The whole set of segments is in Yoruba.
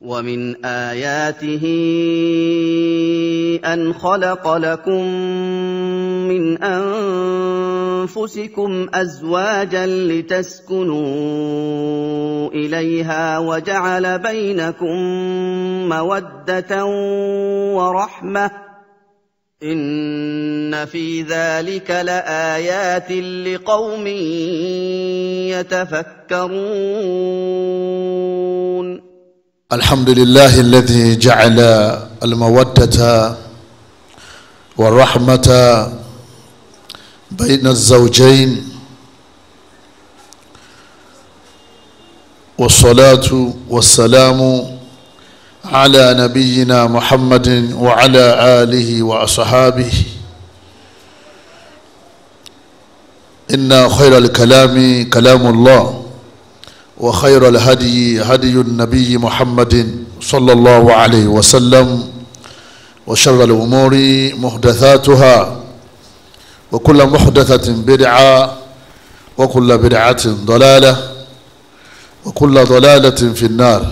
ومن اياته ان خلق لكم من انفسكم ازواجا لتسكنوا اليها وجعل بينكم موده ورحمه ان في ذلك لايات لقوم يتفكرون الحمد لله الذي جعل المودة والرحمة بين الزوجين والصلاة والسلام على نبينا محمد وعلى آله وأصحابه إن خير الكلام كلام الله وخير الهدي هدي النبي محمد صلى الله عليه وسلم وشر الأمور محدثاتها وكل محدثة بدعة وكل بدعة ضلالة وكل ضلالة في النار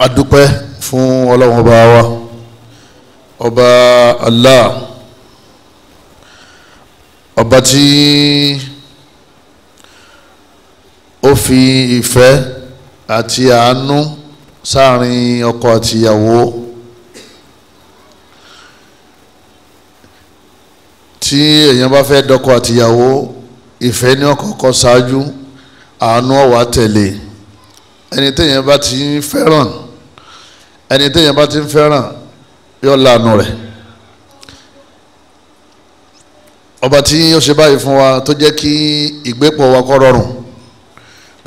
adúpẹ́ fún ọlọ́run ọba wa الله Allah ọba ó fi ìfẹ́ àti àánú sáàrin ọkọ àti ìyàwó tí èèyàn bá fẹ́ dọ́kọ àti ìyàwó ìfẹ́ ní ọ̀kọ̀ọ̀kọ̀ ṣáájú àánú ó wá tẹ̀lé ẹni téèyàn bá ti ń fẹ́ràn ẹni téèyàn bá ti ń fẹ́ràn yóò lànà rẹ̀ ọba tí ó ṣe báyìí fún wa tó jẹ́ kí ìgbépọ̀ wa kó rọrùn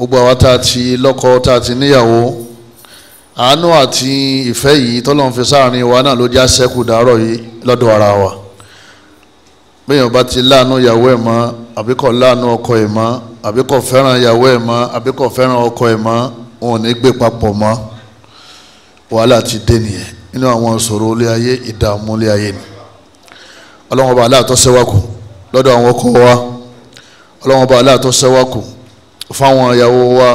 gbogbo àwa tá a ti lọ́kọ tá a ti níyàwó àánú àti ìfẹ́ yìí tọ́lọ́run fi sáàrin wa náà ló já sẹ́kù dàárọ̀ yìí lọ́dọ̀ ara wa bẹ́ẹ̀ bá ti láàánú ìyàwó ẹ̀ mọ́ àbí kò láàánú ọkọ ẹ̀ mọ́ àbí kò fẹ́ràn ìyàwó ẹ̀ mọ́ àbí fẹ́ràn ọkọ ẹ̀ mọ́ wọn ò ní gbé papọ̀ mọ́ wàhálà ti dé nìyẹn nínú àwọn ìṣòro ilé ayé ìdààmú ilé ayé ni ọlọ́wọ́n bá aláàtọ́ sẹ́wákù lọ́dọ̀ àwọn ọkọ wa ọlọ́wọ́n bá aláàtọ́ sẹ́wákù fáwọn ìyàwó wa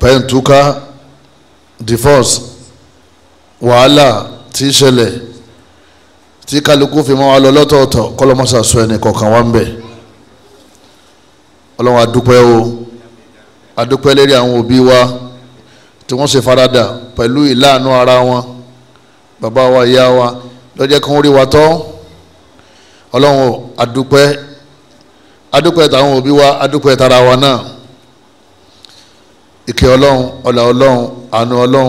pẹ̀ntúká divorce wàhálà tí í ṣẹlẹ̀ tí kálukú fi mọ́ wa lọ lọ́tọ̀ọ̀tọ̀ kọ́lọ́mọ́sà sọ ẹnì kọ̀ọ̀kan wá ń bẹ̀ ọlọ́run adúpẹ́ o adúpẹ́ lérí àwọn òbí wa tí wọ́n ṣe faradà pẹ̀lú ìláàánú ara wọn bàbá wa ìyá wa lọ́jọ́ kan rí wa tọ́ ọlọ́run adúpẹ́ adúpẹ́ tàwọn òbí wa adúpẹ́ tara wa náà ìkẹ́ ọlọ́run ọlà ọlọ́run àánú ọlọ́run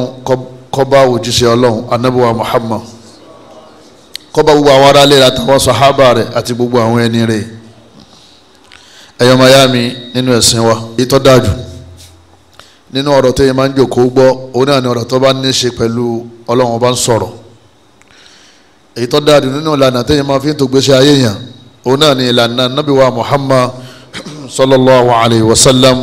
kọ́ba òjíṣẹ́ ọlọ́run anábíwá Muhammad kọ́ba gbogbo àwọn aráalé àtàwọn sàhábà rẹ̀ àti gbogbo àwọn ẹni rẹ̀ ẹ̀yọ́ mayami nínú ẹ̀sìn wa ìtọ́ dájú nínú ọ̀rọ̀ tó yẹ máa ń jòkó gbọ́ òun náà ni ọ̀rọ̀ tó bá ní í ṣe pẹ̀lú ọlọ́run ọba ń sọ̀rọ̀ èyí tó dájú nínú ìlànà tó yẹ máa fi ń tó gbéṣẹ́ ayé yàn òun náà ni ìlànà nabi wa muhammad sallallahu alayhi wa sallam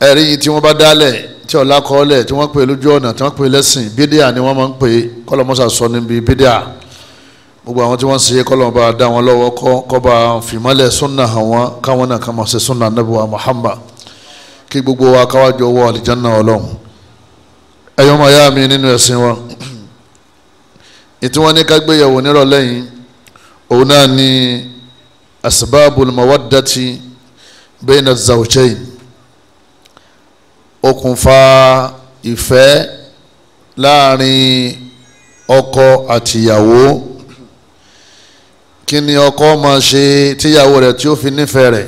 ẹ̀rí tí wọ́n bá dálẹ̀ tí ọ̀la kọ́lẹ̀ tí wọ́n pè lójú ọ̀nà tí wọ́n pè lẹ́sìn bídíà ni wọ́n máa ń pè kọ́lọ́mọ́sà sọ níbi bídíà gbogbo àwọn tí wọ́n ṣe kọ́lọ́mọba dá wọn lọ́wọ́ kọ́ba fìmọ́lẹ̀ sunna àwọn káwọn náà kà ṣe sunna nabi wa muhammad kí gbogbo wa káwájú ọwọ́ àlìjánná ọlọ́run ẹ̀yọ́ yá mi nínú ẹ̀sìn wọn ìtí wọ́n ní ká gbéyàwó nírọ̀lẹ́yìn òun náà ni asbabul mawaddati bayna zawjayn okùnfà ìfẹ́ láàrin ọkọ àtìyàwó kí ni ọkọ máa ṣe tíyàwó rẹ̀ tí ó fi nífẹ̀ẹ́ rẹ̀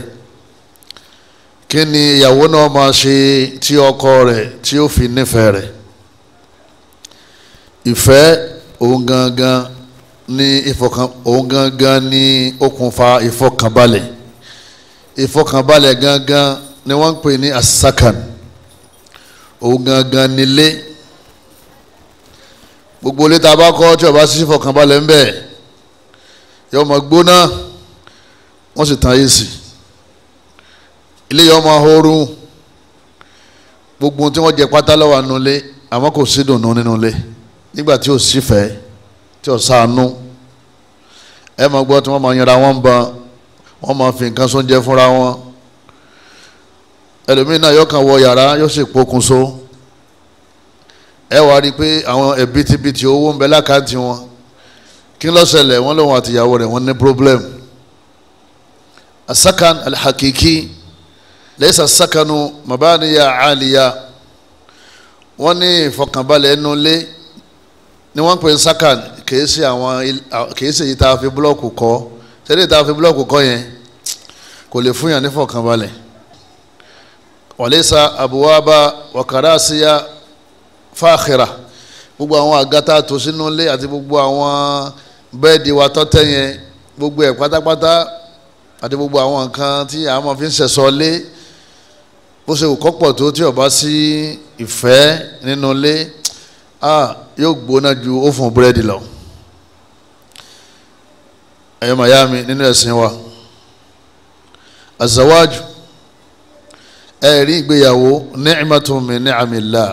kí ni ìyàwó náà máa ṣe tí ọkọ rẹ̀ tí ó fi nífẹ̀ẹ́ rẹ̀ ìfẹ́ òun gangan Ni ìfọkàn òun gangan ní okùnfà ìfọkànbalẹ̀ ìfọkànbalẹ̀ gangan ni wọ́n pè ní asakan òun gangan nílé gbogbo ilé tá a bá kọ́ tí ó bá sí ìfọkànbalẹ̀ ń bẹ yóò máa gbóná wọ́n sì tan AC ilé yóò máa horun gbogbo tí wọ́n jẹ pátá lọ́wọ́ nulẹ̀ àmọ́ kò sí dùnú nínú ilé nígbà tí ò sí fẹ́ẹ́ tí ò sànú ẹ máa gbọ́ tí wọ́n máa yanra wọn ban wọ́n máa fi nǹkan sóúnjẹ fúnra wọn ẹlòmíín náà yóò kàn wọ yàrá yóò sì pokùnso ẹ wá rí i pé àwọn ẹ̀bìtìbìtì owó ń bẹ lákàntì wọn kí ló ṣẹlẹ̀ wọ́n àtìyàwó rẹ̀ wọ́n ní problem asakan alhakiki lẹ́sà sakanu mabaniya aliya wọ́n ní ìfọkànbalẹ̀ ẹnu lé ni wọ́n ń pè sakan kìí ṣe àwọn kìí ṣe ìta fi búlọ́ọ̀kù kọ́ ṣẹlẹ̀ ìta fi búlọ́ọ̀kù kọ́ yẹn kò lè fún yàn nífọ̀kànbalẹ̀ wàlẹ́sà àbúwábà wàkàràṣíà fáàkìrà gbogbo àwọn àgàtà tó sínú ilé àti gbogbo àwọn bẹ́ẹ̀dì wa tọ́tẹ́ yẹn gbogbo ẹ̀ pátápátá àti gbogbo àwọn nǹkan tí a máa fi ń ṣẹ̀ṣọ́ lé bó ṣe kọ́ pọ̀ tó tí ó sí ìfẹ́ nínú ilé yóò gbóná ju ó fún búrẹ́dì lọ ẹ̀yọ́ mayami nínú ẹ̀sìn wa azawaju ẹ̀rí ìgbéyàwó ni'matun min ni'amillah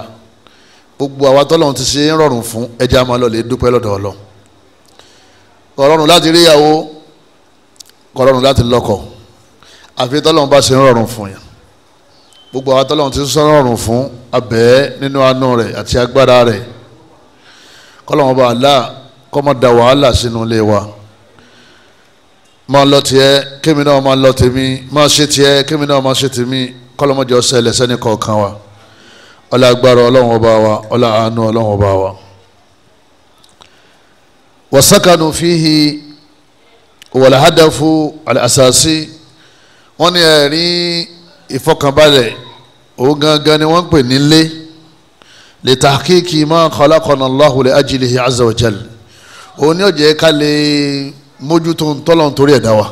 gbogbo àwa tọ́lọ́run ti ṣe ń rọrùn fún ẹja máa lọ lè dúpẹ́ lọ́dọ̀ ọlọ́run kọ̀rọ̀rùn láti rí ìyàwó kọ̀rọ̀rùn láti lọ́kọ àfi tọ́lọ́run bá ṣe ń rọrùn fún yẹn gbogbo àwa tọ́lọ́run ti ṣe ń rọrùn fún abẹ́ nínú àánú rẹ̀ àti agbára rẹ̀ kọ́lọ́run bá a lá kọ́mọ da wàhálà sínú ilé wa máa lọ tiẹ̀ kémi náà máa lọ tèmi máa ṣe tiẹ̀ kémi náà máa ṣe tèmi kọlọmọjọ ṣẹlẹ̀ sẹ́ni kọ̀ọ̀kan wa ọlá agbára Ọlọ́run ọba wa ọlá àánú Ọlọ́run ọba wa. wasakanu fihi wàlàhádàfù àlàsàsì wọ́n ní ẹ̀rí ìfọkànbalẹ̀ òun gangan ni wọ́n ń pè nílé lè tahqiqi ma khalaqana Allahu li ajlihi azza wa jal òun ni ó jẹ́ ká lè mójútó ntọ́lọ̀ nítorí ẹ̀dá wa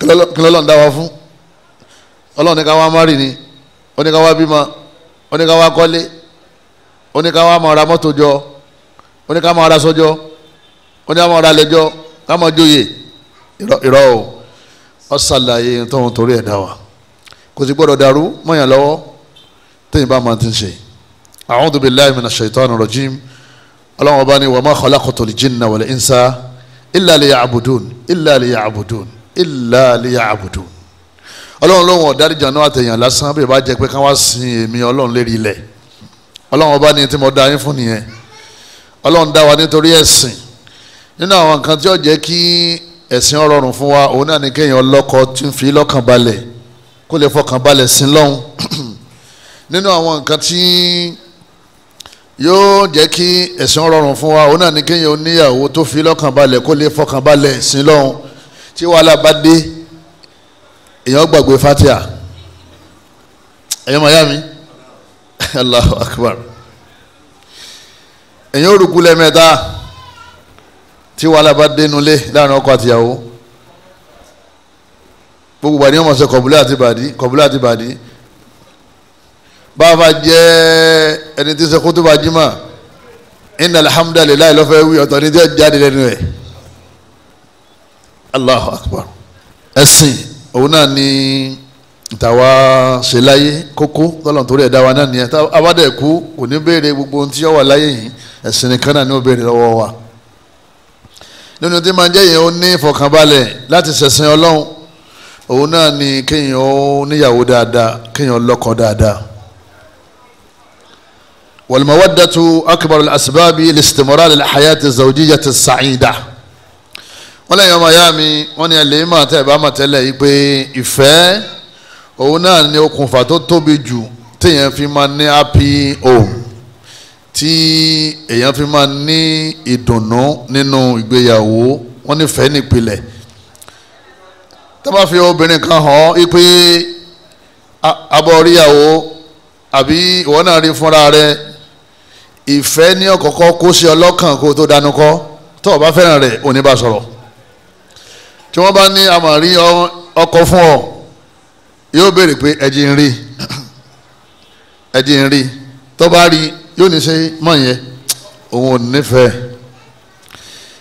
kílọ̀lọ̀ ń dá wa fún ọlọ́run ní ká wá márì ni ó ní ká wá bímọ ó ní ká wá kọ́lé ó ní ká wá máa ra mọ́tò jọ ó ní ká máa ra sọ́jọ́ ó ní ká máa ra lẹ́jọ́ ká máa jóye ìrọ̀ o ọ ṣàlàyé ntọ́hún torí ẹ̀dá wa kò sì gbọ́dọ̀ dàrú mọ́yàn lọ́wọ́ téyìn bá máa ti ń ṣe a'udhu billahi minash shaitani rajim ọlọ́run ọba ni wa ma khalaqtul jinna wal insa illa liya'budun illa liya'budun illa liya'budun ọlọ́run lóhùn ọ̀dáríjà náà àtẹ̀yàn lásán bí ìbá jẹ́ pé ká wá sin èmi ọlọ́run lérí ilẹ̀ ọlọ́run ọba ni tí mo da yín fún nìyẹn ọlọ́run dá wa nítorí ẹ̀sìn nínú àwọn nǹkan tí ó jẹ́ kí ẹ̀sìn ọ̀rọ̀rùn fún wa òun náà ni kéèyàn lọ́kọ tí ń fi lọ́kàn balẹ̀ kó lè fọkàn balẹ̀ sí lọ́hùn nínú àwọn nǹkan tí yóò jẹ́ kí ẹ̀sìn rọrùn fún wa òun náà ní kéèyàn oníyàwó tó fi lọ́kàn balẹ̀ kó lè fọkàn balẹ̀ sí lọ́hùn tí wàhálà bá dé èèyàn gbàgbé fatia ẹ̀yọ́ màyá mi Allahu Akbar èèyàn ò rúkú lẹ́mẹ̀ta tí wàhálà bá dénú lé láàrin ọkọ àtìyàwó gbogbo bàdí wọn mọ̀ sẹ́ kọ̀bùlẹ̀ àti bàdí kọ̀bùlẹ̀ àti bàdí bàbá jẹ́ ẹni tí ń ṣe kútúbà jimá inna alhamdulilayi lọ́fẹ̀ẹ́ wí ọ̀tọ̀ ní tí ó jáde lẹ́nu ẹ̀ allahu akbar ẹ̀sìn òun náà ni tàwa ṣe láyé kókó tọ́lọ̀n torí ẹ̀dá wa náà nìyẹn tá a bá dẹ̀ kú kò ní béèrè gbogbo ohun tí ó wà láyé yìí ẹ̀sìn nìkan náà ni ó béèrè lọ́wọ́ wa nínú tí máa jẹ́ yẹn ó ní ìfọ̀kànbalẹ̀ láti ṣẹ̀sìn ọlọ́run òun náà ni kéèyàn ó níyàwó dáadáa kéèyàn lọ́kọ dáadáa والمودة أكبر الأسباب لاستمرار الحياة الزوجية السعيدة wọ́n lẹ́yìn ọmọ ìyá mi wọ́n ní ẹlẹ́yìn máa tẹ̀ bá máa tẹ́lẹ̀ yìí pé ìfẹ́ òun náà ni okùnfà tó tóbi jù téèyàn fi máa ní happy home tí èèyàn fi máa ní ìdùnnú nínú ìgbéyàwó wọ́n nífẹ̀ẹ́ nípìnlẹ̀ tó bá fi obìnrin kan hàn í pé abọ́ oríyàwó àbí ìwọ náà rí fúnra rẹ̀ ìfẹ́ ní ọ̀kọ̀ọ̀kọ́ kó sí ọlọ́kàn kó tó dánú kọ́ tó o bá fẹ́ràn rẹ̀ ò ní bá sọ̀rọ̀ tí wọ́n bá ní amọ̀rí ọkọ fún ọ yóò béèrè pé ẹ̀jì ń rí ẹ̀jì ń rí tó bá rí yóò ní ṣe mọ̀ yẹn òun ò nífẹ̀ẹ́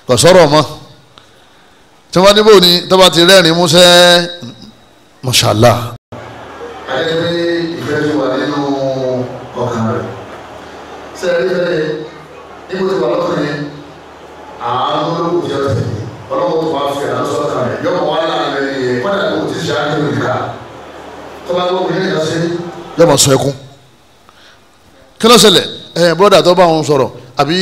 kò sọ̀rọ̀ mọ́ tí wọ́n bá níbò ní tó bá ti rẹ́rìn músẹ́ mashallah. ayẹyẹ ìfẹ́ ti wà ní sẹ́ẹ̀rí lọ́dẹ níbo ti wà lọ́tọ̀ yẹn àánú ló kù jẹ́ ọ̀sẹ̀ yìí ọlọ́wọ́ tó wá fi àánú sọ́kà rẹ̀ yọ mọ̀ wá láàrin rẹ̀ yẹn kọ́dà tó ti ṣe àánú rẹ̀ ká tọ́ba gbọ́ mi ní ìdásí. yọ mọ sọ ẹkún kí ló ṣẹlẹ̀ ẹ bọ́dà tó bá wọn sọ̀rọ̀ àbí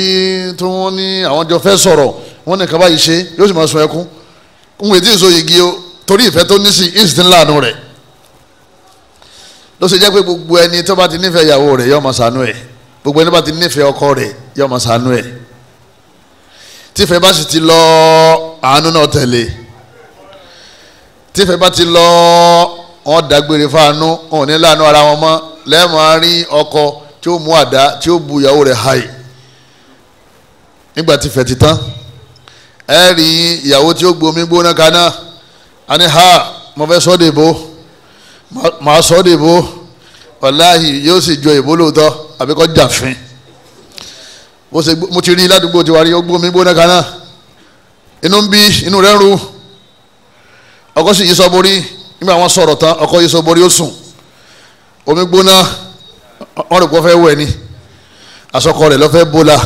tí wọ́n ní àwọn jọ fẹ́ sọ̀rọ̀ wọ́n ní kaba yìí ṣe yóò sì máa sọ ẹkún òun èdè ìsọ yìí gí o torí ìfẹ́ tó ní sí ìsìn láàánú rẹ̀ ló ṣe jẹ́ pé gbogbo ẹni tó bá ti nífẹ̀ẹ́ ìyàwó rẹ̀ yọ mọ̀ sànú ẹ̀ gbogbo ẹni bá ti nífẹ̀ẹ́ ọkọ rẹ̀ yóò máa ṣàánú ẹ̀ tífẹ̀ bá sì ti lọ àánú náà tẹ̀lé tífẹ̀ bá ti lọ wọn dágbére fáánú wọn ò ní láàánú ara wọn mọ́ lẹ́ẹ̀mọ́ rí ọkọ tí ó mú àdá tí ó bu ìyàwó rẹ̀ háì nígbà tífẹ̀ ti tán ẹ rí ìyàwó tí ó gbomi gbóná kaná a ní ha mo fẹ́ sọ́ọ́ dìbò màá sọ́ọ́ dìbò wàláhì yóò sì jọ ìbò àbí kọ́ jàfin bó ṣe mo ti rí ládùúgbò tiwa rí ọgbó mi gbóná kaná inú ń bí inú rẹ̀ ń ru ọkọ sì yí sọ borí nígbà wọn sọ̀rọ̀ tán ọkọ yí sọ borí ó sùn omi gbóná wọn rò pé wọn fẹ́ wẹ̀ ni asọkọ rẹ̀ lọ́fẹ́ bóla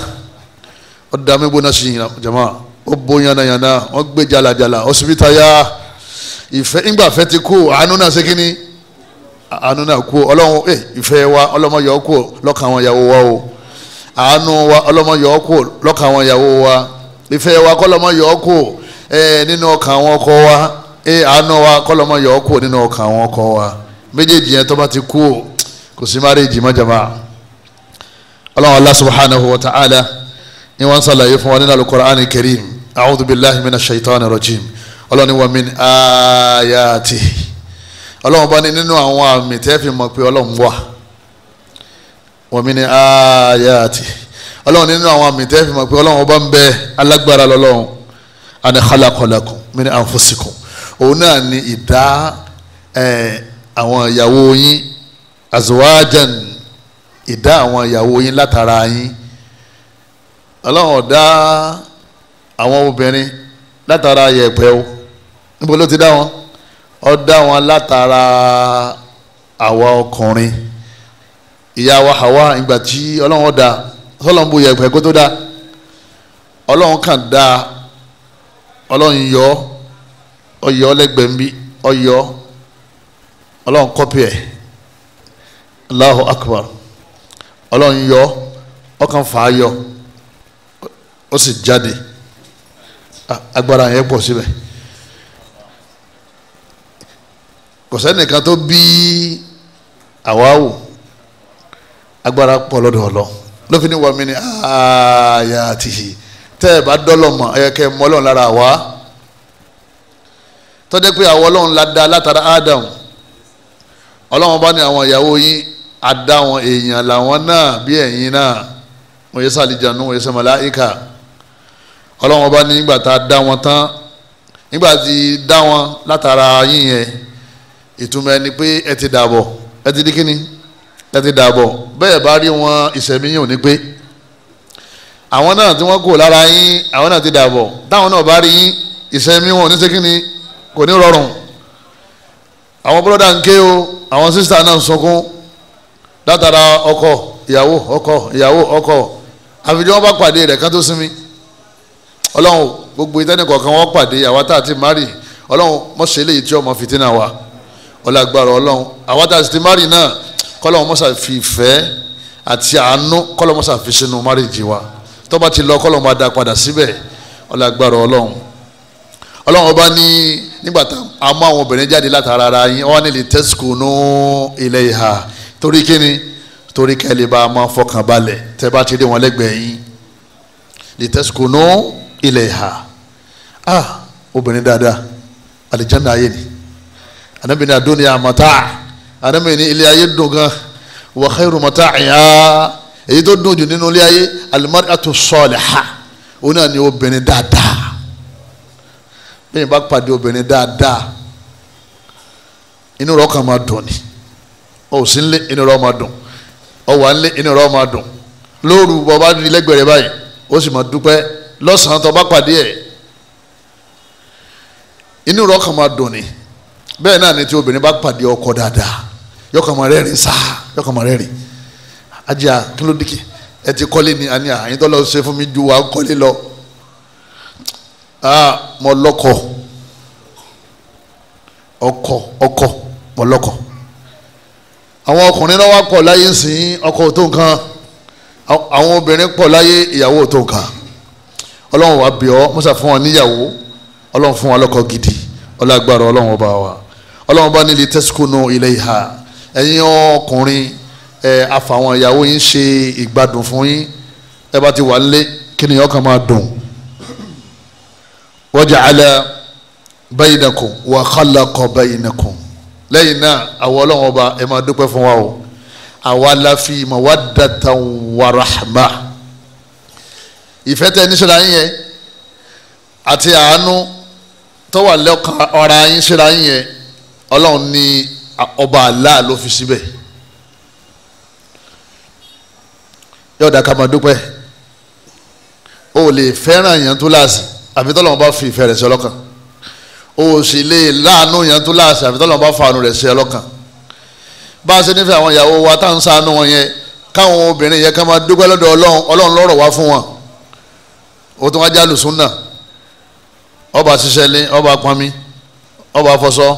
ó da omi gbóná sí jama ó bó yànnàyànnà wọn gbé jalajala ọsibítà ya ìfẹ́ ńgbà fẹ́ ti kú àánú náà ṣe kínní. àánú náà kú ọlọ́run ẹ eh, ìfẹ́ wa ọlọ́mọ yọ kú lọ́kàn àwọn ìyàwó wa o àánú wa ọlọ́mọ yọ kú lọ́kàn àwọn ìyàwó wa ìfẹ́ wa kọ́lọ́mọ yọ kú eh, nínú ọkàn àwọn ọkọ wa ẹ eh, àánú wa kọ́lọ́mọ yọ kú nínú ọkàn àwọn ọkọ wa méjèèjì yẹn tó bá ti kú o kò sí wa ta'ala ni wọ́n sàlàyé fún karim mina ọlọ́run ni min ọlọ́run bá ní nínú àwọn àmì tẹ́ fi mọ̀ pé ọlọ́run wà wọ́n mi ní ayáàtì ọlọ́run nínú àwọn àmì tẹ́ fi mọ̀ pé ọlọ́run bá ń bẹ alágbára lọ́lọ́run àni khalakọlakùn mi ní àǹfọ̀sìkùn òun náà ni ìdá àwọn ìyàwó yín azuwajan ìdá àwọn ìyàwó yín látara yín ọlọ́run ọ̀dá àwọn obìnrin látara yẹ̀pẹ̀ o níbo ló ti dá wọn. ó dá wọn látara àwa ọkùnrin ìyá wa Hawa ìgbà tí ọlọ́run dá ọlọ́run bóyá ìpẹ́ kó tó dá ọlọ́run kàn dá ọlọ́run yọ ọyọ lẹ́gbẹ̀ẹ́ bí ọyọ ọlọ́run kọ́pì ẹ̀ Allahu Akbar ọlọ́run yọ ọkàn fà á yọ ó sì jáde agbára yẹn pọ̀ síbẹ̀. Si kò sẹ́nìkan tó bí àwa wò agbára pọ̀ lọ́dọ̀ ọ̀lọ́ lófin ní wàmí ni ààyè àtìyí tẹ́ ẹ bá dọ́lọ̀ mọ̀ ẹ kẹ́ ẹ mọ́ lára àwa tọ́jẹ́ pé àwọn ọlọ́run la da látara Adam ọlọ́run bá ní àwọn ìyàwó yín adá wọn èèyàn làwọn náà bí ẹ̀yin náà wọ́n yẹ sàlìjànú wọ́n yẹ sẹ́mọ̀láìkà ọlọ́run bá ní ìgbà tá a dá wọn tán nígbà tí dá wọn látara yín yẹn ìtumọ̀ ẹni pé ẹ ti dàbọ̀ ẹ ti di kíni ẹ ti dàbọ̀ bẹ́ẹ̀ bá rí wọn ìṣẹ̀mí yìí ò ní pé àwọn náà tí wọ́n kò lára yín àwọn náà ti dàbọ̀ táwọn náà bá rí yín ìṣẹ̀mí wọn ò ní ṣe kíni kò ní rọrùn àwọn bọ́lọ́dà ń ké o àwọn sísá náà ń sunkún látara ọkọ ìyàwó ọkọ ìyàwó ọkọ àfijọ́ wọn bá pàdé rẹ̀ kán tó sinmi ọlọ́run gbogbo ìtẹ́nìkọ̀ọ̀kan wọn pàdé àwa tá a ti mari ọlọ́run mọ̀ṣẹ́lẹ̀ yìí tí ọmọ fìtínà wa ọlágbára ọlọ́run àwọn tá a sì ti márì náà kọ́lọ́wọ́n mọ́sà fi ìfẹ́ àti àánú kọ́lọ́wọ́n mọ́sà fi sínú márìjì wa tó ti lọ kọ́lọ́wọ́n máa da padà síbẹ̀ ọlágbára ọlọ́run ọlọ́run ọba ní nígbà tá a mú àwọn obìnrin jáde látara ara yín wọ́n á nílé tẹ́síkù nú ilẹ̀ ìhà torí kíni torí kẹ́lẹ́ bá a máa fọkàn balẹ̀ tẹ́ bá ti rí wọn lẹ́gbẹ̀ẹ́ yín lè tẹ́síkù nú ilẹ̀ ìhà ah obìnrin dáadáa àlìjáná ayé ni anabi ní adóni amata anabi ní ilé ayé dùn gan wa khairu mata'iha èyí tó dùn jù nínú ilé ayé al-mar'atu s-saliha ó náà ní obìnrin dáadáa bẹ́ẹ̀ bá pàdé obìnrin dáadáa inú rẹ̀ kàn máa dùn ni ó sì ń lé inú rẹ̀ máa dùn ó wà inú rẹ̀ máa dùn lóru bọba di lẹ́gbẹ̀rẹ̀ báyìí ó sì máa dúpẹ́ lọ́sàn-án tó bá pàdé ẹ̀ inú rẹ̀ kàn máa dùn ni bẹ́ẹ̀ náà ni tí obìnrin bá pàdé ọkọ dáadáa yọkàn máa rẹ́rìn sáà yọkàn máa rẹ́rìn ajá kí ló dìkì ẹ ti kọ́lé ni àní àyìn tó lọ ṣe fún mi ju wa kọ́lé lọ mọ lọ́kọ ọkọ ọkọ mọ lọ́kọ àwọn ọkùnrin náà wá pọ̀ láyé sìn ọkọ tó nǹkan àwọn obìnrin pọ̀ láyé ìyàwó tó nǹkan ọlọ́run wá bí ọ mọ́sà fún wọn níyàwó ọlọ́run fún wọn lọ́kọ gidi ọlọ́gbàrọ̀ ọlọ́run ọba wa ọlọ́run bá nílé tẹ́síkónú ilé ìhà ẹ̀yin ọkùnrin ẹ̀ àfàwọn ìyàwó yín ṣe ìgbádùn fún yín ẹ bá ti wà nílé kí ni ọkàn máa dùn. waja'ala baynakum wa khalaqa baynakum lẹ́yìn náà àwọn ọlọ́run ọba ẹ máa dúpẹ́ fún wa o àwa la fi mawaddatan wa rahma ìfẹ́ tẹ ní ṣẹlẹ̀ yẹn àti àánú tó wà lọ́kàn ọ̀ra yín yẹn ọlọ́run ní ọba Allah ló fi síbẹ̀ yóò dá ká dúpẹ́ o ò lè fẹ́ràn èèyàn tó láàsì àfi tọ́lọ́run bá fi ìfẹ́ rẹ̀ sí ọlọ́kàn o ò sì lè láàánú èèyàn tó láàsì àfi tọ́lọ́run bá fàánú rẹ̀ sí ọlọ́kàn bá a ṣe nífẹ̀ẹ́ àwọn ìyàwó wa tá à ń ṣàánú wọn yẹn káwọn obìnrin yẹn ká máa dúpẹ́ lọ́dọ̀ ọlọ́run ọlọ́run lọ́rọ̀ wá fún wọn o tún wá jálù súnà ọba ṣiṣẹ́ lé ọba pọnmi ọba fọṣọ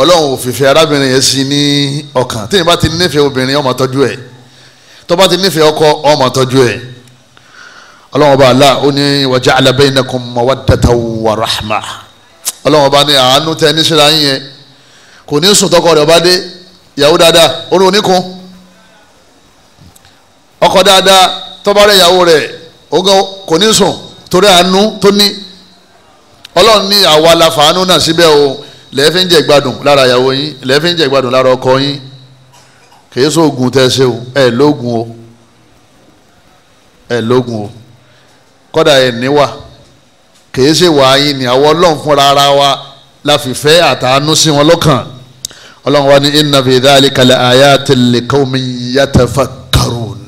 ọlọ́run òfìfẹ́ arábìnrin yẹn sí ní ọkàn tí ìbá ti nífẹ̀ẹ́ obìnrin ó máa tọ́jú ẹ̀ tó bá ti nífẹ̀ẹ́ ọkọ ó máa tọ́jú ẹ̀ ọlọ́run ọba àlá ó ní wa ja'ala bainakum mawaddata wa rahma ọlọ́run ọba ní àánú tẹ ní síra yín yẹn kò ní sùn tọkọ rẹ̀ ọba dé ìyàwó dáadáa orí oníkun ọkọ dáadáa tó bá rẹ̀ ìyàwó rẹ̀ kò ní sùn torí àánú tó ní ọlọ́run ní àwa la fàánú náà síbẹ̀ o lẹ́ẹ̀fín jẹ́ gbádùn lára ìyàwó yín lẹ́ẹ̀fín jẹ́ gbádùn lára ọkọ yín kìí sóògùn tẹ́ ṣe o ẹ̀ lóògùn o ẹ̀ lóògùn o kọ́dà ẹ̀ níwà kìí ṣe wà yín ni àwọn ọlọ́run fúnra ara wa láfìfẹ́ àtàánú sí wọn lọ́kàn ọlọ́run wa ní inna fi dhalika la ayatin li qawmin yatafakkarun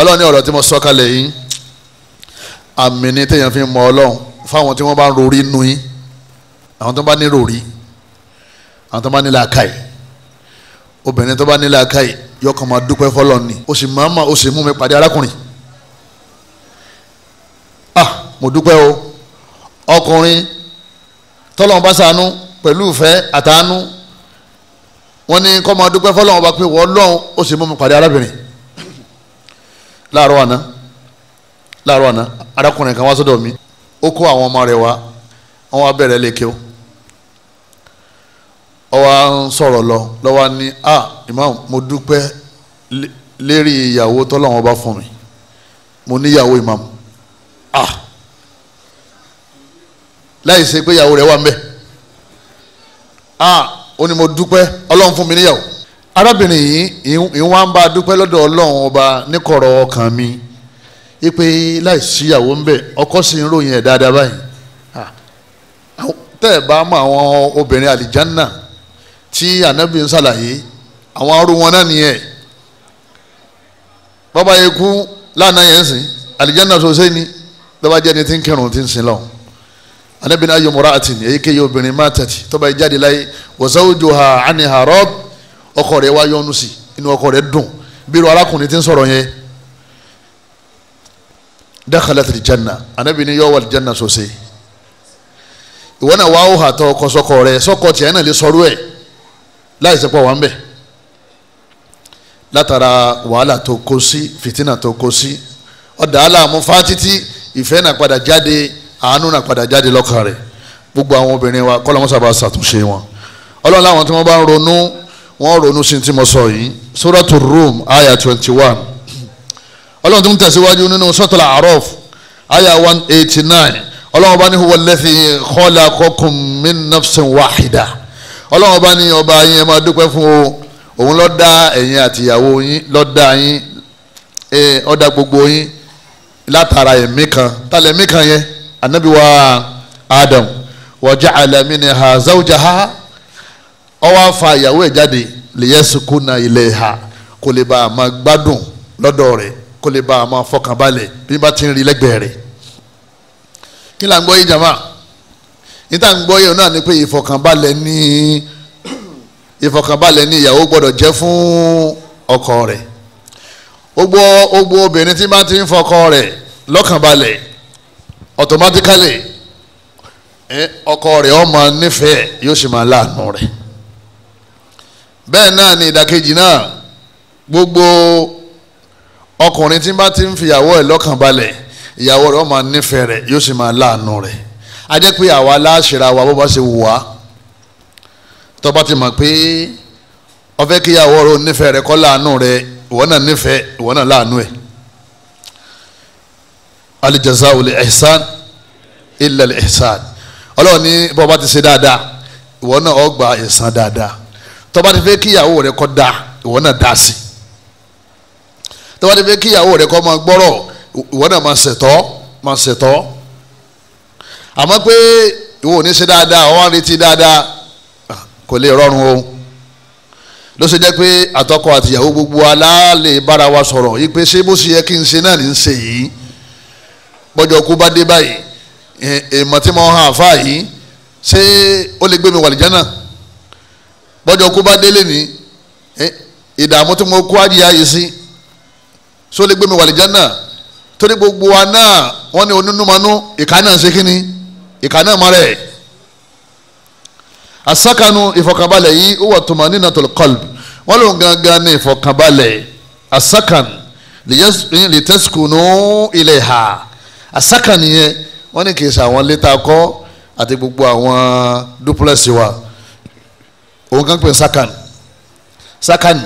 ọlọ́run ní ọ̀rọ̀ tí mo sọ kalẹ̀ àmì ni téèyàn fi mọ ọlọ́run fáwọn tí wọ́n bá ń rorí nù yín àwọn tó bá ní ròrí àwọn tó bá ní làákàyè obìnrin tó bá ní làákàyè yọkàn máa dúpẹ́ fọlọ́n ni o sì máma o sì mú mi pàdé arákùnrin ah mo dúpẹ́ o ọkùnrin tọ́lọ́run bá ṣàánú pẹ̀lú ìfẹ́ àtàánú wọ́n ní kọ́ máa dúpẹ́ fọlọ́run bá pé wọ́n lọ́hùn ó sì mú mi pàdé arábìnrin láàárọ̀ àná láàárọ̀ àná arákùnrin kan wá sọ́dọ̀ mi ó kó àwọn ọmọ rẹ̀ wá wọ́n wá bẹ̀rẹ̀ lékè o ọwọ́ ń sọ̀rọ̀ lọ lọ́wọ́ ní a imam mo dúpẹ́ lérí ìyàwó tọ́lọ́wọ́n bá fún mi mo níyàwó imam a láì ṣe pé ìyàwó rẹ̀ wà ń bẹ̀ a ó ní mo dúpẹ́ ọlọ́run fún mi níyàwó arábìnrin yìí ìwà ń bá dúpẹ́ lọ́dọ̀ ọlọ́run ọba níkọ̀rọ̀ ọkàn mi ipe láì síyàwó ń bẹ̀ ọkọ sì ń ròyìn ẹ̀ dáadáa báyìí tẹ́ ẹ̀ bá mọ àwọn obìnrin àlìjánná tí anabi ń ṣàlàyé àwọn arú wọn náà nìyẹn bàbá yẹn kú lánàá yẹn sìn alijanna sọsẹ ni dọba jẹ ni ti ń kírun ti ń sin lọ anabi ní ayọmọra àti ní èyíkéyìí obìnrin má tẹ̀tì tọ́ba yẹn jáde láyé wazawjuha anha rad ọkọ rẹ̀ wá yọ́nú sí inú ọkọ rẹ̀ dùn bí irú arákùnrin ti ń sọ̀rọ̀ yẹn dakhalat aljanna anabi ní yọ wà aljanna sọsẹ ìwọ náà wàá hù àtọ ọkọ sọkọ rẹ sọkọ tiẹ̀ náà lè sọrú ẹ̀ láì sẹ́pọ̀ wà ń bẹ̀ látara wàhálà tó kó sí fìtínà tó kó sí ọ̀dà aláàmú fátítí ìfẹ́ náà padà jáde àánú náà padà jáde lọ́kàn rẹ̀ gbogbo àwọn obìnrin wa kọ́ lọ́mọ́sá bá ṣàtúnṣe wọn ọlọ́run láwọn tí wọ́n bá ń ronú wọ́n ronú sí ti mọ̀ sọ yìí suratu rum aya twenty one ọlọ́run tó ń tẹ̀síwájú nínú suratul a'raf aya one eighty nine ọlọ́run bá ní huwa alladhi khalaqakum min nafsin wahida ọlọ́run ọba ní ọba yín ẹ máa dúpẹ́ fún o òun ló dá ẹ̀yin àtìyàwó yín ló dá yín ó gbogbo yín látara ẹ̀mí kan tálẹ̀ ẹ̀mí kan yẹn anabi wa adam wa ja'ala minha zawjaha ó wá fa ìyàwó ẹ̀ jáde liyasukuna ilayha kò lè bá a máa gbádùn lọ́dọ̀ rẹ̀ kó lè bá a máa fọkàn bí bá ti ń rí lẹ́gbẹ̀ẹ́ rẹ̀ kí là ń gbọ́ yìí jàmáà níta ń gbọ́ yẹn náà ni pé ìfọ̀kànbalẹ̀ ni ìfọ̀kànbalẹ̀ ni ìyàwó gbọ́dọ̀ jẹ́ fún ọkọ rẹ̀ gbogbo gbogbo obìnrin tí bá ti ń fọkọ ọkọ rẹ̀ ọ máa nífẹ̀ẹ́ yóò sì máa láàánú rẹ̀ bẹ́ẹ̀ náà ni ìdàkejì a jẹ́ pé àwa láṣìíra wa bó bá ṣe wù wá tó bá ti mọ̀ pé ó fẹ́ kíyàwó ọ̀rọ̀ nífẹ̀ẹ́ rẹ kọ́ láàánú rẹ ìwọ náà nífẹ̀ẹ́ ìwọ náà láàánú ẹ̀ al-jazā'u lil-ihsān illā al-ihsān ọlọ́run ní bó bá ti ṣe dáadáa ìwọ náà ó gba ẹ̀san dáadáa tó bá ti fẹ́ kíyàwó rẹ kọ́ da ìwọ náà dá sí tó bá ti fẹ́ kíyàwó rẹ kọ́ máa gbọ́rọ̀ ìwọ náà máa ṣètọ́ máa ṣètọ́ àmọ́ pé ìwọ ò ní ṣe dáadáa ọwọ́ ń retí dáadáa kò lè rọrùn o ló ṣe jẹ́ pé àtọkọ àtìyàwó gbogbo aláàlè bára wa sọ̀rọ̀ yìí pé ṣé bó ṣe yẹ kí n ṣe náà ní í ṣe yìí bọ́jọ́ kú bá dé báyìí èèmọ̀ tí mo hàn àfa yìí ṣé ó lè gbé mi wàlìjẹ́ náà bọ́jọ́ kú bá délé ní ìdààmú tí mo kó àjíyá yìí sí ṣó lè gbé mi wàlìjẹ́ náà torí gbogbo wa náà wọ́n ní onínúmọ́nú ìka ṣe kí ni ìka náà mọ rẹ asakanu ìfọkànbalẹ̀ yìí ó wà tuma nínú àtọlù kọlb wọn lòun gangan ní ìfọkànbalẹ̀ asakan lìtẹsùkùnú ilẹ̀ ha asakan yẹn wọn ní kì í ṣe àwọn létà kọ́ àti gbogbo àwọn dúpúlẹ̀sì wa òun kan pè sakan sakan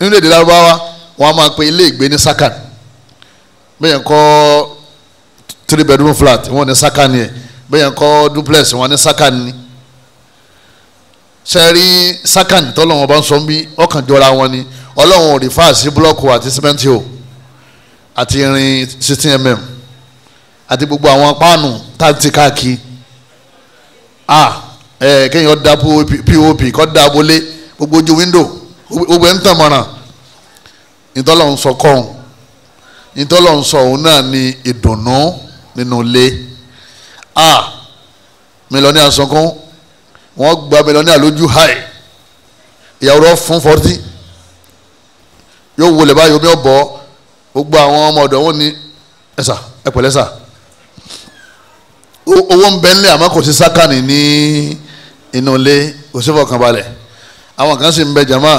nínú èdè lárúbáwá wọn a máa pe ilé ìgbé ní sakan bẹ́ẹ̀ kọ́ three bedroom flat wọn ní sakan yẹn bẹ́ẹ̀ kọ́ duplex wọn ní sakan ni sẹ́rí sakan tọ́lọ́wọ́n bá ń sọ bí ọkàn jọra wọn ni ọlọ́wọ́n ò rí fáàsì búlọ́ọ̀kù àti sìmẹ́ntì o àti irin sixteen mm àti gbogbo àwọn páànù táǹtì káàkiri a ẹ kéèyàn da pop kọ́ da abolé gbogbo ojú windo gbogbo ẹ̀ ń tàn mọ́ràn ìtọ́lọ́wọ́n sọ kọ́hún ìtọ́lọ́wọ́n sọ òun náà ni ìdùnnú nínú ilé. No a mílíọ̀nìyà sọ̀kan wọ́n gba mílíọ̀nìyà lójú háì ìyàwó rẹ̀ fún fọ́tí yóò wọlé báyìí omi ọ̀bọ̀ gbogbo àwọn ọmọ ọ̀dọ̀ wọn ni ẹ̀sà ẹ̀pẹ̀lẹ́sà owó ń bẹ ńlẹ̀ àmọ́ kò sí sákàní ní inú ilé kò sí fọkànbalẹ̀ àwọn kan sì ń bẹ jama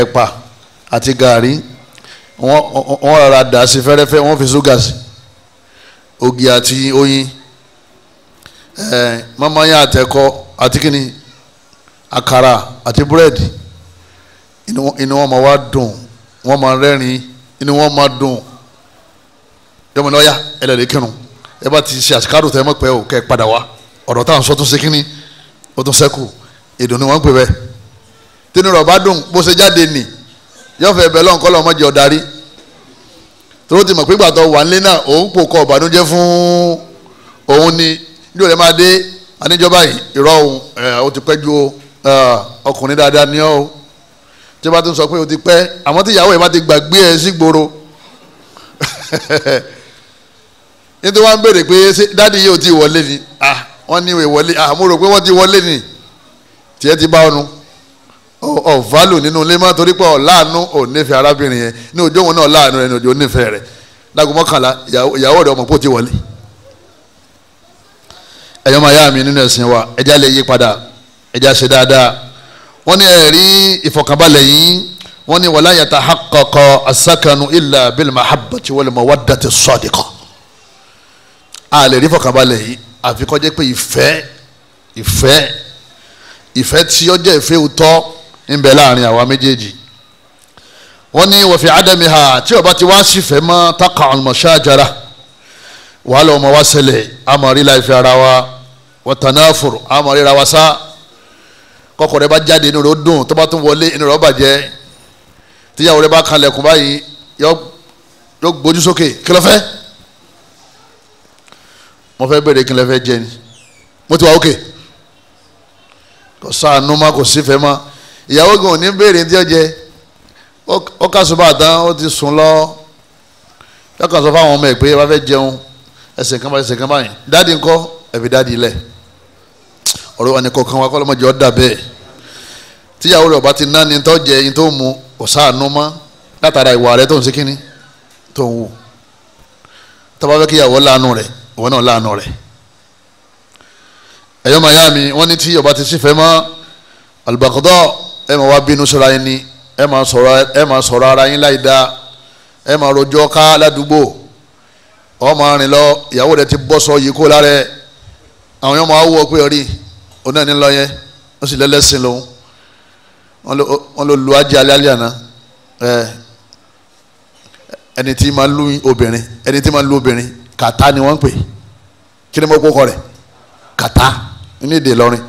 ẹ̀pà àti gàrí wọ́n rárá dà sí fẹ́rẹ́fẹ́ wọ́n fi ṣúgà sí ògì àti oyin ẹ mamaya àtẹkọ akara kíni àkàrà àti búrẹ́dì inú wọn máa wá dùn wọn máa rẹ́rìn inú wọn máa dùn yọmọ ní ọyá ẹlẹ́rìí kírun ẹ bá ti ṣe àṣekárò tẹ́ ẹ mọ̀ pé o kẹ́ ẹ padà wá ọ̀rọ̀ táwọn sọ tún ṣe kíni ó tún ṣẹ́kù ìdùnnú wọn pè bẹ́ẹ̀ tínú rọ̀ bá dùn bó ṣe jáde nì yọ̀fẹ̀ bẹ́ẹ̀ lọ́nkọ́ tó ti mọ̀ pé gbàtọ̀ wà nílé náà òun pò kọ ìbànújẹ́ fún òun ni ní òde máa dé aníjọba yìí irọ́ òun ó ti pẹ́ ju ọkùnrin dáadáa ní ọ́ tí bá tún sọ pé ó ti pẹ́ àmọ́ tí ìyàwó yìí bá ti gbàgbé ẹ sí gbòòrò nítorí wọ́n béèrè pé dádì yìí ò ti wọlé ni wọ́n ní ìwọlé mo rò pé wọ́n ti wọlé ni tiẹ̀ ti bá ọnu ọ̀fàlù nínú ilé má torí pé ọ̀làánú ò nífẹ̀ẹ́ arábìnrin yẹn ní ọjọ́ òun náà láàánú rẹ̀ ní ọjọ́ onífẹ̀ẹ́ rẹ̀ lágùnmọ́kànlá ìyàwó rẹ̀ ọmọ pò ti wọlé ẹ̀yọ́ máa yá mi nínú ẹ̀sìn wa ẹja lè yí padà ẹja ṣe dáadáa wọ́n ní ẹ̀rí ìfọ̀kànbalẹ̀ yìí wọ́n ní wala yatahaqqaqu as-sakanu illa bil mahabbati wal mawaddati as-sadiqa a lè rí ìfọ̀kànbalẹ̀ yìí àfi kó jẹ́ pé ìfẹ́ ìfẹ́ ìfẹ́ tí ó jẹ́ ìfẹ́ òótọ́ ń bẹ láàrin àwa méjèèjì wọ́n ní wa fi adamiha tí ó ti wá sífẹ́ mọ́ taqa al wàhálà ọmọ wa ṣẹlẹ̀ àmọ́ rí láìfẹ́ ara wa wọ́tànáfòrò àmọ́ ríra wa sá kọ́kọ́ rẹ bá jáde inú rẹ ó dùn tó bá tún wọlé inú rẹ ó bàjẹ́ tíyàwó rẹ bá kalẹ̀kùn báyìí yọ gbójú sókè kí ló fẹ́ mo fẹ́ bèrè kí ló fẹ́ jẹ ni mo ti wà ókè kò sáànù má kò sífẹ́ má ìyàwó gan ò ní bèrè ní ọjẹ ó kà sọ́ba àtàn ó ti sùn lọ yọ kà sọ fáwọn ọmọ ẹ̀ pé wọ́n fẹ́ jẹun ẹsẹ̀ kan báyìí ẹsẹ̀ kan báyìí dáàdi ńkọ́ ẹ̀fẹ̀ dáàdi lẹ̀ ọ̀rọ̀ wa ni kọ̀ọ̀kan wa kọ́lọ́mọdé ọ̀ dà bẹ́ẹ̀ tíyàwó rẹ̀ ọba ti ná ni tó jẹ ẹyin tó mu ọ̀sánú mọ́ látara ìwà rẹ̀ tó ń ṣe kínní tó ń wù tó bá fẹ́ kíyàwó láàánú rẹ̀ ìwọ náà láàánú rẹ̀ ẹ̀yọ́ màá mi wọ́n ní tí ọba ti sífẹ́ mọ́ àlùbàkọ́tọ̀ ẹ máa wá bínú sọ́ra ẹni ẹ máa sọ̀rọ̀ ara yín láì dáa ẹ máa rojọ́ ká ládùúgbò ọ máa rìn lọ ìyàwó rẹ̀ ti bọ́ sọ yìí kó lára ẹ àwọn yóò máa wọ pé ọ rí i oní ẹni lọ́yẹ ó sì lẹ́lẹ́sìn lòun wọ́n ló lu ajé alẹ́ alẹ́ àná ẹni tí máa lu obìnrin ẹni tí máa lu obìnrin kàtá ni wọ́n ń pè kí ni mo kó kọ rẹ̀ kàtá ní èdè lọ́rin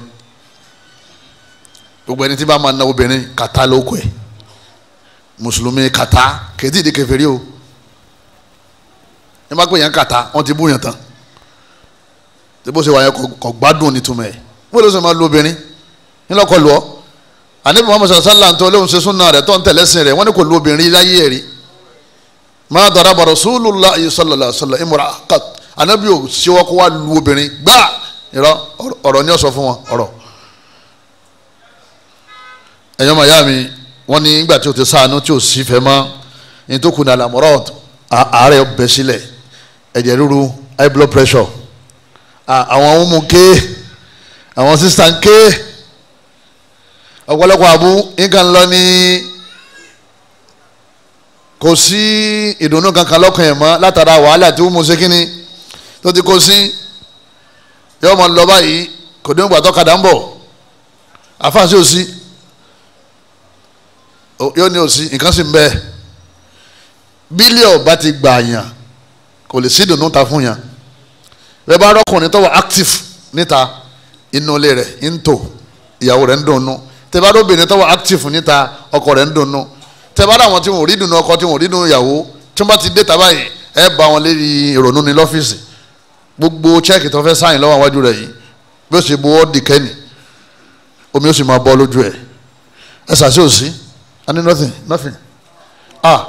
gbogbo ẹni tí bá máa na obìnrin kàtá ló kọ ẹ̀ mùsùlùmí kàtá kètì ìdí o ní bá pè yẹn kàtá wọ́n ti bú yẹn tán tí bó ṣe wà yẹn gbádùn nítumọ̀ ẹ̀ bó ló sọ ma lu obìnrin ńlọkọ lọ ànábì muhammed sallallahu alaihi wa sallam lóhùn ṣe súnà rẹ̀ tó ń tẹ̀lé sin rẹ̀ wọ́n ní kò lu obìnrin láyé ẹ̀ rí má daraba rasulullahi sallallahu alaihi wa sallam imra qat ànábì ò ṣíwọ́ kó wá lu obìnrin gbá ìrọ ọ̀rọ̀ ni ó sọ fún wọn ọ̀rọ̀ ẹ̀yọ́ màá yá mi wọ́n ní ìgbà tí o ti sáànù tí o sì fẹ́ mọ́ ní tó kù ní àárẹ̀ bẹ́ sílẹ̀ ẹ̀jẹ̀ ríru high blood pressure àwọn ohun mu kéé àwọn sísá ń ké ọ̀pọ̀lọpọ̀ àbú nǹkan lọ ní kò sí ìdùnnú kankan lọ́kàn ẹ̀ mọ́ látara wàhálà tí ó mú sekínì tó ti kó sí yọ ọmọ lọ báyìí kò dé ìgbà tọ́kadà ń bọ̀ àfáàsì òsì yóò ní òsì nǹkan sì ń bẹ bílíọ̀ bá ti gbà yàn kò lè sí ìdùnnú ta fún yàn rẹ bá rọkùnrin tó wà active níta inú ilé rẹ̀ ń tò ìyàwó rẹ̀ ń dùnnú tẹ́bàdó obìnrin tó wà active níta ọkọ rẹ̀ ń dùnnú tẹ́bàdó àwọn tí wọn ò rí dùnnú ọkọ tí wọn ò rí dùnnú ìyàwó tí wọn bá ti dé tàbá yìí ẹ bá wọn lérí ìrònú ní lọ́fíìsì gbogbo chẹ́ẹ̀kì tó fẹ́ sáyìn lọ́wọ́ àwájú rẹ̀ yìí bí ó sì bu ọ́ọ́dì kẹ́ni omi ó sì máa bọ́ lójú ẹ̀ ẹ ṣàṣì ò i need nothing nothing ah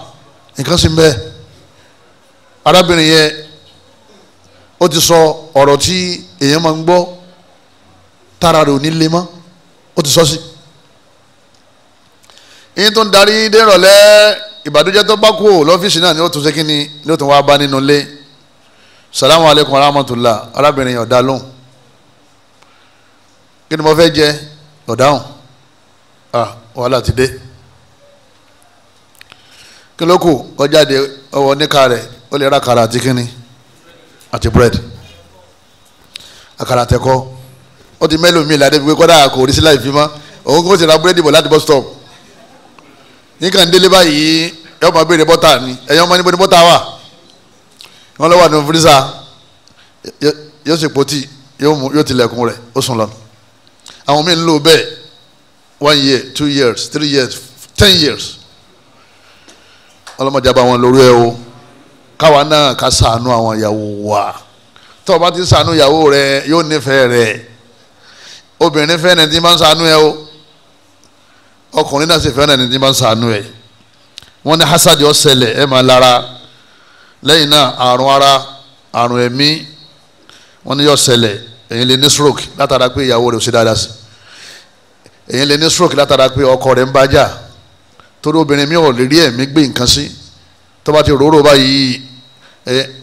nǹkan sì ń bẹ́ẹ̀ arábìnrin yẹn ó ti sọ ọ̀rọ̀ tí èèyàn máa ń gbọ́ tara rẹ̀ ò ní lé mọ́ ó ti sọ sí. yín tó ń darí dé ìrọ̀lẹ́ ìbàdújẹ́ tó bá kú lọ́fíìsì náà ni ó tún ṣe kínní ni ó tún wáá bá nínú ilé salamu aleykum rahmatulah arábìnrin yẹn ọ̀dà lóhùn kí ni mo fẹ́ jẹ ọ̀dáhùn ah wàhálà ti dé kí ló kù ọjáde ọwọ́ níka rẹ̀ ó lè ra kàrà àti kínní àti búrẹ́dì àkàrà àtẹ̀kọ́ ó ti mẹ́lò mi ìlàdé pé kọ́dà kò rí sí láì fi mọ́ òun kò sì ra búrẹ́dì bọ̀ láti bus stop nígbà ń délé báyìí yóò máa béèrè bọ́tà ni ẹ̀yin ọmọ níbo ni bọ́tà wà wọ́n lọ́wọ́ àdùn fúrísà yóò sì potí yóò tilẹ̀kùn rẹ̀ ó sùn lọ àwọn míì ń lò bẹ́ẹ̀ one year two years three years ten years ọlọ́mọdé àbá wọn lórí ẹ o káwa náà ká ṣàánú àwọn ìyàwó wa tó o bá ti ṣàánú ìyàwó rẹ yóò nífẹ̀ẹ́ rẹ obìnrin fẹ́ràn ẹni tí máa ń ṣàánú ẹ o ọkùnrin náà sì fẹ́ràn ẹni tí máa ń ṣàánú ẹ wọ́n ní hasadi ọ̀sẹ̀lẹ̀ ẹ̀ máa lára lẹ́yìn náà àrùn ara àrùn ẹ̀mí wọ́n ní ọ̀sẹ̀lẹ̀ èyí lè ní stroke látara pé ìyàwó rẹ̀ ò sí dáadáa sí èyí lè ní stroke látara pé ọkọ rẹ̀ ń bá jà torí obìnrin mi ò lè rí ẹ̀mí gbé nǹkan sí tó bá ti ròóró báyìí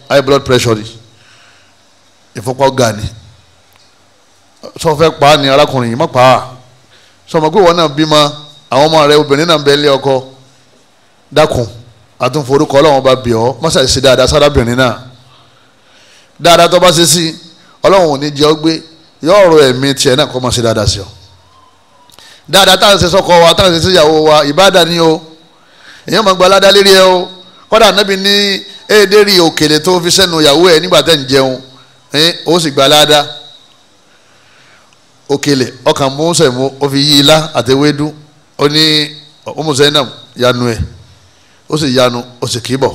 high blood pressure ni ìfúnpá ni sọ fẹ́ pa á ní arákùnrin yìí má pa á sọmọ pé wọn náà bímọ àwọn ọmọ rẹ obìnrin náà ń bẹ ilé ọkọ dákun àtúnforúkọ ọlọ́run bá bì ọ́ má ṣàṣe dáadáa sárábìnrin náà dáadáa tó bá ṣe sí ọlọ́run ò ní jẹ́ ọ gbé yóò rọ ẹ̀mí tiẹ̀ náà kọ́ máa ṣe dáadáa sí ọ dáadáa táà ń ṣe sọ́kọ wa táà ń ṣe síyàwó wa ìbáàdà ni o èèyàn máa gba aládàá lérí ẹ o kọ́dà nábì ní éèdè òkèlè tó fi sẹ́nu ìyàwó ẹ nígbà tẹ́ ń jẹun ó sì gba aládàá òkèlè ọkàn mú sẹ̀mú ó fi yí ilá àtẹwédú ó ní ọmọ Zainab yanu ẹ̀ ó sì yanu ó sì kì í bọ̀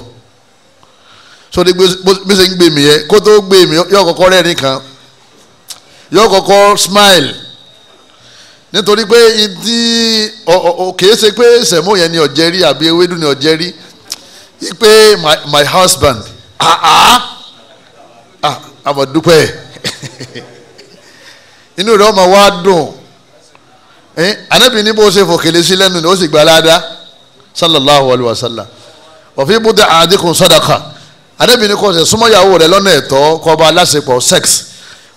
sọdí bí mi yẹ kó tó mi yọ kọ́kọ́ rẹ́rìn kan yọ kọ́kọ́ smile nítorí pé ìdí kìí ṣe pé sẹ̀mú yẹn ni ọ̀jẹ̀ rí àbí ewédú ni ọ̀jẹ̀ rí pé my my husband ah ah ah àmọ̀dúpẹ́ inú rẹ̀ ọmọ wa dùn ẹ̀yìn anábì ní bó ṣe fòkèlè sí lẹ́nu ni ó sì gba aládá sallallahu alayhi wa sallam òfin bùdẹ àdínkù sọdọkà anábì ní kò ṣe súnmọ́yàwó rẹ̀ lọ́nà ẹ̀tọ́ kọba aláṣepọ̀ sex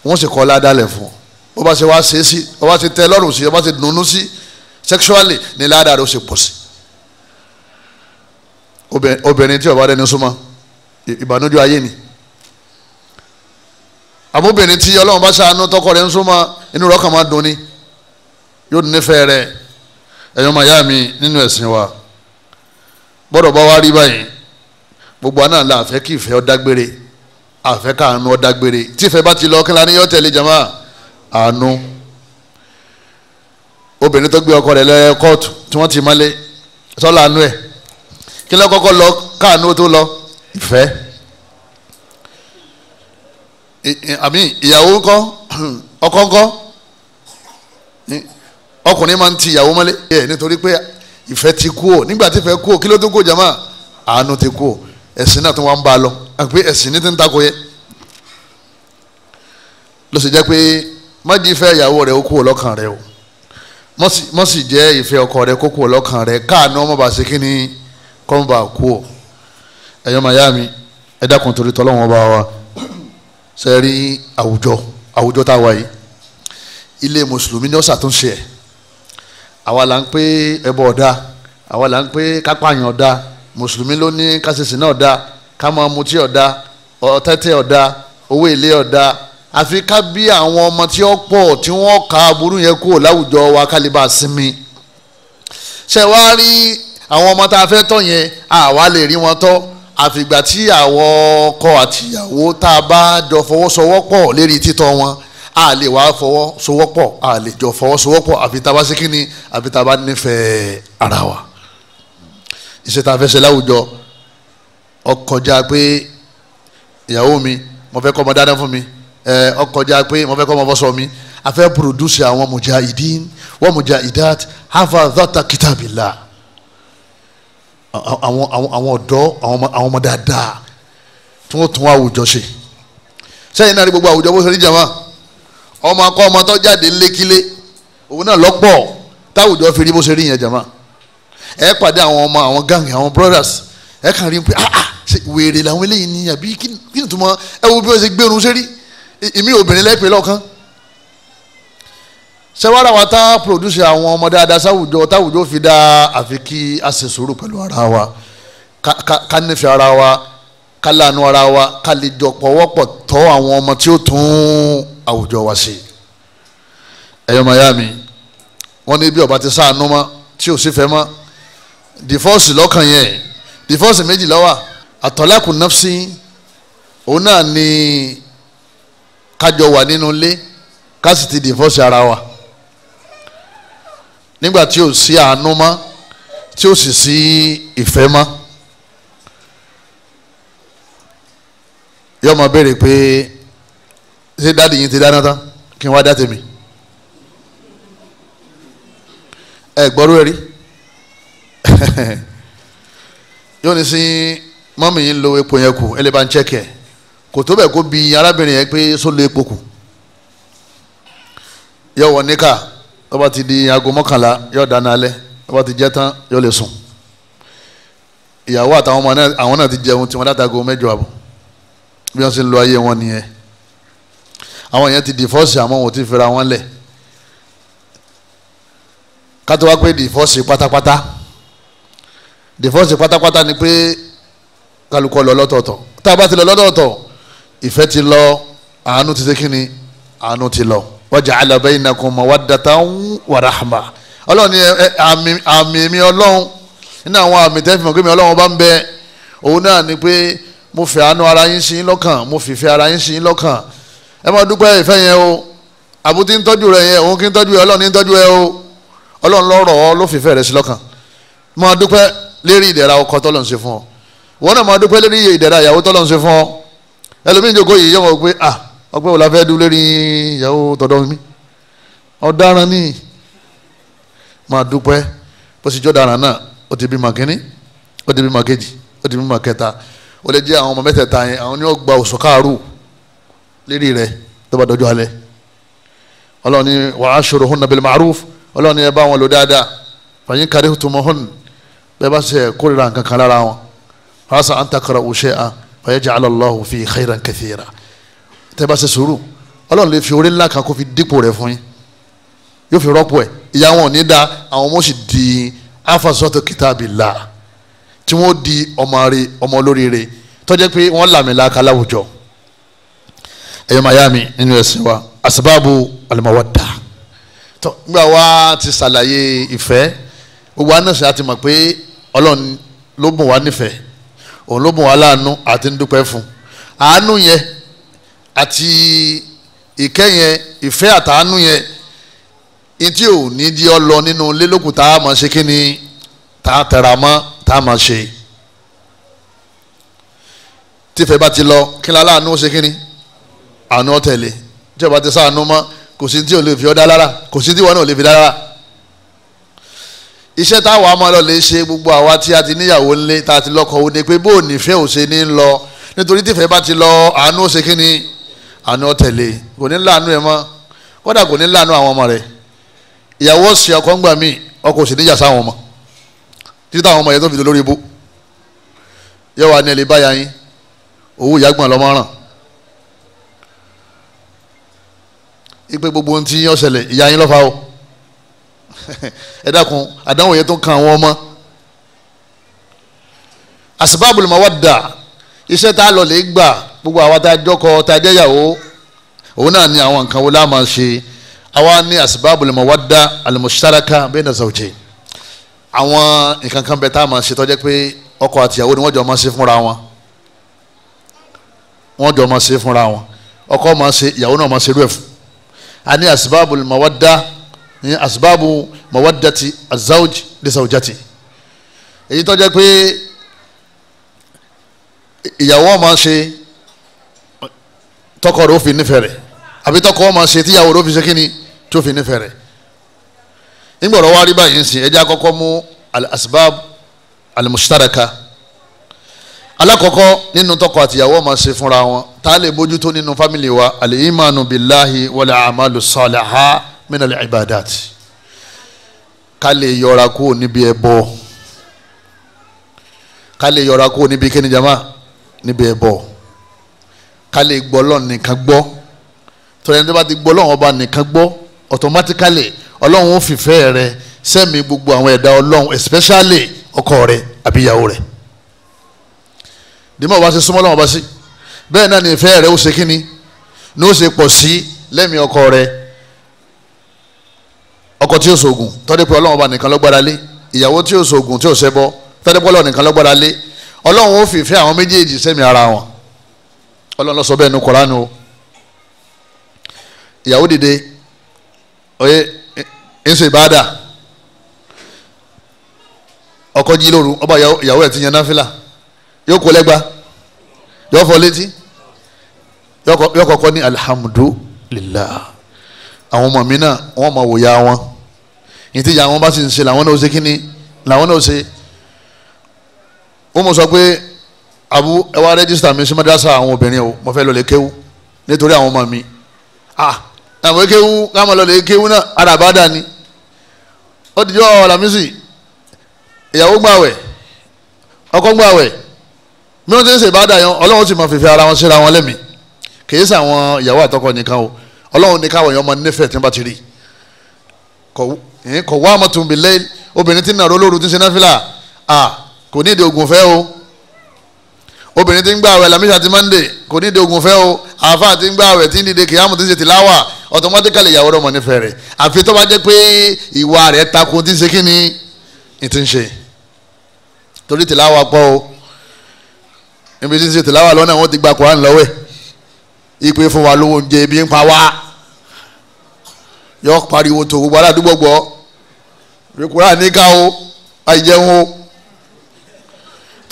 wọ́n sì kọ́ aládá lẹ̀ fún bó bá ṣe wá ṣe é sí bó bá ṣe tẹ́ lọ́rùn sí bó bá ṣe dùnnú sí sexually ni ládàá rẹ̀ ó ṣe pọ̀ sí obìnrin tí ó bá rẹ̀ ní súnmọ́ ìbànújẹ́ ayé ni àbóbìnrin tí ọlọ́run bá ṣàánú tọkọ rẹ̀ ń súnmọ́ inú rẹ̀ kàn máa dùn ni yóò nífẹ̀ẹ́ rẹ̀ ẹ̀yọ́ máa yá mi nínú ẹ̀sìn wa gbọ́dọ̀ bá wá rí báyìí gbogbo àná la àfẹ́ kí ìfẹ́ ọ̀dágbére àfẹ́ káànú ọ̀dágbére tí ìfẹ́ bá ti lọ kí la ní yọ tẹ̀lé jama àánú obìnrin tó gbé ọkọ rẹ̀ lọ kóòtù tí wọ́n ti mọ́lé sọ́lá àánú ẹ̀ kí lọ́kọ́kọ́ lọ káànú tó lọ ìfẹ́ àmì ìyàwó ńkọ́ ọkọ ńkọ́ ọkùnrin máa ń ti ìyàwó mọ́lé ẹ̀ nítorí pé ìfẹ́ ti kú o nígbà tí ìfẹ́ kú o kí ló tó kú jama àánú ti kú o ẹ̀sìn náà tó wá ń bá a lọ àpé ẹ̀sìn ní ti ń takò yẹ ló sì jẹ́ pé má di ìfẹ́ ìyàwó rẹ̀ ó kú o lọ́kàn rẹ̀ o mọ́ sì jẹ́ ìfẹ́ ọkọ rẹ̀ kó kú o lọ́kàn rẹ̀ káàánú ọmọ bá ṣe kí ni kọ́ kú o ẹ̀yọ́ màyá mi ẹ dákun torí tọ́lọ́wọ́n bá wa sẹ́rí àwùjọ àwùjọ tá a wà yìí ilé mùsùlùmí ni ó ṣàtúnṣe ẹ̀ àwa là ń pé ẹbọ ọ̀dà àwa là ń pé kápáyàn ọ̀dà mùsùlùmí ló ní kásìsì náà ọ̀dà ká máa mutí ọ̀dà ọ̀tẹ́tẹ́ ọ̀dà owó èlé ọ̀dà àfi ká bí àwọn ọmọ tí ó pọ̀ tí wọ́n ka aburú yẹn kúrò láwùjọ wa kálíbà sinmi ṣe wá rí àwọn ọmọ tá a fẹ́ tọ́ yẹn àwa lè rí wọn tọ́ àfìgbà tí àwọn ọkọ àtìyàwó tá a bá jọ fọwọ́sowọ́pọ̀ lérí títọ́ wọn a lè wá fọwọ́sowọ́pọ̀ a lè jọ fọwọ́sowọ́pọ̀ àfi tá a bá ṣe kí ni àfi tá a bá nífẹ̀ẹ́ ara wa iṣẹ́ tá láwùjọ ọkọjá pé ìyàwó mi mo fẹ́ kọ́ ọmọ dáná fún mi ọkọjá pé mo fẹ́ kọ́ ọmọ fọ́sọ mi a fẹ́ produce àwọn mujahideen wọ́n mujahideen hafa dhata kitabillah àwọn àwọn àwọn ọ̀dọ́ àwọn ọmọ àwọn ọmọ dáadáa tí wọ́n tún àwùjọ ṣe sẹ́yìn náà ní gbogbo àwùjọ bó ṣe rí jàmá ọmọ akọ ọmọ tó jáde lékílé òun náà lọ́pọ̀ táwùjọ fi rí bó ṣe rí yẹn jàmá ẹ pàdé àwọn ọmọ àwọn gang àwọn brothers ẹ kàn rí pé ah ah wèrè làwọn eléyìí ni àbí kí ni tó mọ ẹ wo bí wọ́n ṣe gbẹrun ṣe rí ìmí obìnrin lẹ́pẹ́ lọ́kàn sẹ́wárà wa ta, pòdúsì àwọn ọmọ dáadáa sáwùjọ táwùjọ fi dá àfi kí a ṣe sùúrù pẹ̀lú ara wa ká nífẹ̀ẹ́ ara wa ká láàánú ara wa ká lè jọ pọ̀wọ́pọ̀ tọ́ àwọn ọmọ tí ó tún àwùjọ wa ṣe. ẹ̀yọ́ mayami wọ́n ní bí ọba ti sáànú mọ́ tí ò sì fẹ́ mọ́ dìfọ́ọ̀sì lọ́kàn yẹn dìfọ́ọ̀sì méjì ló wà àtọ́lákùn òun náà ni kájọ wà nínú ilé ká sì ti dìfọ́ọ̀sì ara wa nígbà tí ò sí àánú mọ́ tí ò sì sí ìfẹ́ mọ́ yóò máa béèrè pé ṣé dáàdi yìí ti dáná tán kí n wá dá tèmi ẹ gbọ́rú ẹ̀rí yóò ní sí mọ́mì yìí lo epo yẹn kù ẹ ń chẹ́kẹ̀ kò tó bẹ̀ kó bi arábìnrin yẹn pé só lo epo kù yóò wọ níkà tó bá ti di aago mọ́kànlá yóò dáná alẹ́ tó bá ti jẹ́ tán yóò lè sùn ìyàwó àtàwọn ọmọ náà àwọn náà ti jẹun tiwọn látago mẹ́jọ àbọ̀ bí wọ́n sì ń lo ayé wọn nìyẹn àwọn yẹn ti dìfọ́ọ̀sì àmọ́ wọn ò ti fẹ́ra wọn lẹ̀ kátó wá pé dìfọ́ọ̀sì pátápátá dìfọ́ọ̀sì pátápátá ni pé kálukọ lọ lọ́tọ̀ọ̀tọ̀ tá a bá ti lọ lọ́tọ̀ọ̀tọ̀ ìfẹ́ ti lọ àánú ti ṣe kí ni àánú ti lọ waja'ala bainakum mawaddatan wa rahma ọlọ́run ni àmì àmì mi ọlọ́run nínú àwọn àmì tẹ́fì mọ̀ pé mi ọlọ́run bá ń bẹ òun náà ni pé mo fẹ́ àánú ara yín sí yín lọ́kàn mo fìfẹ́ ara yín sí yín lọ́kàn ẹ máa dúpẹ́ ìfẹ́ yẹn o àbútí ń tọ́jú rẹ yẹn òun kí ń tọ́jú ẹ ọlọ́run ní ń tọ́jú ẹ o ọlọ́run lọ́rọ̀ ọ ló fìfẹ́ rẹ sí lọ́kàn máa dúpẹ́ lérí ìdẹ̀ra ọkọ tọ́lọ́run ṣe fún ọ wọn náà máa dúpẹ́ lérí ìdẹ̀ra ìyàwó tọ́lọ́run ṣe fún ọ ẹlòmíín jókòó yìí yọ̀ wọ́n pé ah ọgbẹ́ wo la fẹ́ dúró lórí ìyàwó tọ̀dọ̀ mi ọ̀daràn ni máa dúpẹ́ bó sì jọ́daràn náà ó ti bí ma kínní ó ti bí ma kejì ó ti bí ma kẹta ó lè jẹ́ àwọn ọmọ mẹ́tẹ̀ẹ̀ta yẹn àwọn ni ó gba oṣù káàrú lérí rẹ̀ tó bá dọjọ́ alẹ́ ọlọ́run ni wa ashuruhunna bil ma'ruf ọlọ́run ni ẹ bá wọn lò dáadáa fa in karihtumohun bẹ́ẹ̀ bá ṣe kórìíra nǹkan kan lára wọn fasa an takra'u shay'an fa yaj'al tẹ́ bá ṣe sùúrù ọlọ́run lè fi orí ńlá kan kó fi dípò rẹ̀ fún yín yóò fi rọ́pò ẹ̀ ìyá wọn ò ní da àwọn ọmọ sì di afasọ́tò kìtàbìlà tí wọ́n di ọmọ rẹ ọmọ olóríire tó jẹ́ pé wọ́n làmìlaka láwùjọ ẹ̀yọ́ mayami nínú ẹ̀sìn wa asibaabu alimawadda tó nígbà wa ti ṣàlàyé ìfẹ́ gbogbo anásì àti mọ̀ pé ọlọ́run ló bùn wá nífẹ̀ẹ́ òun ló bùn wá láàánú àti ń dúpẹ́ fún àánú yẹn àti ìkẹ́ yẹn ìfẹ́ àtàánú yẹn ntí ò ní di ọ lọ nínú lélókù tá a máa ṣe kí ni tá a tẹra mọ́ tá a máa ṣe tífẹ̀ bá ti lọ kí ni aláàánú ṣe kí ni àánú ọ̀tẹ̀lé tí o bá ti sáànú mọ́ kò sí tí o lè fi ọ́ dá lára kò sí tí wọn náà lè fi dá lára iṣẹ́ táwa máa lọ lè ṣe gbogbo àwa tí a ti níyàwó ńlé tá a ti lọ́kọ ó ní pé bó o nífẹ̀ẹ́ ò ṣe ní lọ nítorí tífẹ̀ bá ti lọ àánú ṣe kí ni àánú ọ̀tẹ̀lé kò ní láàánú ẹ̀ mọ́ kódà kò ní láàánú àwọn ọmọ rẹ̀ ìyàwó ọ̀sìn ọkọ ń gbà mí ọkọ òsì níjà sáwọn ọmọ títí táwọn ọmọ yẹn tó fi dolórí ibú yẹ wà ní ẹ̀ lè báyà yín owó ìyàgbọ́n lọ́mọ́ràn ipe gbogbo ohun tí yín ọ̀sẹ̀lẹ̀ ìyá yín lọ́fà o ẹ dákun àdánwò yẹn tó kan àwọn ọmọ asibabul mawadda iṣẹ́ tá a lọ lè gbà gbogbo àwa tá a jọkọ tá a jẹyàwó òun náà ni àwọn nǹkan wo la máa ṣe àwa ní asbabul mawadda al-mushtaraka bayna zawjayn àwọn nǹkan kan bẹ tá a máa ṣe tó pé ọkọ àtìyàwó ni wọ́n jọ máa ṣe fúnra wọn wọ́n jọ máa ṣe fúnra wọn ọkọ máa ṣe ìyàwó náà máa ṣe rẹ̀ fún a ní asbabul mawadda ní asbabu mawaddati azawj li zawjati èyí tó pé ìyàwó máa ṣe tọkọ rẹ ó fi nífẹ̀ẹ́ rẹ àbí tọkọ ọmọ ṣe tíyàwó rẹ ó fi ṣe kíni tó fi nífẹ̀ẹ́ rẹ nígbàdàn wá rí báyìí nsìn ẹjẹ àkọ́kọ́ mú al-asbab al-mushtaraka alakọkọ nínú tọkọ àtìyàwó máa ṣe fúnra wọn tá a lè bójútó nínú fámìlì wa al-imanu billahi wal a'malu salihah ibadat ká yọra kó níbi ẹbọ ká lè yọra kó níbi kíni jama níbi ẹbọ ká lè gbọ́ ọlọ́run nìkan gbọ́ torí ẹni tó bá ti gbọ́ ọlọ́run ọba nìkan gbọ́ automatically ọlọ́run ó fìfẹ́ rẹ sẹ́mi gbogbo àwọn ẹ̀dá ọlọ́run especially ọkọ rẹ àbí ìyàwó rẹ dìmọ̀ bá ṣe súnmọ́ ọlọ́run ọba sí bẹ́ẹ̀ náà ni ìfẹ́ rẹ ó ṣe kíni ni ó ṣe pọ̀ sí lẹ́mìí ọkọ rẹ ọkọ tí ó ṣoògùn tọ́dé pé ọlọ́run ọba nìkan ló lé ìyàwó tí ó ṣoògùn tí ó ṣẹbọ tọ́dé pé ọlọ́run nìkan ló lé ọlọ́run ó fìfẹ́ àwọn méjèèjì sẹ́mi ara wọn ọlọ́run ló sọ bẹ́ẹ̀ nu Kùránì o ìyàwó dìde oye ńsọ ìbáàdà ọkọ jí lóru ọba ìyàwó ẹ̀ ti yan náfìlà yóò kó lẹ́gba yóò fọ létí yóò kọ́kọ́ ní alihamudulilah àwọn ọmọ mi náà wọ́n máa wòye àwọn yìí tí ìyá wọn bá sì ń ṣe làwọn náà ó ṣe kí ni làwọn náà ó ṣe ó mọ̀ sọ pé abu ẹ wá rẹ́gísítà mi sí madrasa àwọn obìnrin o mo fẹ́ lọ lè kéwú nítorí àwọn ọmọ mi ah àwọn kéwú káwọn lọ lè kéwú náà arabada ni ó ti jọ ọ̀làmísì ìyàwó gbàwẹ̀ ọkọ gbàwẹ̀ mi ò ti ń ṣe ìbáda yan ọlọ́run sì máa fìfẹ́ ara wọn síra wọn lẹ́mìí kìí ṣe àwọn ìyàwó àtọkọ nìkan o ọlọ́run ní káwọn èèyàn nífẹ̀ẹ́ tí wọ́n bá ti rí kọ̀ wá bìlẹ̀ obìnrin tí ń nàró ah kò ní ìdí obìnrin tí ń gbààwẹ̀ lamisa ti mande kò ní de ogun fẹ́ o àáfà tí ń gbààwẹ̀ tí ń dìde kìyàmù tí ń ṣe tìláwà automatically ìyàwó rẹ̀ mọ̀ nífẹ̀ẹ́ rẹ̀ àfi tó bá jẹ́ pé ìwà rẹ̀ takò tí ń ṣe kíni ní ti ń ṣe torí tìláwà pọ̀ o níbi tí ń ṣe tìláwà lọ́nà wọn ti gba koran lọ́wẹ́ ìpè fún wa lówó oúnjẹ ibi ń pa wá yọ pariwo tó gbogbo aládùúgbò gbọ́ rẹ̀ koran níkà o àìjẹun o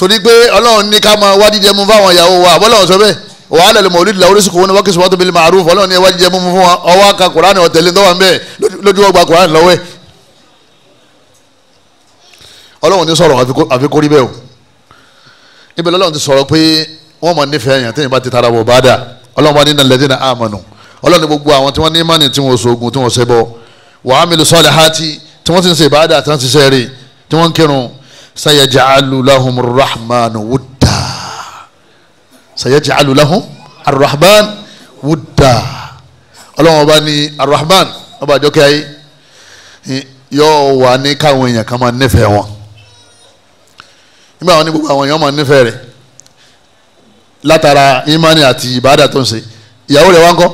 torí pé ọlọ́run ní ká máa wá jíjẹ mu fáwọn ìyàwó wa àbọ́lọ́run sọ bẹ́ẹ̀ wàhálà lè mọ̀ olú ìlà oríṣi kòwé ní wákìsì wàtò bíi màrúf ọlọ́run ní ẹ wá jíjẹ mu fún wa ọwọ́ aka kùránì ọ̀tẹ̀lẹ̀ tó wà ń bẹ́ẹ̀ lójú ọgbà kùránì lọ́wẹ́ ọlọ́run ti sọ̀rọ̀ àfikórí bẹ́ẹ̀ o ibẹ̀ lọ́lọ́run ti sọ̀rọ̀ pé wọ́n mọ̀ nífẹ̀ẹ́ yẹn téèyàn bá ti tara bọ̀ bá dà ọlọ́run bá nínú lẹ́dínà àmọ̀nù ọlọ́run gbogbo àwọn tí wọ́n ní mánì tí wọ́n sọ̀gùn tí wọ́n ṣẹbọ wàhámi lùsọ̀lẹ̀ hàtì tí wọ́n ti ń ṣe ìbáàdà tí wọ́n sayaj'alu lahum rahman wudda sayaj'alu lahum arrahman wudda ọlọ́wọ́n bá ní arrahman ọba àjọkẹ́ ayé yóò wà ní káwọn èèyàn kan máa nífẹ̀ẹ́ wọn nígbà wọn ní gbogbo àwọn èèyàn máa nífẹ̀ẹ́ rẹ̀ látara imani àti ìbáàdà tó ń ṣe ìyàwó rẹ̀ wá ń kọ́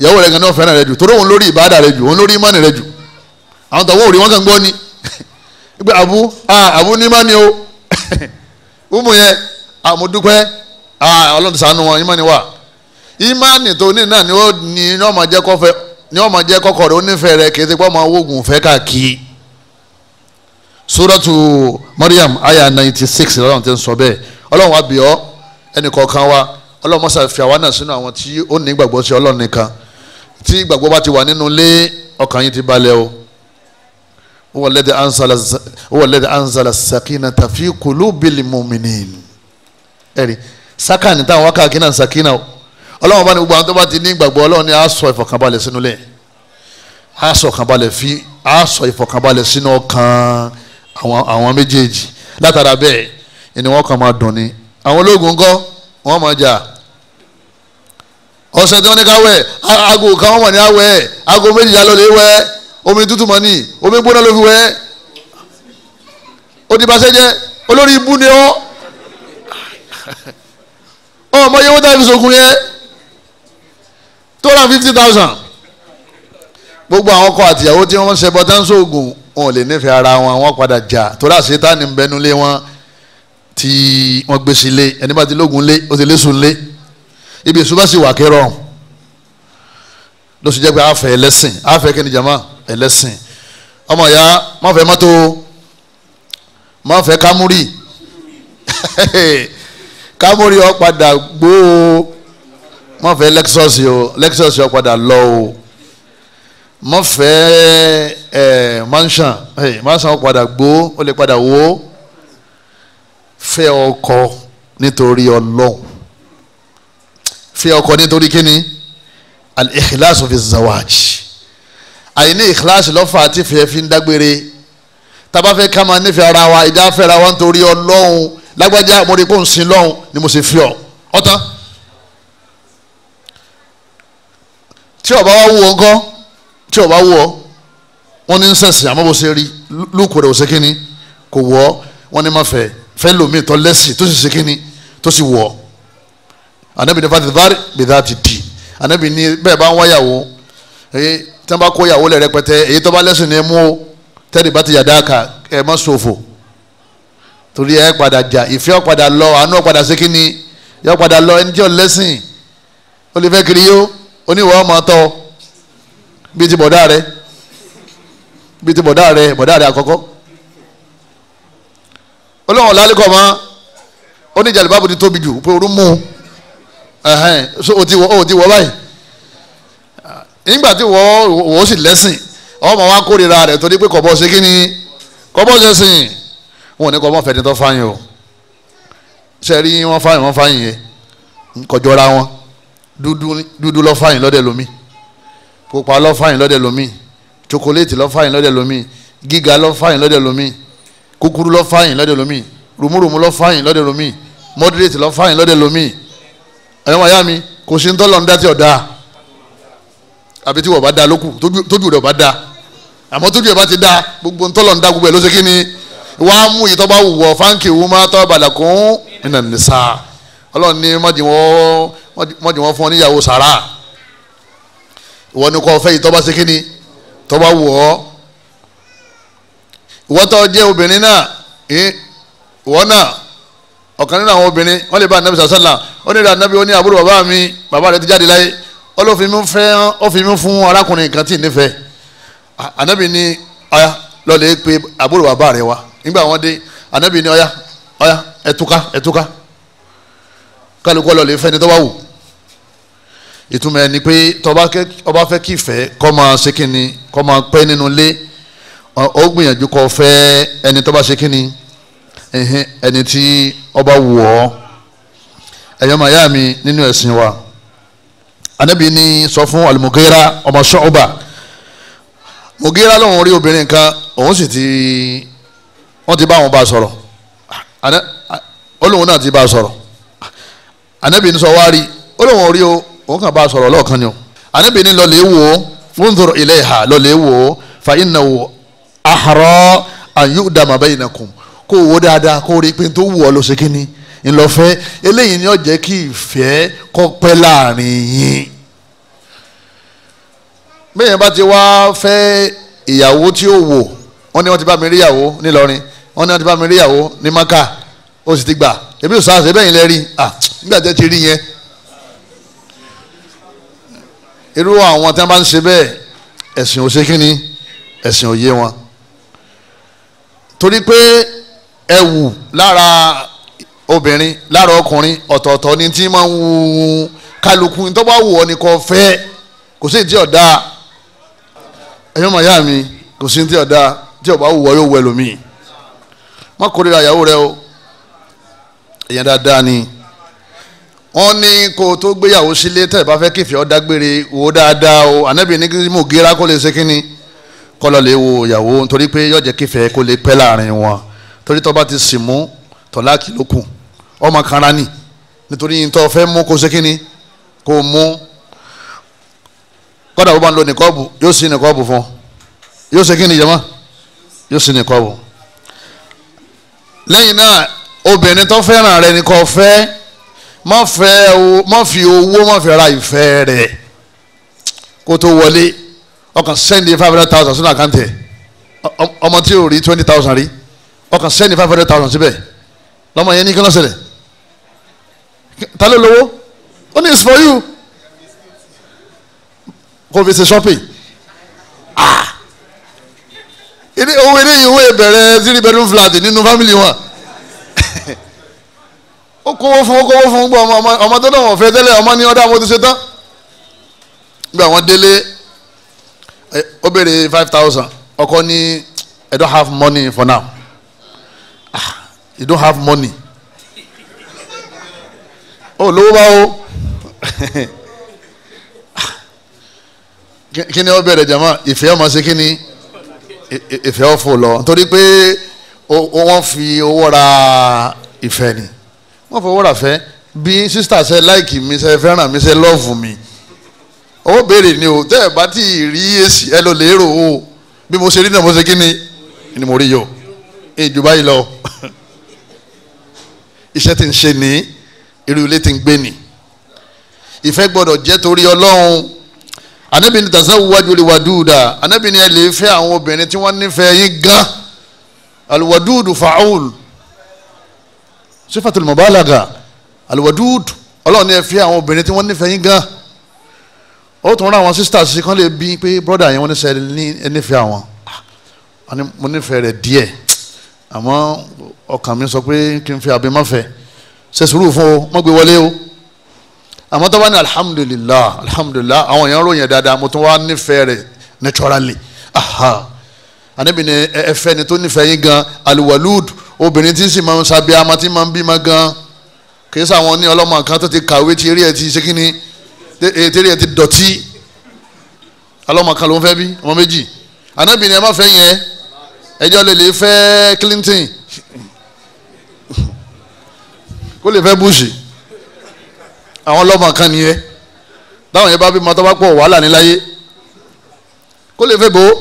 ìyàwó rẹ̀ gan náà fẹ́ràn rẹ̀ jù torí òun lórí ìbáàdà rẹ̀ jù òun lórí imani rẹ̀ jù àwọn tó wọ́n ò rí wọn kàn gbọ́ ni gbé abu àbú ah, abu má ni o umu yẹn àmúdúpẹ́ ah, ah, ọlọ́run ṣàánú wọn ìmánì wà ìmánì tó ní náà ni ó ní ní ni jẹ́ kọfẹ́ ni ọmọ jẹ́ kọkọ̀ rẹ̀ onífẹ́ rẹ̀ kì í ti pọ́ ọmọ ogun fẹ́ suratu mariam aya ninety six lọ́wọ́n ti ń sọ bẹ́ẹ̀ ọlọ́run wa bì ọ́ ẹnì kọ̀ọ̀kan wa ọlọ́run mọ́sá fi àwa náà sínú àwọn tí ó ní gbàgbọ́ sí ọlọ́run nìkan tí gbàgbọ́ bá ti wà nínú ilé ọkàn yín ti balẹ̀ o huwa alladhi anzala huwa alladhi anzala sakinata fi qulubil mu'minin ẹ̀rí sákàní táwọn wákàkí náà sakina o ọlọ́run bá ní gbogbo àwọn tó bá ti ní ìgbàgbọ́ ọlọ́run ni a sọ ìfọ̀kànbalẹ̀ sínú lẹ̀ a sọ ìfọ̀kànbalẹ̀ fi a sọ ìfọ̀kànbalẹ̀ sínú ọkàn àwọn àwọn méjèèjì látara bẹ́ẹ̀ ẹni wọ́n kàn máa dùn ni àwọn ológun ńkọ́ wọ́n máa jà ọ̀sẹ̀ tí wọ́n ní ká wẹ̀ aago kan wọ́n wà ní awẹ́ aago méjìlá lọ́lẹ́ wẹ́ omi tútù mọ́ ni omi gbóná ló fi wẹ̀ odibasẹ́ jẹ́ olórí ibú ni ọ́ ọmọ yẹn wọ́n tàbí sọ̀kun yẹn two hundred and fifty thousand gbogbo àwọn ọkọ àtìyàwó tí wọ́n ṣe bọ́tán sóògùn wọn ò lè nífẹ̀ẹ́ ara wọn wọ́n padà jà torí àṣetánì ń bẹnu lé wọn tí wọ́n gbèsè lé ẹni bá ti lóògùn lé ó ti lé sùn lé ibi ìṣúbà sì wà kérò ọ̀hún ló sì jẹ́ pé àfẹ́ ẹlẹ́sìn àfẹ́ kí ni jama ẹlẹ́sìn ọmọ ìyá má fẹ́ mọ́tò má fẹ́ kámúrì kámúrì ó padà gbó o má fẹ́ lexus o lexus ó padà lọ o má fẹ́ ẹ̀ mansion ẹ̀ mansion ó padà gbó ó lè padà wó fẹ́ ọkọ nítorí ọlọ́run fẹ́ ọkọ nítorí kíni al-ikhlasu fi zawaj àyìn ní ikhlasu lọ́fà àti fìyẹ́ fi ń dágbére tábà fẹ́ ká máa nífẹ̀ẹ́ ara wa ìjà fẹ́ra wa nítorí ọlọ́run lágbájá mo rí kó ń sin lọ́run ni mo sì fi ọ ọtán tí ọba wa wú ọ ńkọ́ tí ọba wú ọ wọn ní sẹ̀sìn àmọ́ bó ṣe rí lùkù rẹ̀ ò ṣe kínní kò wọ́ wọn ní má fẹ́ fẹ́ lòmíì tó lẹ́sìn tó sì ṣe kínní tó sì wọ́ ànábìyẹn fàtí bá ti di anabi ní bẹ́ẹ̀ bá ń wáyàwó èyí tí wọ́n bá kó yàwó lẹ̀ rẹpẹtẹ èyí tó bá lẹ́sùn ní mú o tẹ́lẹ̀ bá ti yàda kà ẹ̀ má ṣòfò torí ẹ̀ padà jà ìfẹ́ ọ̀ padà lọ àánú ọ̀ padà sékí ni yọ̀ padà lọ ẹni tí ọ̀ lẹ́sìn ó lè fẹ́ kiri yó oníwà ọmọ tọ́ bíi ti bọ̀dá rẹ bíi ti bọ̀dá rẹ bọ̀dá rẹ àkọ́kọ́ olóhùn ọ̀làlẹ́kọ̀ọ́ mọ́ oníjàlè bábù ti tóbi jù pé orú mú un so o ti wọ o ti wọ báyìí nígbà tí wọ́ wọ́ sì lẹ́sìn ọmọ wa kórìíra rẹ̀ torí pé kọ̀bọ̀ ṣe kí ni kọ̀bọ̀ ṣe sìn wọn ò ní kọ̀bọ̀ fẹ̀dẹ̀ tó fáyìn o ṣe rí wọn fáyìn wọn fáyìn yẹ kọjọra wọn dúdú dúdú lọ fáyìn lọ́dẹ̀ lomi pupa lọ fáyìn lọ́dẹ̀ lomi chocolate lọ fáyìn lọ́dẹ̀ lomi gíga lọ fáyìn lọ́dẹ̀ lomi kúkúrú lọ fáyìn lọ́dẹ̀ lomi rùmúrùmú lọ fáyìn lọ́dẹ̀ lomi moderate lọ fáyìn lọ́dẹ̀ lomi ẹ̀yọ́ màyá mi kò sí ń tọ́lọ̀ ń dá tí ọ̀dà àbí tí wọ́n bá da lókù tójú rẹ̀ bá da àmọ́ tójú rẹ̀ bá ti da gbogbo ń tọ́lọ̀ ń da gbogbo ẹ̀ ló ṣe kí ni wàá mú yìí tó bá wù wọ́ fáńkì wù má tọ́ balẹ̀ kún nínà nìsa ọlọ́run ní mọ̀jì wọn fún ọ níyàwó sàrà ìwọ ni kò fẹ́ yìí tó bá ṣe kí ni tó bá wù ọ́ tó jẹ́ obìnrin náà ìwọ náà ọ̀kan nínú àwọn obìnrin wọ́n lè bá anabi sàṣàlà ó ní anabi ó ní àbúrò bàbá mi bàbá rẹ̀ ti jáde láyé ó ló fi mí fẹ́ ó fi mí fún arákùnrin kan tí ì nífẹ̀ẹ́ anabi ní ọ̀yá lọ́ọ̀lẹ́ pé àbúrò bàbá rẹ̀ wá nígbà wọn dé anabi ní ọ̀yá ọ̀yá ẹ̀túká ẹ̀túká kálukú ọlọ́ọ̀lẹ́ fẹ́ni tó bá wù ìtumọ̀ ẹni pé tọba fẹ́ kí ìfẹ́ kó máa ṣe kínni kó máa pẹ́ nínú ilé ó gbìyànjú kó fẹ́ ẹni tó bá ṣe kínni ẹni tí ọba wù ọ́ ẹ̀yọ́ màyá mi nínú ẹ̀sìn wa anabi ni sọ fún al-Mughira ọmọ Shu'ba Mughira lòun rí obìnrin kan òun sì ti wọ́n ti bá àwọn bá a sọ̀rọ̀ olóhùn náà ti bá a sọ̀rọ̀ anabi ni sọ wá rí olóhùn rí o òun kàn bá a sọ̀rọ̀ lọ́ọ̀kan ni o anabi ni lọ́ọ̀lẹ́ wò ó unzur ilayha lọ́ọ̀lẹ́ wò fa innahu ahra an yu'dama kó wò dáadáa kó rí i pé n tó wù ọ ló ṣe kí ni ńlọfẹ́ eléyìí ni ó jẹ́ kí ìfẹ́ kó pẹ́ láàrin yín bẹ́ẹ̀ bá ti wá fẹ́ ìyàwó tí ó wò wọ́n ní wọ́n ti bá mi rí ìyàwó nílọrin wọ́n ní wọ́n ti bá mi rí ìyàwó ní maka ó sì ti gbà èmi ò sáà ṣe bẹ́ẹ̀ yín lẹ́rìí à nígbà tẹ́ ti rí yẹn irú àwọn tí wọ́n bá ń ṣe bẹ́ẹ̀ ẹ̀sìn ò ṣe kí ni ẹ̀sìn ò yé wọn torí pé ẹ̀wù lára obìnrin lára ọkùnrin ọ̀tọ̀ọ̀tọ̀ ni tí máa ń wu kálukú tó bá wù ọ́ ni kò fẹ́ kò sí ìdí ọ̀dà ẹ̀yọ́ màyá mi kò sí ìdí ọ̀dà tí ọba wù ọ́ yóò wẹ̀ lómi má kórìíra ìyàwó rẹ o èèyàn dáadáa ni wọ́n ní kó o tó gbéyàwó sílé tẹ̀ bá fẹ́ kífì ọ́ dágbére wò dáadáa o ànábì ní kí mo gera kó lè ṣe kínni kọ́ lọ́ọ́ lè wo ìyàwó nítorí pé yọ̀jẹ̀ kífì ẹ kó lè pẹ́ láàrin wọn torí tó bá ti sì mú tọ́láàkì ló kù ọmọ kanra ni nítorí tó fẹ́ mú kó ṣe kínní kó mú kọ́dà bó bá ń lo nìkọ́ọ̀bù yóò sí nìkọ́ọ̀bù fún yóò ṣe kínní jẹ́mọ́ yóò sí nìkọ́ọ̀bù. lẹ́yìn náà obìnrin tó fẹ́ràn rẹ ni kò fẹ́ má fẹ́ má fi owó má fi ra ìfẹ́ rẹ̀ kó tó wọlé ọkàn sẹ́ndí five hundred thousand sínú àkáǹtì ọmọ tí ò rí twenty thousand rí ọkàn sẹ́ni five hundred thousand síbẹ̀ lọ́mọ yẹn ní kí ló ṣẹlẹ̀ ta ló lówó ó ní it's for you kò fi shopping ah ilé owó eléyìí owó ìbẹ̀rẹ̀ three bedroom flat nínú family wọn ó kówó fún ó kówó fún gbọ́ ọmọ ọmọ tó dọ̀wọ̀ fẹ́ tẹ́lẹ̀ ọmọ ní ọ̀dà mo ti ṣe tán gbé àwọn délé ó béèrè five thousand ọkọ ní I don't have money for now you don't have money Oh, lówó bá o kí ni ó jama ìfẹ́ ọmọ sí kí ni ìfẹ́ ọ̀fọ̀ lọ nítorí pé wọ́n fi owó ra ìfẹ́ ni wọ́n fi owó ra fẹ́ bí sísítà ṣe láìkì mi ṣe fẹ́ràn mi ṣe lọ́ọ̀fù mi ó béèrè ni o tẹ́ ẹ̀ bá tí ì rí èsì ẹ ló lérò o bí mo ṣe rí náà mo ṣe kí ni ni mo rí yọ èjò báyìí lọ iṣẹ́ tí ń ṣe ní irú ilé tí ń gbé ni ìfẹ́ gbọ́dọ̀ jẹ́ torí ọlọ́run anabi ni tazawwaju liwaduda anabi ni ẹ lè fẹ́ àwọn obìnrin tí wọ́n nífẹ̀ẹ́ yín gan alwadudu fa'ul sifatul mubalaga alwadudu ọlọ́run ni ẹ fẹ́ àwọn obìnrin tí wọ́n nífẹ̀ẹ́ yín gan ó tún rán àwọn sisters kan lè bí pé brother yẹn wọ́n ní sẹ́ẹ̀ ní ẹ nífẹ̀ẹ́ àwọn ah, mo nífẹ̀ẹ́ rẹ̀ díẹ̀ àmọ́ ọkàn mi sọ pé kí n fi abẹ má fẹ́ ṣe sùúrù fún o má gbé wọlé o àmọ́ tó bá ní alhamdulilah alhamdulilah àwọn èèyàn ròyìn dáadáa mo tún wá nífẹ̀ẹ́ rẹ̀ naturally aha àníbi ni ẹfẹ́ ni tó nífẹ̀ẹ́ yín gan aliwalud obìnrin tí sì máa ń sábẹ́ ama tí máa ń bímọ gan kì í sàwọn ní ọlọ́mọ kan tó ti kàwé tí eré ẹ̀ ti ṣe kíni eré eh, ẹ̀ ti dọ̀tí ọlọ́mọ kan ló ń fẹ́ bí ọmọ méjì àníbi ni ẹ má fẹ́ yẹn ẹjọ́ lè lè fẹ́ Clinton kó lè fẹ́ Bush àwọn ọlọ́mọ kan nìyẹn táwọn yẹn bá bímọ tó bá pọ̀ wàhálà níláyé kó lè fẹ́ bò ó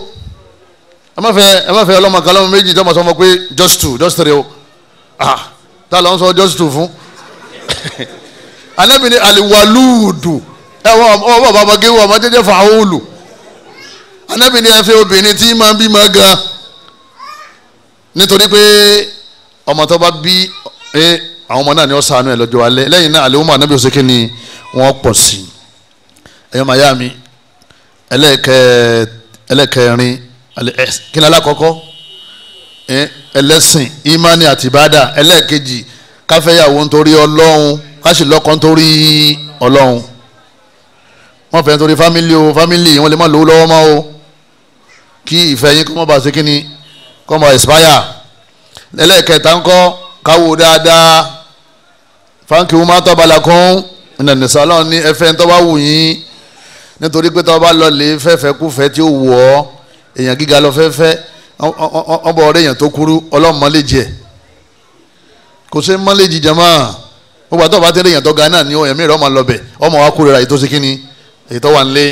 ẹ má fẹ́ ẹ má fẹ́ ọlọ́mọ kan lọ́mọ méjì tọ́mọ sọmọ pé just two just three o ah tá a lọ sọ just two fún Anabini ni aliwaluudu ẹ wọ ọmọ bàbá gé wọ ọmọ jẹjẹ fàáwọlù anabi ni ẹ fẹ́ obìnrin tí máa bí máa gan nítorí pé ọmọ tó bá bí ẹ àwọn ọmọ náà ni ó sànú ẹ lọ́jọ́ alẹ́ lẹ́yìn náà àlẹ́ wọn máa nábì òsèké ni wọ́n pọ̀ sí i ẹ̀yọ́ màyá mi ẹlẹ́kẹrin kíni alákọ̀ọ́kọ́ ẹlẹ́sìn ìmánì àti ìbádà ẹlẹ́ẹ̀kejì káfẹ́yàwó nítorí ọlọ́run káṣí lọ́kọ nítorí ọlọ́run wọ́n fẹ́ nítorí fámílì o fámílì wọ́n lè má lówó lọ́wọ́ mọ́ o kí ìfẹ́ yín kó má bàa ṣe kíni kọ́mọ expire lẹ́lẹ́kẹta ńkọ́ káwo dáadáa fáńkì wọn máa tọ́ balà kún ìnànìsá ọlọ́run ní ẹfẹ́ ń tọ́ba wù yín nítorí pé tọ́ba lọ lè fẹ́fẹ́ kúfẹ́ tí ó wù ọ́ èèyàn gíga lọ fẹ́fẹ́ ọ̀bọ̀ ọ̀rẹ́ èèyàn tó kúrú ọlọ́run mọ́lẹ̀ jẹ kò sí mọ́lẹ̀ jìjà máa gbogbo àtọ́ba tẹ́lẹ̀ èèyàn tó ga náà ni ẹ̀mí rẹ̀ ọmọ lọ́bẹ̀ ọmọ wa kúrera èyí tó ṣe kíni èyí tó wà ń lé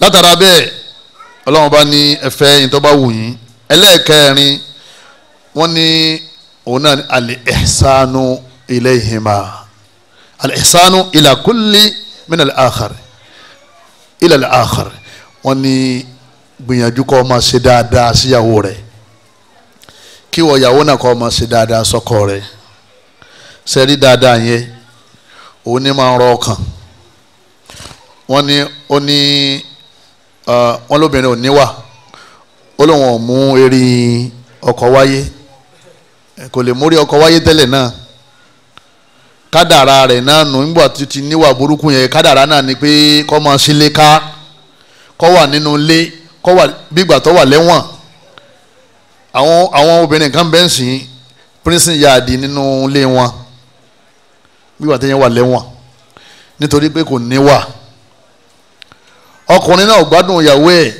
látara bẹ́ẹ̀ ọlọ́run bá ní ẹ̀fẹ́ yìí tó bá wù yín ẹlẹ́ẹ̀kẹrin wọ́n ní òun náà ní al-ihsanu ilayhima al-ihsanu ila kulli min al-akhar ila al-akhar wọ́n ní gbìyànjú kó máa ṣe dáadáa síyàwó rẹ̀ kí wọ́n yàwó náà kó máa ṣe dáadáa sọ́kọ rẹ̀ sẹ́rí dáadáa yẹn òun ní máa rọ ọkàn wọ́n ní ó ní. Eh, wọn lóbìnrin ò níwà ó lóun ò mú eré ọkọ wáyé eh, kò lè mórí ọkọ wáyé tẹlẹ náà kádàrá rẹ̀ náà nù nígbà tí ti níwà burúkú yẹn kádàrá náà ni pé kọ́ máa sílé ká kọ́ wà nínú ilé kọ́ wà bígbà tó wà lẹ́wọ̀n àwọn àwọn obìnrin kan bẹ́ẹ̀ sìn prison yard nínú ilé wọn bígbà tó yẹn wà lẹ́wọ̀n nítorí pé kò níwà ọkùnrin náà ò gbádùn ìyàwó ẹ̀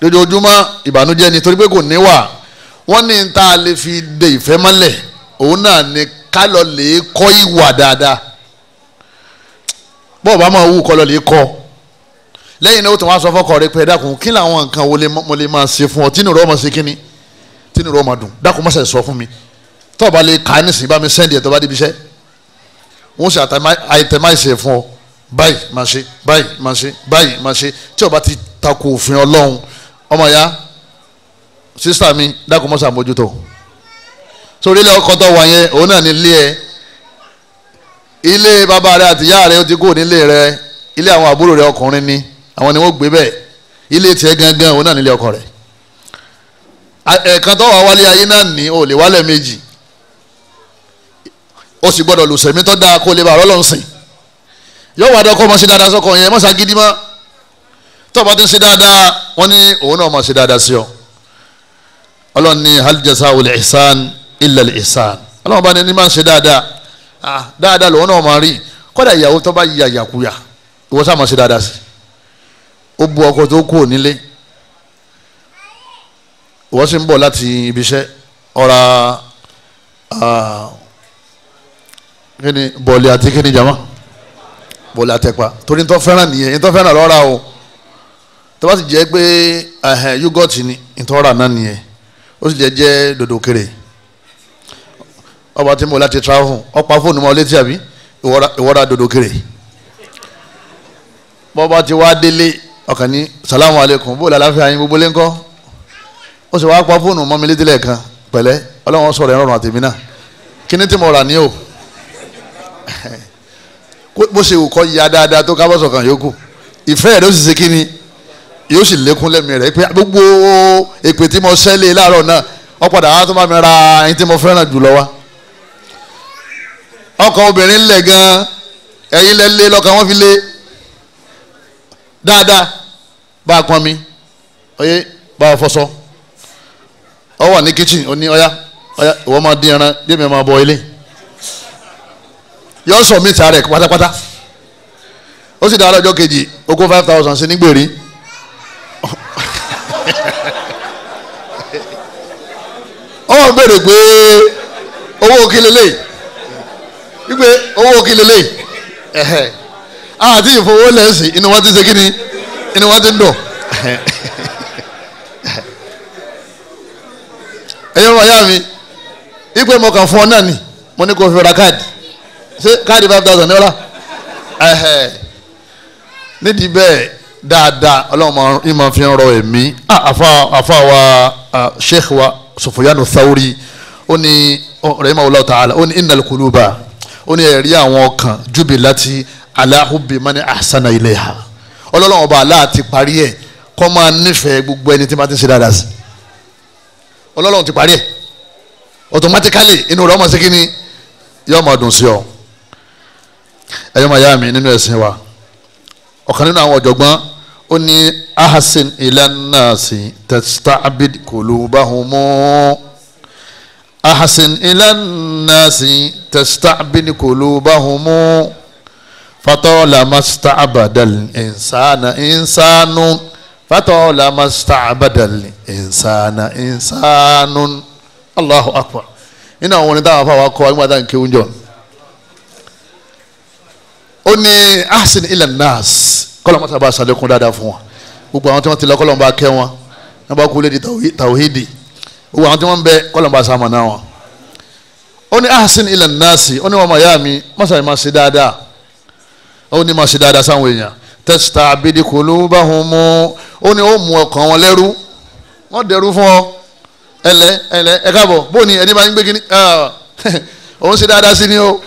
lójoojúmọ́ ìbànújẹ́ ni torí pé kò níwà wọ́n ní ta lè fi de ìfẹ́ mọ́lẹ̀ òun náà ni ká lọ lè kọ́ ìwà dáadáa bọ́ọ̀ bá máa wù kọ́ lọ lè kọ́ lẹ́yìn náà ó tún wá sọ fọ́kọ rẹ pé ẹ dákun kí làwọn nǹkan wo lè máa ṣe fún ọ tínú rẹ ọmọ ṣe kíni tínú rẹ ọmọ dùn dákun mọ́sẹ̀ sọ fún mi tọ́ọ̀ bá lè kà á nísìnyí bá mi sẹ́ndì ẹ̀ tó bá débi iṣẹ́ wọ́n ṣe àtẹ̀máìsì fún ọ báyìí máa ṣe báyìí máa ṣe báyìí máa ṣe tí ó bá ti takò òfin ọlọ́run ọmọ ya sísá mi dákun mọ́sá mójútó sórí ilé ọkọ tó wà yẹn òun náà ní ilé ẹ ilé bàbá rẹ àti ìyá rẹ ó ti kó nílé rẹ ilé àwọn àbúrò rẹ ọkùnrin ni àwọn ni wọ́n gbé bẹ́ẹ̀ ilé tiẹ̀ gangan òun náà nílé ọkọ rẹ ẹ̀ẹ̀kan tó wà wálé ayé náà ní o lè wálẹ̀ méjì o sì gbọ́dọ̀ lùsẹ̀mí tó dáa kó lè bá ọlọ́run sìn yọ wà dọ́kọ́ ọmọ ṣe dáadáa sọ́kọ yẹn mọ́sá gidi mọ́ tọ́ba ti ṣe dáadáa wọ́n ní òun náà mọ̀ ṣe dáadáa sí ọ. ọlọ́run ní hal jazaa'ul ihsan ilal isan. ihsan ọlọ́run bá ní ní máa ń ṣe dáadáa ah dáadáa lòun náà máa rí kọ́dà ìyàwó tó bá yà yàkuyà ìwọ sáà máa ṣe dáadáa sí ó bu ọkọ tó kú nílé ìwọ sì ń bọ̀ láti ibiṣẹ́ ọ̀ra ah, kíni bọ̀ọ̀lì àti kíni jama. bó la torí nítorí fẹ́ràn nìyẹn nítorí fẹ́ràn lọ́ra o tó bá sì jẹ́ pé yúgọ̀tì ni nítorí rà náà nìyẹn ó sì jẹ́ jẹ́ dòdò kéré ọba tí mo láti travel ọ̀pá fóònù mọ́ létí àbí ìwọ́ra dòdò kéré bọ́ba ti wá délé ọkàn ní salamu aleykum gbogbo ó sì wá pa fóònù mọ́ mi létí lẹ́ẹ̀kan pẹ̀lẹ́ ọlọ́run sọ̀rọ̀ ẹ̀rọ̀rùn àtẹ̀mí náà tí o bó ṣe wù kọ́ ya dáadáa tó kábọ̀sọ̀ kan yòókù ìfẹ́ rẹ̀ ó sì ṣe kí ni yóò sì lékún lẹ́mìí rẹ̀ pé gbogbo èpè tí mo sẹ́lẹ̀ láàárọ̀ náà ó wá tó bá mi ra ẹni tí mo fẹ́ràn jùlọ wá. ọkọ obìnrin lẹ̀ gan ẹ̀yin lẹ́ lé lọ́kàn wọ́n fi lé dáadáa bá a pọn mi ọyẹ bá a fọṣọ ọ wà ní kitchen ó ní ọyá ọyá ìwọ máa dín ẹran bí máa bọ ilé yọ sọ mi sáré pátápátá ó sì dára ọjọ́ kejì ogún five thousand sí nígbèrè n bèrè pé owó kílélẹ̀ wípé owó kílélẹ̀ àti ìfowólẹ́sì inú ti ṣe kí ni inú ti ń dùn ẹ̀yin ọmọ mi wípé mo kàn fún ọ náà ni mo ní ṣé káàdì five thousand ní ọ̀la ẹ̀hẹ̀ nídìí bẹ́ẹ̀ dáadáa ọlọ́run ìmọ̀ fi ń rọ èmi ah, àfa àfa wa sheikh wa Sufyanu Thawri ó ní rahimahullahu ta'ala ó ní innal quluba ó ní ẹ̀rí àwọn ọkàn jubilati ala hubbi mani ahsana ilayha ọlọ́run ọba aláàtì parí ẹ̀ kọ́ máa nífẹ̀ẹ́ gbogbo ẹni tí bá ti ṣe dáadáa sí ọlọ́run ti parí ẹ̀ automatically inú rẹ̀ ọmọ sí kí ni yóò máa dùn sí ọ ẹ̀yọ́ máa yá mi nínú ẹ̀sìn wa ọ̀kan nínú àwọn ọ̀jọ̀gbọ́n ó ní ahasin ilanasi tastabid kulubahumu ahasin ilanasi tastabid kulubahumu fatọ́ọ̀lá mastabadal insana insanu fatọ́ọ̀lá mastabadal insana insanu allahu akbar nínú àwọn onídàáwọ̀ afáwọn akọ ẹgbẹ́ àdáǹkẹ́ oúnjẹ ọ̀nà ó ní asin ilẹ̀ nas kọ́lọ́mọ́ sábà sàlékún dáadáa fún wa gbogbo àwọn tí wọ́n ti lọ kọ́lọ́mọ́ bá kẹ́ wọn wọ́n bá kú lédi tàwíìdì gbogbo àwọn tí wọ́n ń bẹ kọ́lọ́mọ́ bá sàmà náà wọn. ó ní asin ilẹ̀ nas ó ní wọn mọ̀ ya mi mọ́sàlẹ̀ máa ṣe dáadáa ó ní máa ṣe dáadáa sáwọn èèyàn tẹ́sítà àbídí kulubahumu ó ní ó mú ọkàn wọn lẹ́rú wọ́n dẹ̀rú fún ọ ẹlẹ ẹlẹ ẹ káàbọ̀ bóòní ẹni bá ń gbé kíní ah. òun ṣe dáadáa sí ni o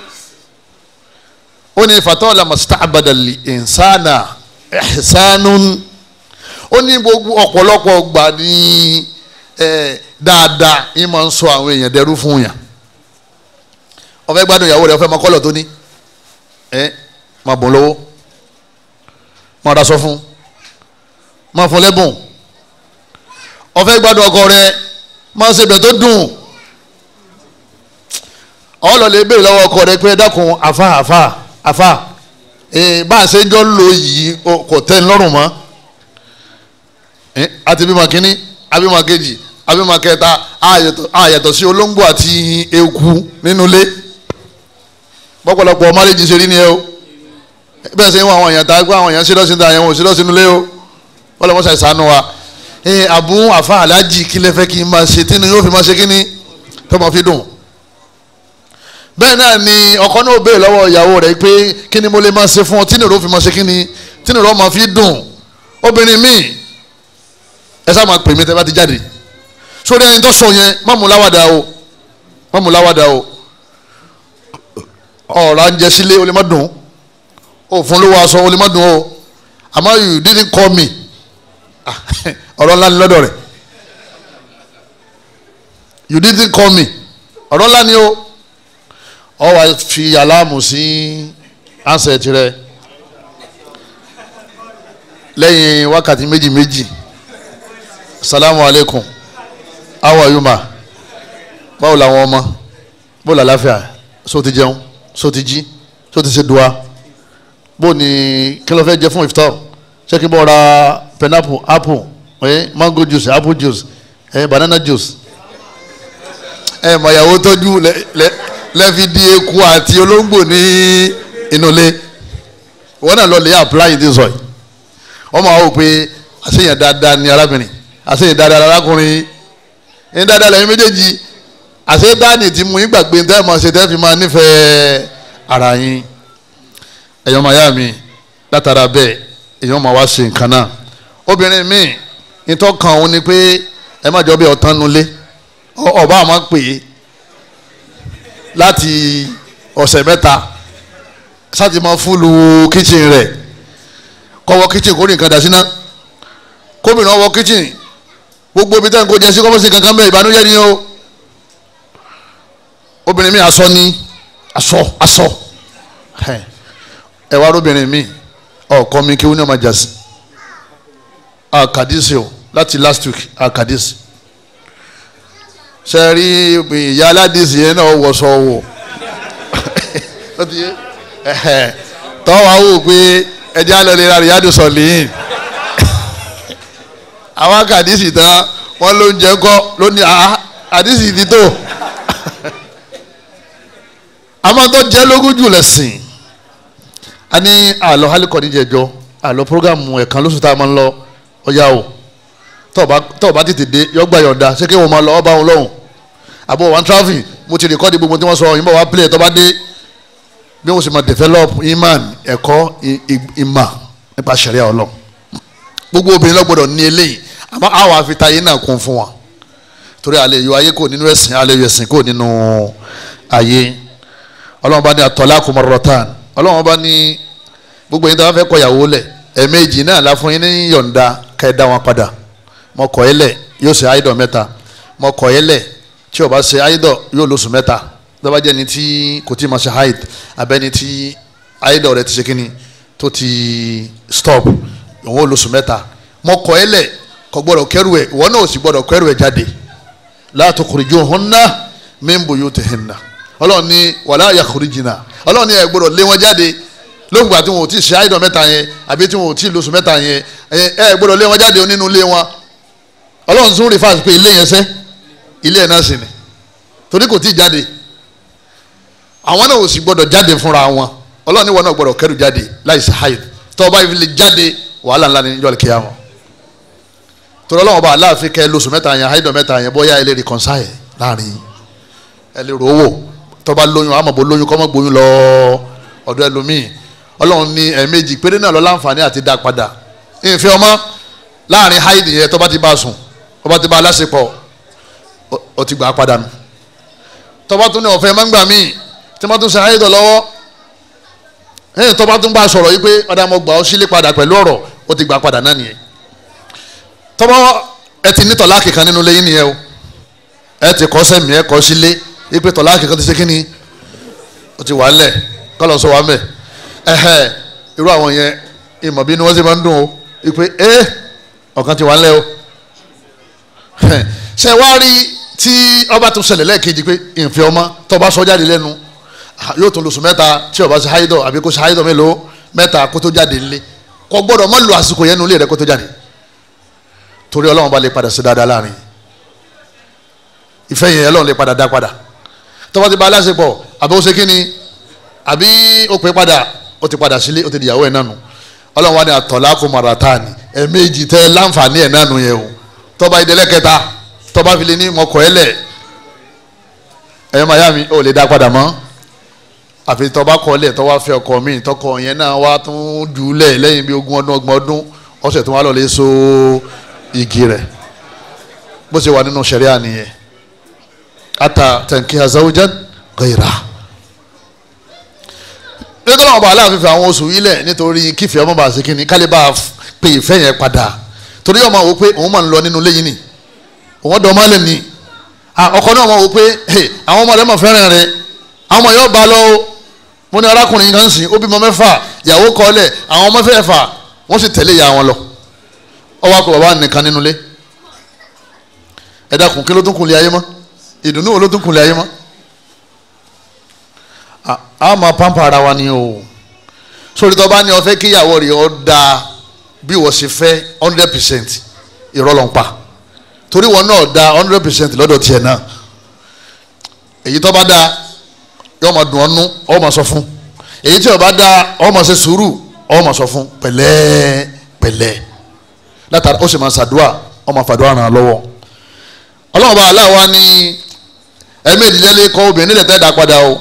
ó ní fatọ́lá mọ̀sítàbàdàlì insana, ẹ̀sánún ó ní gbogbo ọ̀pọ̀lọpọ̀ gbà ní dáadáa yín máa ń sọ àwọn èèyàn dẹrú fún yàn ó fẹ́ gbádùn ìyàwó rẹ̀ ó fẹ́ máa kọ́lọ̀ tó ní ẹ máa bọ̀ lọ́wọ́ máa daṣọ fún máa fún lẹ́bùn ó gbádùn ọkọ rẹ̀ máa ṣe bẹ̀ tó dùn ọ lọ lè ọkọ rẹ̀ pé dákun àfa àfa àfa bá a ṣe jọ lò yìí kò tẹ́ ń lọ́rùn mọ́ àti bímọ kínní abímọ kejì abímọ kẹta àyàtọ̀ sí olóńgbò àti eku nínú ilé bọ́pọ̀lọpọ̀ marriage ṣe rí ni ẹ o bẹ́ẹ̀ sẹ́yìn wọn àwọn èèyàn tá a gbọ́ àwọn èèyàn ṣílọ́sìn tá a yẹn wọn ò ṣílọ́sìn nílé o wọ́n lọ mọ́ ṣàìsànù wa àbú àfa aláàjì kí lẹ fẹ́ kí n máa ṣe tí ni yóò fi máa ṣe kí tó máa fi dùn bẹ́ẹ̀ náà ni ọkọ náà béèrè lọ́wọ́ ìyàwó rẹ̀ pé kí ni mo lè máa ṣe fún ọ tí nìró fi máa ṣe kí ni tí nìró máa fi dùn obìnrin míì ẹ sá máa pè mí tẹ́ bá ti jáde sórí ẹni tó sọ yẹn má mú láwàdà o má mú láwàdà o ọ̀rọ̀ à ń jẹ sílé o lè má dùn o fún lówó aṣọ o lè má dùn o àmọ́ you didn't call me ọ̀rọ̀ ńlá ni lọ́dọ̀ rẹ̀ you didn't call me ọ̀rọ̀ ńlá ni o ọ wá fi aláàmù sí ansẹ̀tì rẹ lẹ́yìn wákàtí méjì méjì salamu aleykum how are you ma báwo làwọn ọmọ bó la so ti jẹun so ti jí so ti ṣe dua bó kí ló fẹ́ jẹ fún iftar ṣé kí n bọ́ ra pineapple apple eh, mango juice apple juice eh, banana juice ẹ eh, màyàwó tọ́jú lẹ́ lẹ́ lẹ́fi di eku àti olóńgbò ní inú ilé wọn náà lọ lè apply this oil ọmọ àwọn òpè àṣeyàn dáadáa ni arábìnrin àṣeyàn dáadáa arákùnrin ẹni dáadáa lẹ́yìn méjèèjì àṣeyàn dáàni tí mo yín gbàgbé tẹ́ ẹ̀ máa ṣe tẹ́ fi máa nífẹ̀ẹ́ ara yín ẹ̀yọ́ máa yá mi látara bẹ́ẹ̀ èèyàn máa wá ṣe nǹkan náà obìnrin míì ìtọ́kàn òun ni pé ẹ má jọ bí ọ̀tán nulẹ̀ ọba àmọ́ pè é láti ọ̀sẹ̀ mẹ́ta sáti máa fún lu kitchen rẹ̀ kọ́wọ́ kitchen kó ní nǹkan dà síná kómìnà wọ kitchen gbogbo ibi táwọn kò jẹ sí kọ́mọ́sí kankan bẹ́ẹ̀ ìbànújẹ́ ni o obìnrin mi aṣọ ni aṣọ aṣọ ẹ wá lóbìnrin mi ọkọ mi kí wọn ní ọmọ jà sí àkàdísì o láti last week àkàdísì ṣe rí ìyá aládìsí yẹn náà wọṣọ wò tọ́wọ́ wò pé ẹjẹ́ àlọ́lẹ̀ ra rìyádùn sọ̀lẹ́yìn àwọn kàdísì tán wọ́n ló ń jẹ́ kọ́ ló ní àdísì ti tó amátọ́ jẹ́ lógún jù lẹ́sìn a ní àlọ́ hálíkọ́ níjẹ̀jọ́ àlọ́ prógámù ẹ̀kan lóṣù tá a máa ń lọ ọ̀yá o tọ́ ọba tètè dé yọgbà yọ̀ǹda ṣé kí wọ́n máa lọ ọba òun lọ́hùn àbọ̀ wọn tráfì mo ti rìkọ́dì gbogbo tí wọ́n sọ yìnbọn wá play tọ́ba dé bí wọ́n sì máa develop iman ẹ̀kọ́ ìmà nípa ṣẹ̀ríà ọlọ́run gbogbo obìnrin ló gbọ́dọ̀ ní eléyìí àmọ́ àwọn afitayé náà kún fún wọn torí àlè yọ ayé kò nínú ẹ̀sìn àlè yọ ẹ̀sìn kò nínú ayé ọlọ́run bá ní at-talaqu marratan ọlọ́run bá mo kọ̀ ẹ́ lẹ̀ yóò ṣe áyídọ̀ mẹ́ta mo kọ̀ ẹ́ lẹ̀ tí o bá ṣe áyídọ̀ yóò lóṣù mẹ́ta tó ni tí kò tí ma ṣe áyíd abẹ́ni tí áyídọ̀ rẹ ti ṣe kíni tó ti stop òun ò lóṣù mẹ́ta mo kọ̀ ẹ́ lẹ̀ kò gbọ́dọ̀ kẹ́rù ẹ̀ wọ́n náà ò sì gbọ́dọ̀ kẹ́rù ẹ̀ jáde la tukhrijuhunna min buyutihinna ọlọ́run ní wala yakhrijna ọlọ́run ní ẹ̀ gbọ́dọ̀ lé wọn jáde lóògbà tí wọn ò tí ì ṣe áyídọ̀ mẹ́ta yẹn àbí tí wọn ò tí ì lóṣù mẹ́ta yẹn ẹ̀ gbọ́dọ̀ lé wọn jáde nínú ilé wọn ọlọ́run tún rí fáṣí pé ilé yẹn sẹ́ ilé yẹn náà sì ni torí kò tí ì jáde àwọn náà ò sì gbọ́dọ̀ jáde fúnra wọn ọlọ́run níwọ̀n náà gbọ́dọ̀ kẹ́rù jáde láì sàáyè tó bá ìfilè jáde wàhálà ńlá ni níjọ́ lè kíyàwó torí ọlọ́run ọba aláàfin kẹ́ lóṣù mẹ́ta yẹn àìdọ̀ mẹ́ta yẹn bóyá ẹ lè reconcile láàrin ẹ lè rò wò tó bá lóyún àmọ́ bó lóyún kọ́mọ́ gbóyún lọ ọ̀dọ̀ ẹlòmíì ọlọ́run ní ẹ̀ẹ̀mejì péré náà lọ láǹfààní àti dá padà ìfẹ́ ọmọ láàrin haidi yẹn tó ti bá sùn ọba ti bá aláṣepọ̀ o ti gbà á padà nù tọba tún ní ọ̀fẹ́ máa ń gbà míì tí wọ́n tún ṣe ayédọ̀ lọ́wọ́ ẹ̀yìn tọba tún bá a sọ̀rọ̀ yìí pé ọ̀dà mo gbà ó sílé padà pẹ̀lú ọ̀rọ̀ ó ti gbà padà náà nìyẹn tọba ẹ ti ní tọ̀láàkì kan nínú lẹ́yìn nìyẹn o ẹ ti kọ́ sẹ́mi ẹ kọ́ sílé yìí pé tọ̀láàkì kan ti ṣe kí ni ti wà lẹ̀ kọ́lọ̀ sọ wà mẹ́ ẹ̀hẹ́ irú àwọn yẹn ìmọ̀ bí ni wọ́n ti máa ń dùn o yìí pé ẹ ọ̀kan ti wà lẹ̀ o ṣe wá rí tí ọba tó ṣẹlẹ̀ lẹ́ẹ̀kejì pé ìfẹ́ ọmọ tọba sọ jáde lẹ́nu ah, yóò tó lóṣù mẹ́ta tí ọba ṣe háídọ̀ àbí kó ṣe háídọ̀ mélòó mẹ́ta kó tó jáde nílé kò gbọ́dọ̀ mọ́ lu àsìkò yẹn nílé rẹ kó tó jáde torí ọlọ́run bá lè padà sí dáadáa láàrin ìfẹ́ yẹn ọlọ́run lè padà dá padà tọ́ba ti ba aláṣepọ̀ àbí ó ṣe kíni àbí ó pè padà ó ti padà sílé ó ti dìyàwó ẹ̀ nánu ọlọ́run wa ni àtọ̀lá kò mọ̀ràn tán ni ẹ̀ẹ́mẹ́jì tẹ́ láǹfààní ẹ̀ nánu yẹn o tọba ìdẹ́lẹ́kẹta tọba file ní mọ̀kọ́ ẹ lẹ̀ ẹ̀yọ́ mayami ò lè dá padà mọ́ àfi tọba kọ́ lẹ̀ tọwa fẹ́ ọkọ mi tọkọ yẹn náà wá tún jù lẹ̀ lẹ́yìn bí ogún ọdún ọgbọ̀n ọdún ọ̀sẹ̀ tó wà lọ́ọ́ so igi rẹ̀ bó ṣe wà nínú ṣẹ̀ríà nìyẹn ata tẹ̀ǹkì azawujan gẹ̀yìrà nítorí àwọn ọba aláàfin fi àwọn oṣù yìí lẹ̀ nítorí kífì ọmọ bàṣẹ kìnnì kálíbà pé ìfẹ́ yẹn padà torí ọmọ wò pé òun máa ń lọ nínú ilé yìí ni òun ọdọ ọmọ ẹlẹ ni ọkọ náà mọ wò pé àwọn ọmọ rẹ mọ fẹ́ràn rẹ àwọn ọmọ yóò bá lọ o mo ní arákùnrin kan sìn ó bímọ mẹ́fà ìyàwó kọ́lẹ̀ àwọn ọmọ fẹ́ẹ̀fà wọ́n sì tẹ̀lé ìyá wọn lọ ọwọ́ akọ bàbá nìkan nínú ilé ẹ̀dá kùn ló tún kùn ayé mọ́ ìdùnnú wo ló tún kùn ayé mọ́ a máa pampa ara wa ni o sórí tó bá ní ọ fẹ́ kíyàwó rẹ̀ ọ dáa bí wọ́n ṣe fẹ́ hundred percent irọ́ torí wọn náà da hundred percent lọ́dọ̀ tiẹ̀ náà èyí tó bá da yóò máa dùn ọ́nú ọ́ máa sọ fún èyí tí ò bá da ọ́ máa ṣe sùúrù ọ́ máa sọ fún pẹ̀lẹ́ pẹ̀lẹ́ látara ó sì máa ọ́ máa fàdúrà ràn án lọ́wọ́ aláwa ẹ̀ẹ́mẹ́jì kọ́ obìnrin padà o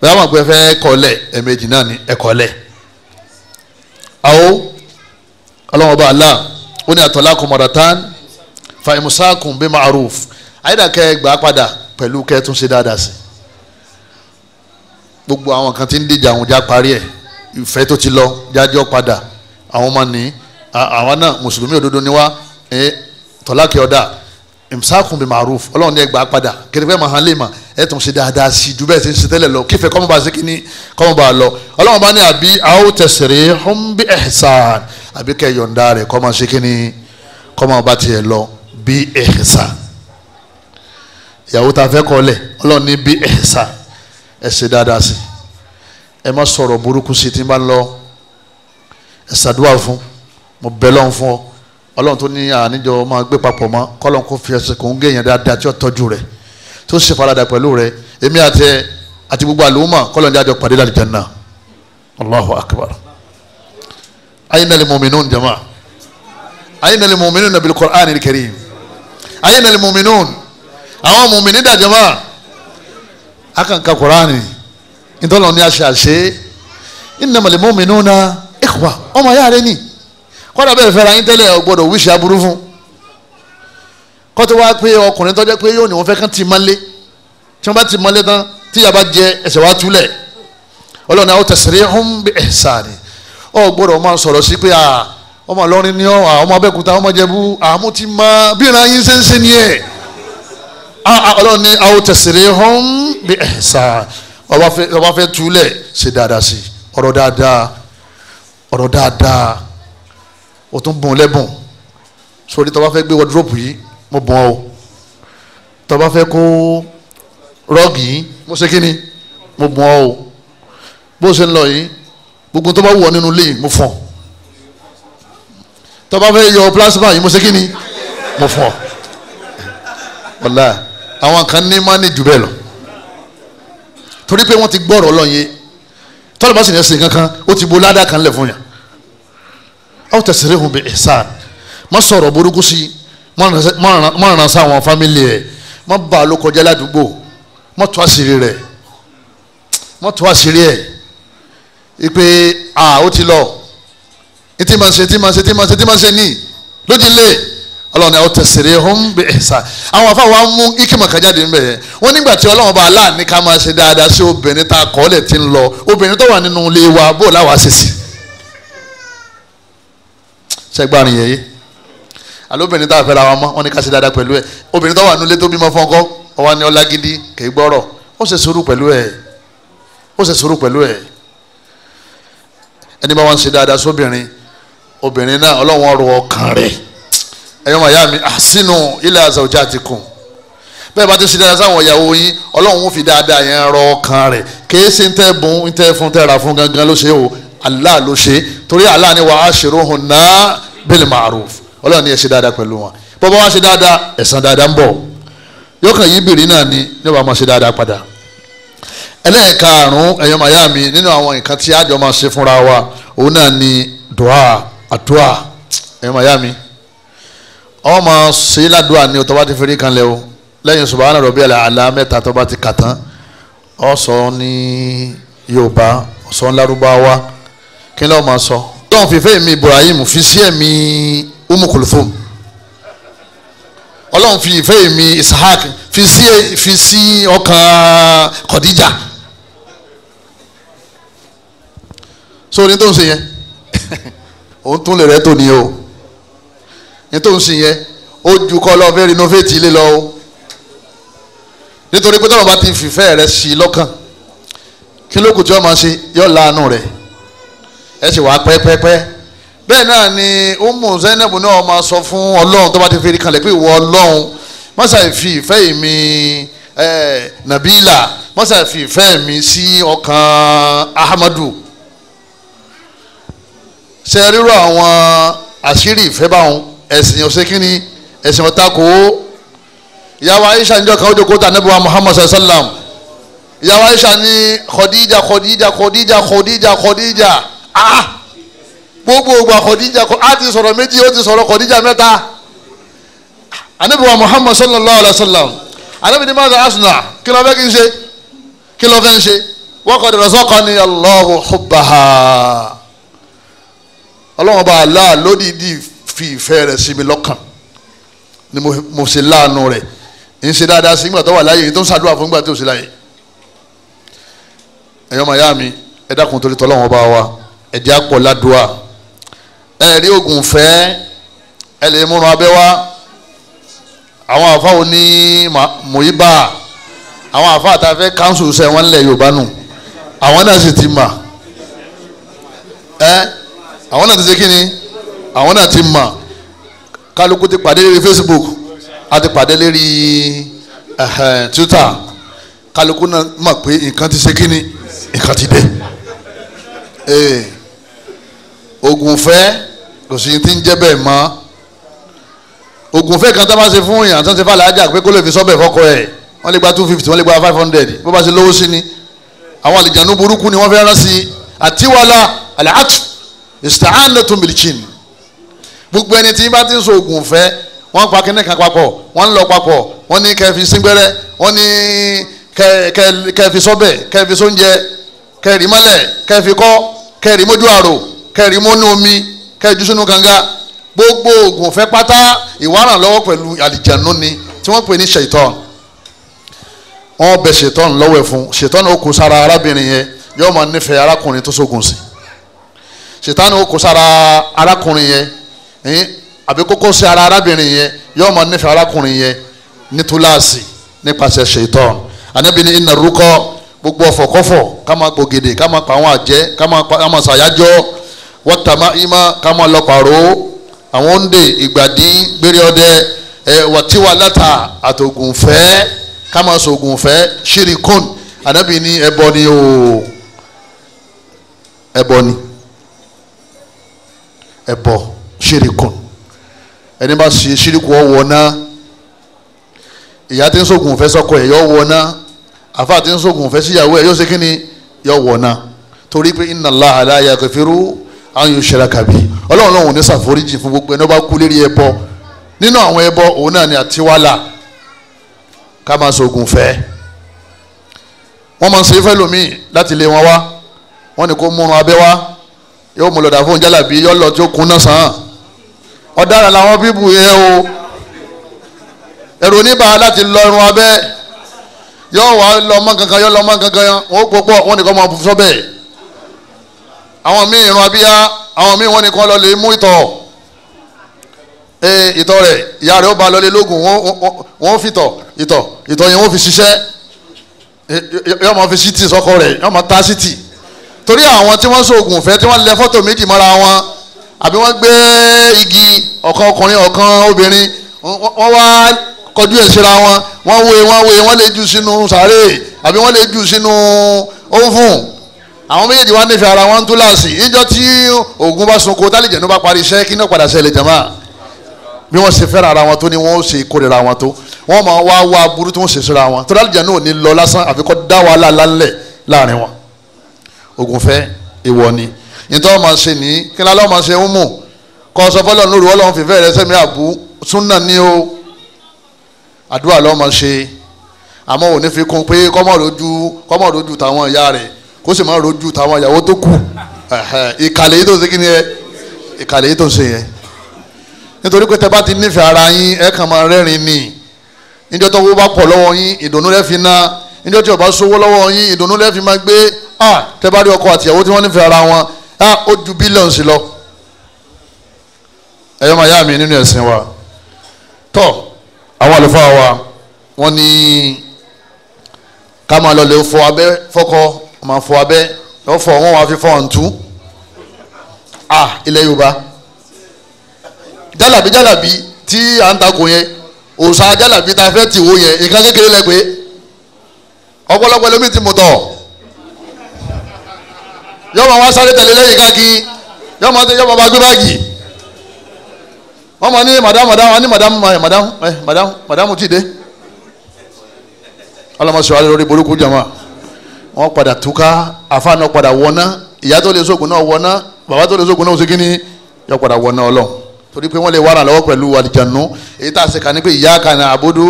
bẹ́ẹ̀ wọ́n pẹ́ fẹ́ ọlọ́wọ́n bá Allah ó ní atalakum maratan fa imsakun bi ma'ruf àyídàkẹ́ gbà padà pẹ̀lú kẹ́tún sí dáadáa sí gbogbo àwọn kan tí ń díjà àwọn já parí ẹ̀ ìfẹ́ tó ti lọ jájọ́ padà àwọn ọmọ ní àwa náà mùsùlùmí òdodo ni wá ẹ tọ́lákì ọ̀dà imsakun bi ma'ruf ọlọ́run ní ẹgbàá padà kẹrìfẹ́ máa hàn lè mà ẹ tún ṣe dáadáa sí ju bẹ́ẹ̀ ṣe ń ṣe tẹ́lẹ̀ lọ kífẹ́ kọ́mọba ṣe kíní kọ́mọba lọ ọlọ́run bá ní àbí aw tasrihum bi ihsan àbí kẹ́ yọ̀ǹda rẹ̀ kọ́ máa ṣe kí ni kọ́ bá tiẹ̀ lọ bí ẹ̀ẹ́sà ìyàwó tá a fẹ́ kọ́ lẹ̀ ọlọ́run ní bí ẹ̀ẹ́sà ẹ ṣe dáadáa sí ẹ má sọ̀rọ̀ burúkú sí tí n bá ń lọ ẹ fún mo bẹ̀ lọ́n fún ọ ọlọ́run tó ní àníjọ máa gbé papọ̀ mọ́ kọ́lọ́n kó fi ẹsẹ̀ kò ń gé yẹn dáadáa tí ó tọ́jú rẹ̀ tó ṣe farada pẹ̀lú rẹ̀ èmi àti gbogbo àlùmọ̀ kọ́lọ́n jájọ pàdé lálẹ́ jẹ́ náà Allahu akbar. أين المؤمنون جماعة أين المؤمنون بالقرآن الكريم أين المؤمنون àwọn mùmìnì dàjọba akànka kuraani ìtọ́lọ̀ ní aṣọ àṣe ìnàmọ̀lẹ̀ mùmìnì náà ẹ̀kọ́ ọmọ ayá rẹ ni kọ́dà bẹ́ẹ̀ fẹ́ra yín tẹ́lẹ̀ ọgbọ́dọ̀ wíṣẹ́ aburú fún kọ́tù wá pé ọkùnrin tọ́jọ́ pé yóò ní wọ́n fẹ́ kán ti máa lé tí wọ́n bá ti máa lé tán tí jẹ ẹsẹ̀ wá túlẹ̀ ọlọ́run àwọn tẹ̀sẹ̀rẹ̀ ń bẹ ẹ̀sà rẹ̀ ọ gbọ́dọ̀ máa sọ̀rọ̀ sí pé ọmọ Ìlọrin ni ọ ọmọ Abẹ́òkúta ọmọ Jẹ̀bú àmú ti mọ bí ìran yín ṣe ń ṣe ni ẹ̀ ọlọ́run ni àwọn tẹ̀sílẹ̀ hàn bí ẹ̀sà ọba fẹ́ túlẹ̀ ṣe dáadáa sí ọ̀rọ̀ dáadáa ọ̀rọ̀ dáadáa o tún bùn lẹ́bùn sórí tọ́ba fẹ́ gbé wọ́dúrópù yìí mo bùn ọ́ tọ́ba fẹ́ kó rọ́ọ̀gì yìí mo ṣe kí ni mo bùn ọ́ bó ṣe ń lọ yìí gbogbo tó bá wù ọ nínú ilé mo fún ọ tó bá fẹ́ yọ plasma yìí mo ṣe kí ni mo fún ọ wàlá àwọn kan ní má ní jù bẹ́ẹ̀ lọ torí pé wọ́n ti gbọ́rọ̀ lọ́yẹ tọ́lá bá sì ní ẹsẹ̀ kankan ó ti bo ládàá kan lẹ̀ fún yà ọ́ tẹ̀sí rẹ̀ hùn bí ẹ̀sán má sọ̀rọ̀ burúkú sí má ràn sáwọn fámìlì ẹ̀ má bà kọjá ládùúgbò má tú àṣírí rẹ̀ má tú àṣírí ẹ̀ ipe a ó ti lọ etí ma ṣe etí ma ṣe etí ma ṣe etí ma ṣe ní lójúlé ọlọ́run ni àwọn tẹ̀sẹ̀rẹ̀ ọ̀hún bẹ̀ ẹ̀sà àwọn afa wa mú ikima kan jáde níbẹ̀ yẹn wọ́n nígbà tí ọlọ́run bá aláàní ká máa ṣe dáadáa sí obìnrin tá a kọ́ lẹ̀ ti ń lọ obìnrin tó wà nínú ilé wa bó láwa ṣe sí. sẹ́gbàrin yẹn yé alóbìnrin tá a fẹ́ra wa mọ́ wọ́n ní ká ṣe dáadáa pẹ̀lú ẹ̀ obìnrin tó wà nílé tó bímọ fọ́nkọ́ ọwọ́ ni ọlágídí kì ó ṣe sùúrù pẹ̀lú ẹ̀ ẹni bá wọn ṣe dáadáa sóbìnrin obìnrin náà ọlọ́wọ́n rọ ọkàn rẹ̀ ẹ̀yọ́ màyá mi àsínú ilé àzàwùjá ti kùn bẹ́ẹ̀ bá ti ṣe dáadáa sáwọn ìyàwó yín ọlọ́run fi dáadáa yẹn rọ ọkàn rẹ̀ kìí ṣe ń tẹ́ bùn ń tẹ́ fún tẹ́ ra fún gangan ló ṣe o Allah ló ṣe torí Allah ni wa ashiruhunna bil ma'ruf ọlọ́run ni ẹ ṣe dáadáa pẹ̀lú wọn bọ́bá wá ṣe dáadáa ẹ̀san dáadáa ń bọ̀ yọkàn ẹlẹ́ẹ̀karùn-ún ẹ̀yọ́ màyá mi nínú àwọn nǹkan tí àjọ máa ṣe fúnra wa òun náà ni dùá àdúà ẹ̀yọ́ màyá mi ọmọ máa ṣe ládùá ni o tó bá ti fẹ́rí kan lẹ o lẹ́yìn subahana rabbiyal a'la mẹ́ta tó bá ti kà tán ọ sọ ní yorùbá sọ lárúbáwá kí ló máa sọ tọ́hún fífẹ́ mi ibrahim fi sí ẹ̀mí umu kulthum ọlọ́run fi ìfẹ́ mi ishaq fi sí fi sí ọkàn Khadija so ní tó ń ṣe yẹn òun tún lè rẹ tó ní o ní tó ń ṣe yẹn ó ju kọ́ lọ́ọ́ fẹ́ rinovate ilé lọ o nítorí pé tọ́lọ́ba ti fìfẹ́ rẹ sí i lọ́kàn kí ló kù tí wọ́n máa ṣe yọ láàánú rẹ̀ ẹ sì wá pẹ́pẹ́pẹ́ bẹ́ẹ̀ náà ni umu Zainabu náà máa sọ fún ọlọ́run tó bá ti fi kanlẹ̀ pé ìwọ ọlọ́run mọ́sá fi ìfẹ́ mi Nabila mọ́sá fi ìfẹ́ mi sí ọkàn Ahmadu ṣe ríro àwọn àṣírí ìfẹ́ báwọn ẹ̀sìn ọ̀sẹ̀ kínní ẹ̀sìn ọ̀tá kò ó ìyàwó Aisha níjọ́ kan ó jókòó ta níbi wa Muhammad sallam ìyàwó Aisha ní Khadija Khadija Khadija Khadija Khadija ah gbogbo ògbà Khadija a ti sọ̀rọ̀ méjì ó ti sọ̀rọ̀ Khadija mẹ́ta anabiwa muhammad sallallahu alaihi wa sallam anabi ni maza asuna kí ló fẹ́ kí n ṣe kí ló fẹ́ n ṣe wọ́n kọ́ dẹ̀rọ̀ sọ́kọ́ ni allahu hubbaha ọlọ́run ọba allah lódìdí fi ìfẹ́ rẹ̀ sí mi lọ́kàn ni mo ṣe láàánú rẹ̀ n ṣe dáadáa sí ìgbà tó wà láàyè yìí tó ń ṣàdúrà fún ìgbà tó ṣe láàyè ẹ̀yọ́ màyá mi ẹ dákun torí tọ́lọ́run wa ẹ̀jẹ̀ àpọ̀ ládùúà ẹ̀rí ogun fẹ́ lè múra abẹ́ wá àwọn àfa ò ní mùíbà àwọn àfa àtàfẹ́ káńsù sẹ́ wọ́n ń lẹ̀ yorùbá nù àwọn náà sì ti mà ẹ àwọn náà ti ṣe kí àwọn náà ti mà kálukú ti pàdé lórí Facebook a ti pàdé lórí Twitter kálukú náà mọ̀ pé nǹkan ti ṣe kí nǹkan ti dé ogun fẹ́ kò sí ti ń jẹ́ bẹ́ẹ̀ mọ́ oògùn fẹ́ kan tó bá ṣe fún èèyàn tó ń ṣe fà láàjà pé kó lè fi sọ́bẹ̀ fọ́kọ ẹ̀ wọ́n lè gba two fifty wọ́n lè gba five hundred bó bá ṣe lówó sí ni àwọn àlìjànú burúkú ni wọ́n fẹ́ rán sí i àtiwala alhatu istaanatun bilchin gbogbo ẹni tí bá ti ń so oògùn fẹ́ wọ́n pa kíní kan papọ̀ wọ́n ń lọ papọ̀ wọ́n ní kẹ́ síngbẹ́rẹ́ wọ́n ní kẹ́ sọ́bẹ̀ kẹ́ sóúnjẹ kẹ́ rí kọ́ kẹ́ rí omi kẹ́ sínú kànga gbogbo oògùn ọ̀fẹ́ pátá ìwárànlọ́wọ́ pẹ̀lú àlìjànú ni tí wọ́n pè ní ṣètọ́n wọ́n bẹ ṣètọ́n lọ́wọ́ ẹ̀ fún ṣètọ́n ó kó sára arábìnrin yẹn yóò máa nífẹ̀ẹ́ arákùnrin tó sógun sí ṣètọ́n ó kó sára arákùnrin yẹn àbí kókó sí ara arábìnrin yẹn yóò máa nífẹ̀ẹ́ arákùnrin yẹn ní túláàsì nípasẹ̀ ṣètọ́n Ànábì ní iná rúkọ gbogbo ọ̀fọ̀kọ́fọ̀ ká máa gbògèdè ká máa pa àwọn àjẹ́ ká máa ṣàyájọ́ wọ́n tàmá ìmọ̀ ká máa lọ pàrọ̀ àwọn òǹdè ìgbàdí gbére ọdẹ ẹ wàtíwà látà àtògùnfẹ́ kámasò ògùnfẹ́ ṣírìkún ànábì ní ẹbọ ni o ẹbọ ni ẹbọ ṣírìkún ẹni bá ṣe ṣírìkún ọwọ́ náà ìyá tí ń sọ̀gùn sọkọ ẹ̀ yọ wọ̀ náà àfa tí ń sọ̀gùn síyàwó ẹ̀ yóò ṣe kí ni yọ wọ̀ náà torí pé inna Allaha la yaghfiru an yushraka bihi ọlọ́run lọ́wọ́ ní ṣàforíjì fún gbogbo ẹni ó bá kú lérí ẹbọ nínú àwọn ẹbọ òun náà ni àtiwálà ká máa ṣoògùn fẹ́ wọ́n máa ń ṣe fẹ́lòmíì láti lé wọn wá wọ́n ní kó múrun abẹ́ wá yóò mú lọ́dà fún jálàbí yóò lọ tí ó kún náà sàn án ọ̀daràn làwọn bíbù yẹn o ẹ̀rù oníbà láti lọ irun abẹ́ yóò wá lọ kankan yóò lọ kankan wọn ó pọ̀ wọ́n ní kó máa sọ bẹ́ẹ̀ àwọn míì irun abíyá àwọn míì wọn ni kàn lọ lè mú ìtọ̀ ee ìtọ̀ rẹ̀ ìyá rẹ̀ ó ba lọ lé lóògùn wọn ó fi tọ̀ ìtọ̀ ìtọ̀ yẹn wọn fi ṣiṣẹ́ yọọ ma fi ṣítì sọkọ rẹ̀ yọọ ma ta ṣítì torí àwọn tí wọ́n ṣoògùn fẹ́ tí wọ́n lẹ fọ́tò méjì mọ́ra wọn àbí wọ́n gbé igi ọ̀kan ọkùnrin ọ̀kan obìnrin wọ́n wá kọjú ẹ̀ síra wọn wọ́n wé wọ́n wé wọ́n lè jù sínú sàárè àbí wọ́n lè jù sínú òfun àwọn méjèèjì wá nífẹ̀ẹ́ ara wọn ń tú láàsì níjọ́ tí ogun bá sunko tálíjẹ̀nu bá parí iṣẹ́ kí náà padà ṣẹlẹ̀ jàmá bí wọ́n ṣe fẹ́ràn ara wọn tó ni wọ́n ṣe kórìíra wọn tó wọ́n máa wá wá burú tí wọ́n ṣe síra wọn torí àlìjẹ̀nu ò ní lọ lásán àfi kó dá wàhálà lálẹ́ láàrin wọn ogun fẹ́ ìwọ ni nítorí máa ṣe ní kí ni aláwọ̀ máa ṣe ń mú kọ́ ọ sọ fọ́lọ́ lórí ọlọ́run fìfẹ́ rẹ sẹ́mi àbú súnà ní o àdúrà lọ́ọ́ máa ṣe àmọ́ òní fi kún pé kọ́mọ̀ròjú kọ́mọ̀ròjú tàwọn ìyá rẹ̀ kó sì máa rojú tàwọn ìyàwó tó kù ìkàlẹ̀ yìí tó ṣe kí ni ẹ ìkàlẹ̀ yìí tó ṣe yẹ nítorí pé tẹ́bá ti nífẹ̀ẹ́ ara yín ẹ kàn máa rẹ́rìn ni níjọ́ tó wó bá pọ̀ lọ́wọ́ yín ìdùnnú lẹ́ fi ná níjọ́ tí ó bá sówó lọ́wọ́ yín ìdùnnú lẹ́ fi máa gbé à tẹ́bá rí ọkọ àtìyàwó tí wọ́n nífẹ̀ẹ́ ara wọn à ó ju bílíọ̀nù sí lọ. ẹ̀yọ́ máa yá mi nínú ẹ̀sìn wa tọ́ àwọn àlùfáà wa wọ́n ní ká máa lọ lè fọ abẹ́ fọ́kọ máa fọ abẹ́ yóò fọ wọn wá fi fọ ọ̀ǹtú ah ilẹ̀ yorùbá Jalabi jálàbí tí à ń takò yẹn òòṣà jálàbí tá a fẹ́ tì wó yẹn nǹkan kékeré lẹ pé ọ̀pọ̀lọpọ̀ lómi ti mú tọ̀ yóò máa wá sáré tẹ̀lé lẹ́yìn káàkiri yóò máa yóò máa bá gbé báàgì wọ́n máa ní madam madame wọ́n ní madame madam madam madam ti dé ọlọ́mọ sọ̀rọ̀ lórí burúkú jama wọ́n padà túká àfáà náà padà wọ́ná ìyá tó lè sóògùn náà wọ́ná bàbá tó lè sóògùn náà ṣégin ni yọ padà wọ́ná ọlọ́run torí pé wọ́n lè wára lọ́wọ́ pẹ̀lú àlìjànú èyí tá a ṣe kà ní pé ìyá kan náà àbódú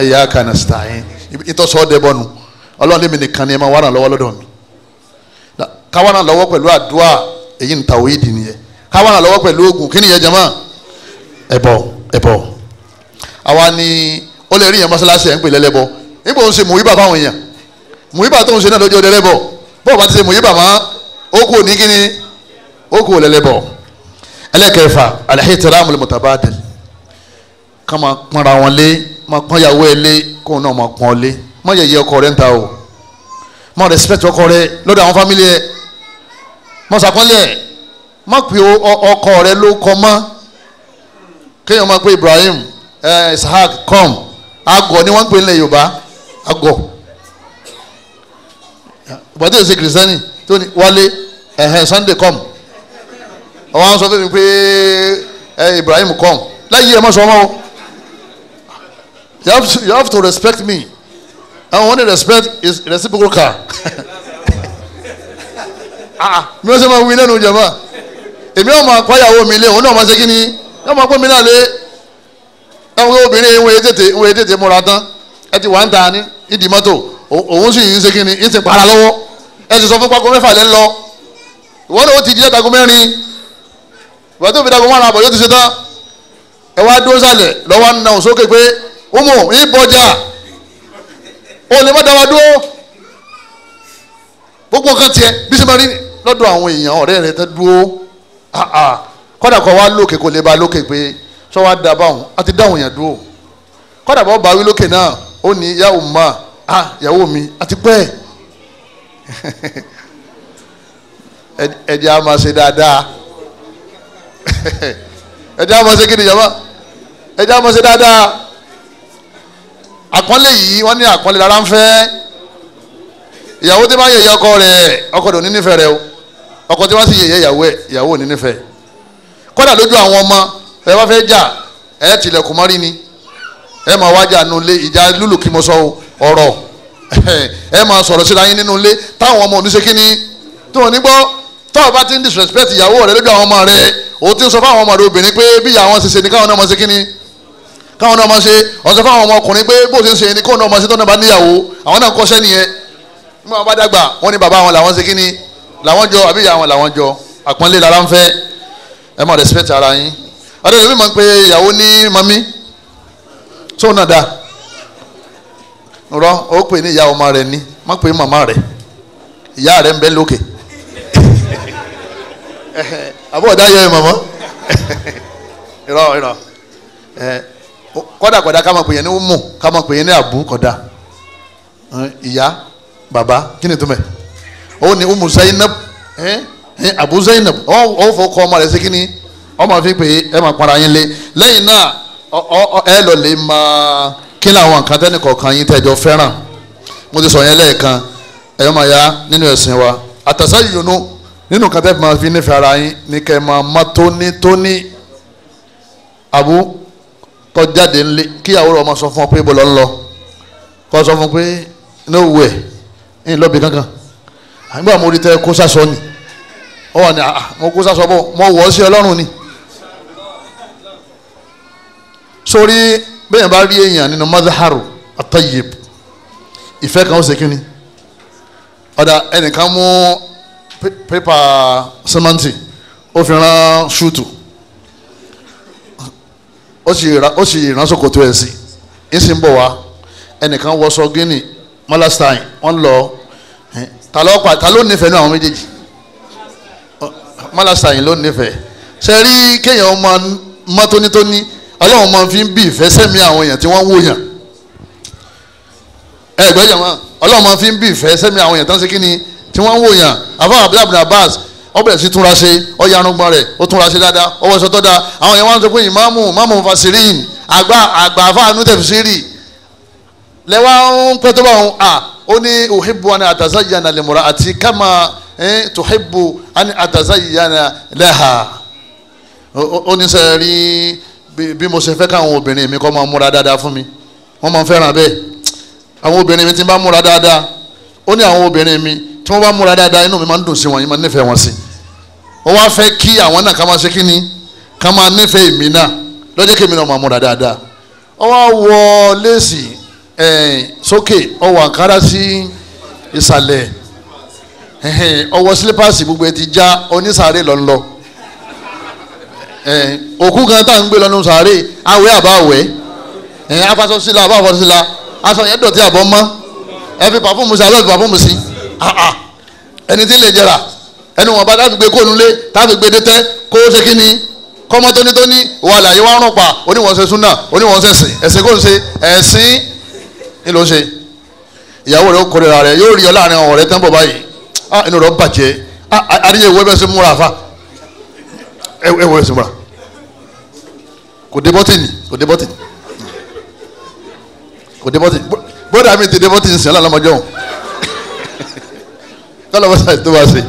ìyá kan náà stain ìtọ́sọ́ ọdẹ bọ́nu ọlọ́run lèmi nìkan ni ẹ máa wára lọ́wọ́ lọ́dọ̀ mi káwára lọ́wọ́ pẹ̀lú àdúrà èyí ń tàwé ìdì nìyẹn káwára lọ́wọ́ pẹ̀lú oògùn kí nìyẹn jẹ́mọ́ ẹ̀bọ ẹ̀bọ àwa ni ó lè rí yẹn mọ́sálásí ẹ̀ ń pè lẹ́lẹ́bọ nígbà ó ṣe mú ibà fáwọn èèyàn mùyíbà tó ń ṣe náà lójú ọdẹ lẹ́bọ̀ bọ́ọ̀ bá ti ṣe mùyíbà mọ́ ó kú ní kíni ó kú lẹ́lẹ́bọ̀ ẹlẹ́kẹ̀ẹ́fà al-ihtiramu al-mutabadil máa pọ́nra wọn lé máa pọ́n yàwó ẹ lé kóun náà máa pọ́n lé má yẹ̀yẹ́ ọkọ rẹ̀ ń ta o má respect ọkọ rẹ̀ lọ́dọ̀ àwọn fámìlì ẹ̀ má sàpọ́nlé ẹ̀ má pe ọkọ rẹ̀ ló kọ mọ́ kéèyàn máa pe Ibrahim eh, Ishaq kom agọ̀ ni wọ́n ń pè ní Yorùbá agọ̀ ìbàdí èsì kìrìsìtẹ́nì tó ní wálé ẹ̀hẹ̀ sunday come àwọn àwọn sọ fún mi pé ẹ Ibrahim come láyé ẹ má sọ ọmọ o you have to, you have to respect me and when you respect is reciprocal car ah, ah. mi ò sọ ma wí lẹ́nu jẹ̀mọ́ èmi ọ̀ máa kọ́yàwó mi lé òun náà máa ṣe kí ni ọ̀ máa pọ́ mi náà lé ẹ̀ wọ́n obìnrin ìwé tètè ìwé tètè múra tán ẹ ti wà ń ta ní ìdí mọ́tò òun sì ń ṣe kí ni ń ti para lọ́wọ́ ẹ ti sọ fún pákó mẹ́fà lẹ́ lọ ìwọ náà ó ti jíjẹ́ dago mẹ́rin ìwọ tó fi dago márùn àbọ̀ yóò ti ṣe tán ẹ wá dúró sálẹ̀ lọ́wọ́ ń náà sókè pé ọmọ ìbọjà ó lè má dá wa dúró gbogbo nǹkan tiẹ̀ bí sẹ́mi rí lọ́dọ̀ àwọn èèyàn ọ̀rẹ́ rẹ tẹ́ dúró kọ́dà kọ́ wa lókè kò lè ba lókè pé sọ wa dábàá òun àti dáhùn yẹn dúró kọ́dà bọ́ bá wí lókè náà ó ní yá òun máa. ah ìyàwó mi àti pẹ́ ẹ̀jẹ̀ á ṣe dáadáa ẹ̀jẹ̀ á ṣe kí ni ìjọba ẹ̀jẹ̀ á ṣe dáadáa àkọ́lé yìí wọ́n ní àkọ́lé rárá ń fẹ́ ìyàwó tí ọkọ rẹ̀ ọkọ rẹ̀ ò ní rẹ̀ o ọkọ tí wọ́n sì yẹ̀yẹ́ ìyàwó ẹ̀ ìyàwó ò ní nífẹ̀ẹ́ kódà lójú àwọn ọmọ ẹ bá fẹ́ jà ẹ ni ẹ máa wájà nulẹ̀ ìjà lúlù kí ọ̀rọ̀ ẹ máa sọ̀rọ̀ síra yín nínú ilé táwọn ọmọ oníṣe kínní tí wọ́n ní gbọ́ tọ́ọ̀ bá ti ń disrespect ìyàwó rẹ lójú àwọn ọmọ rẹ o ti ń sọ fáwọn ọmọ rẹ obìnrin pé bí ìyá ṣe ṣe ni káwọn náà máa ṣe kínní káwọn náà máa ṣe ó sọ fáwọn ọmọkùnrin pé bó ṣe ń ṣe ni káwọn náà máa ṣe tó náà bá níyàwó àwọn náà kọ́ṣẹ́ nìyẹn bí wọn bá dàgbà wọn ni bàbá wọn làwọn ṣe kínní làwọn jọ àbí ìyá wọn làwọn jọ àpọ́nlé lára ń pe ìyàwó ní mami tó náà rọ ó pè ní ìyá ọmọ rẹ ní má pè màmá rẹ ìyá rẹ ń bẹ lókè àbọ̀ ọ̀dà yẹ màmá ìrọ ìrọ kọ́dà ká máa pè yẹn ní umu ká máa pè yẹn ní abu kọ́dà ìyá bàbá kí ni túmẹ̀ ó ní umu zainab abu zainab ó fọ kọ́ ọmọ rẹ sí kí ni ọmọ fi pè é ẹ máa para yín lé lẹ́yìn náà ẹ lọ lè máa. kí làwọn nǹkan tẹ́nì kọ̀ọ̀kan yín tẹ́jọ fẹ́ràn mo ti sọ yẹn lẹ́ẹ̀kan ẹ̀yọ́ máa yá nínú ẹ̀sìn wa àtàṣà yòónú nínú nǹkan tẹ́ẹ̀ máa fi nífẹ̀ẹ́ ara yín ní kẹ́ máa má tónítóní àbú tọ́jáde ńlẹ̀ kí àwòrán ọmọ sọ fún ọ pé bó lọ ń lọ kọ́ sọ fún pé ní òwú ẹ̀ ń lọ́bì kankan àgbà mo rí tẹ́ kó sásọ ni ọ wà ní àà ah, ah, mo kó sásọ bọ́ mo wọ̀ sí ọlọ́run ni sórí bẹ́ẹ̀ bá rí èèyàn nínú madharu atayib ìfẹ́ kan ó ṣe kínní ọ̀dà ẹnìkan mú pépà sẹ́mẹ́ǹtì ó fi rán ṣúùtù ó sì rán ṣòkòtò ẹ̀ sí í sì ń bọ̀ wá ẹnìkan wọṣọ gíní malastain wọ́n lọ ta ló nífẹ̀ẹ́ ní àwọn méjèèjì malastain ló nífẹ̀ẹ́ ṣe rí kéèyàn ọmọ mọ́tónítóní ọlọ́run máa fi ń bí ìfẹ́ sẹ́mi àwọn èèyàn tí wọ́n wò yàn ẹgbẹ́ jàmá ọlọ́run máa fi ń bí ìfẹ́ sẹ́mi àwọn èèyàn tó ń ṣe kíni tí wọ́n wò yàn àbá abdulhamid abbas ó bẹ̀rẹ̀ sí túnra ṣe ó ya arúgbọ́n rẹ̀ ó túnra ṣe dáadáa ó wọṣọ tó àwọn èèyàn wá sọ pé ìmáàmù ìmáàmù fasirin àgbà àgbà àfáànú tẹ̀síìrì lẹ́wà ń pẹ́ tó bá wọn à ó ní uhibbu ani atazayyana limura àti kama tuhibbu ani atazayyana laha ó ní sẹ́ẹ̀rí bí mo ṣe fẹ́ káwọn obìnrin mi kọ́ máa múra dáadáa fún mi wọ́n máa ń fẹ́ràn bẹ́ẹ̀ àwọn obìnrin mi ti bá múra dáadáa ó ní àwọn obìnrin mi tí wọ́n bá múra dáadáa inú mi máa ń dùn sí wọn yìí máa nífẹ̀ẹ́ wọn sí wọ́n wá fẹ́ kí àwọn náà ká máa ṣe kí ni ká máa nífẹ̀ẹ́ èmi náà lọ́jọ́ kémi náà máa múra dáadáa wọ́n wá wọ léèsì sókè ọwọ́ àǹkárá sí ìsàlẹ̀ ọwọ́ sílípàsì gbogbo ẹ ti já onísàárè lọ́nlọ́ọ́ Eh, òkú kan tá à ń gbé lọ́nu sàárè awẹ́ àbá awẹ́ eh, afasọ síla àbá afasọ síla aṣọ yẹn dọ̀tí àbọ̀ mọ́ ẹ fi pàfọ́ọ̀mù sí alọ́ fi pàfọ́ọ̀mù sí ah, ah. ẹni tí ń lè jẹrà ẹni wọn bá dáàbò gbé kóònù lé táàbò gbé dé tẹ́ kó ṣe kí ni kọ́mọ tónítóní wà láyé wà rán pa oníwọ̀nsẹ̀ súnà oníwọ̀nsẹ̀ sìn ẹ̀sìn kò ń ṣe ẹ̀sìn ni ló ń ṣe ìyàwó rẹ kórìíra rẹ yóò rí ọ láàrin ọ̀rẹ́ tẹ́ńpọ̀ báyìí ah inú rẹ bàjẹ́ ah àríyẹ̀wò ẹ̀bẹ̀ sí múra fa ẹ wọ ẹsùn bra kò dé bọ́tìnì kò dé bọ́tìnì kò dé bọ́tìnì bọ́dà mi ti dé bọ́tìnì sẹ́lá lọ́mọdé ọ̀hún kọ́lọ́ bọ́sà tó bá ṣe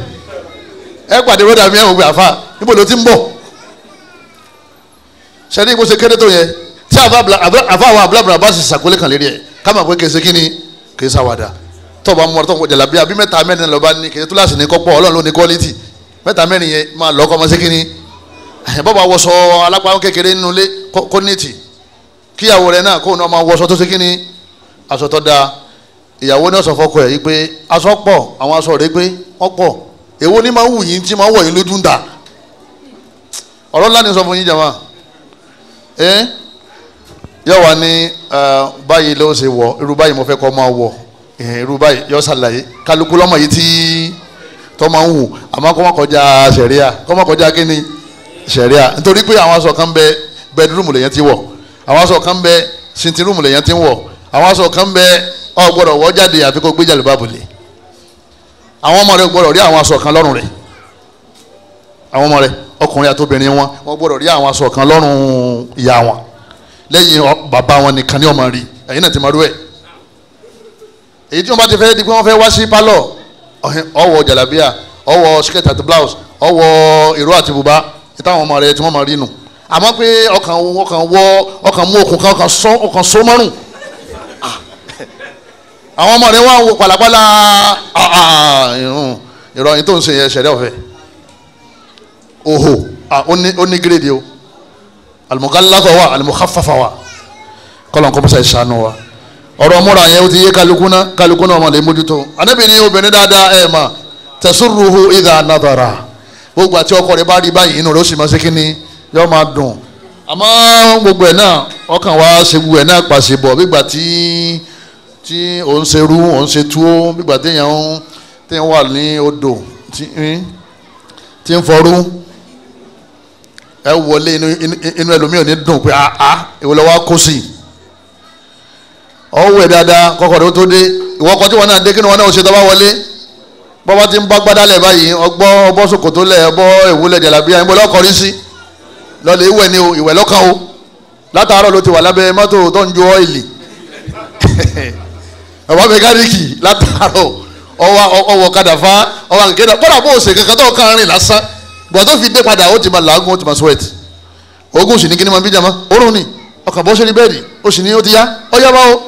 ẹ pàdé bọ́dà mi ẹ̀wọ̀n gbé àfa níbo ló ti ń bọ̀ sẹ́ni ìbúṣe kéde tó yẹ tí àfa àwọn abúlábùrà bá sì sàkólé kan lérí ẹ̀ káma pé kèsì kí ni kèsì àwàdà tọ́ba mọ́ tọ́ba jàlábí àbí mẹ́ta mẹ́rin lọ́ba ní kèsì túláàsì ní kọ́pọ̀ ọlọ́run ló ní kọ́lítì mẹ́ta mẹ́rin yẹn máa lọ́kọ́ ọmọ sí kí ni bọ́ba wọṣọ alápáwọn kékeré nínú ilé kó níìtì kíyàwó rẹ̀ náà kó náà máa wọṣọ tó ṣe kí ni aṣọ tó dáa ìyàwó náà sọ fọkọ ẹ̀ yìí pé aṣọ pọ̀ àwọn aṣọ rẹ̀ pé wọ́n pọ̀ èwo ni máa ń wù yín tí máa ń wọ̀ yín lójú ń ta ọ̀rọ̀ ńlá ni sọ fún yín jàmá ẹ yóò wá ní báyìí ló ṣe wọ̀ irú báyìí mo fẹ́ kọ́ máa wọ̀ irú báyìí yóò ṣàlàyé kálukú lọ́mọ yìí tí tọ́ máa ń wù àmọ́ kọ́ máa kọjá sẹ̀ríà kọ́ máa kọjá kíni sẹ̀ríà nítorí pé àwọn aṣọ kan bẹ bẹdúrúmù lèyàn ti wọ̀ àwọn aṣọ kan bẹ sintirúmù lèyàn ti wọ̀ àwọn aṣọ kan bẹ ọ gbọ́dọ̀ wọ̀ jáde àfi kó gbé jáde báàbò lè àwọn ọmọ rẹ gbọ́dọ̀ rí àwọn aṣọ kan lọ́rùn rẹ àwọn ọmọ rẹ ọkùnrin àtobìnrin wọn wọn gbọ́dọ̀ rí àwọn aṣọ kan lọ́rùn ìyá wọn lẹ́yìn bàbá wọn nìkan ní ọmọ rí ẹ̀yin náà ti máa rú ẹ̀ èyí tí wọn bá ti fẹ́ di pé wọ́n fẹ́ wá sí pálọ̀ ọwọ́ jàlábíà ọwọ́ skirt àti blouse ọwọ́ ìró àti bùbá ìtàwọn ọmọ rẹ tí wọ́n máa rí nù àmọ́ pé ọkàn ọkàn wọ ọkàn mú okùn kan ọkàn sọ ọkàn sọ mọ́rùn ah. àwọn ọmọ rẹ wọn wo pàlàpàlà ah, ah, irun ìròyìn tó ń ṣe yẹn ṣẹlẹ̀ ọ̀fẹ́ òhò ó ní gírèdì o alimọ̀kálátọ̀ wa alimọ̀káfàfà wa kọ́lọ̀ nǹkan bọ́sà ìṣàánú wa ọ̀rọ̀ múra yẹn ó ti yé kálukú náà kálukú náà ọmọ lè mójútó anábìrin obìnrin dáadáa ẹ̀ mà tẹ̀sùrùhù ìdá nàdàrà gbogbo àti ọkọ rẹ bá rí báyìí inú rẹ ó sì máa ṣe kínní yóò máa dùn àmọ́ gbogbo ẹ̀ náà ọkàn wa ṣe gbogbo ẹ̀ náà pàṣẹ bọ̀ gbígbà tí tí òun ṣe rú òun ṣe túwó gbígbà téèyàn ń téèyàn wà ní odò tí ń fọrú ẹ wọlé inú ẹlòmíì ò ní dùn pé àá ah, ìwọ ah, lọ wá kó sí i ọwọ́ ẹ̀ dáadáa kọ́kọ́ rẹ ó tó dé ìwọ́kọ̀ wọn náà dé kí ni wọn náà ó ṣe tó bá wọlé. bọ́bá ti ń bá gbádálẹ̀ báyìí ọgbọ́ ọbọ̀ sòkòtò lẹ̀ ọbọ̀ ìwúlẹ̀ jàlábíyà ìbọn lọ́kọ̀ọ́rí sí lọ́lẹ̀ ìwẹ̀ ni o ìwẹ̀ lọ́kàn o látàárọ̀ ló ti wà lábẹ́ mọ́tò tó ń ju ọ́ìlì ọ̀bá mẹkáníìkì látàárọ̀ ọwọ́ ọwọ́ kadà fa ọwọ́ àǹkẹ́dà kọ́dà bó o ṣe kankan tó kàn rìn lásán tó fi dé padà ó ti ma làágùn ó ti ma sweat ogun sì kí ni ma bí jama ni ọkàn bó ṣe sì ti o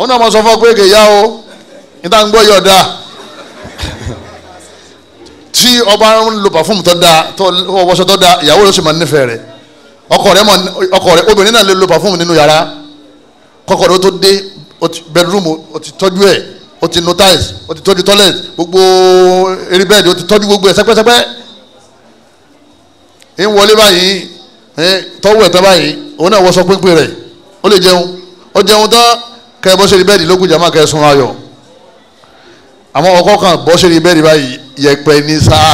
òun náà ma sọ ọ pé kè o ń gbọ́ tí ọba ń lo pàfúmù tó dáa tó wọṣọ tó dáa ìyàwó rẹ̀ sì máa nífẹ̀ẹ́ rẹ̀ ọkọ rẹ̀ mọ̀ ọkọ rẹ̀ obìnrin náà lè lo pàfúmù nínú yàrá kọ́kọ́ rẹ̀ ó tó dé bẹ́ẹ̀rúmù ó ti tọ́jú ẹ̀ ó ti notice ó ti tọ́jú toilet gbogbo eré bẹ́ẹ̀dì ó ti tọ́jú gbogbo ẹ̀ sẹ́pẹ́sẹ́pẹ́ ń wọlé báyìí tọ́wọ́ ẹ̀tọ́ báyìí òun náà wọ́sọ pínpín rẹ̀ ó lè jẹun ó jẹun tán kẹ́ ẹ bẹ́ẹ̀dì lókùn jàmá kẹ́ sun ayọ̀ àmọ́ ọkọ kan bọ́ sórí bẹ́ẹ̀ ni báyìí yẹpẹ ní sáà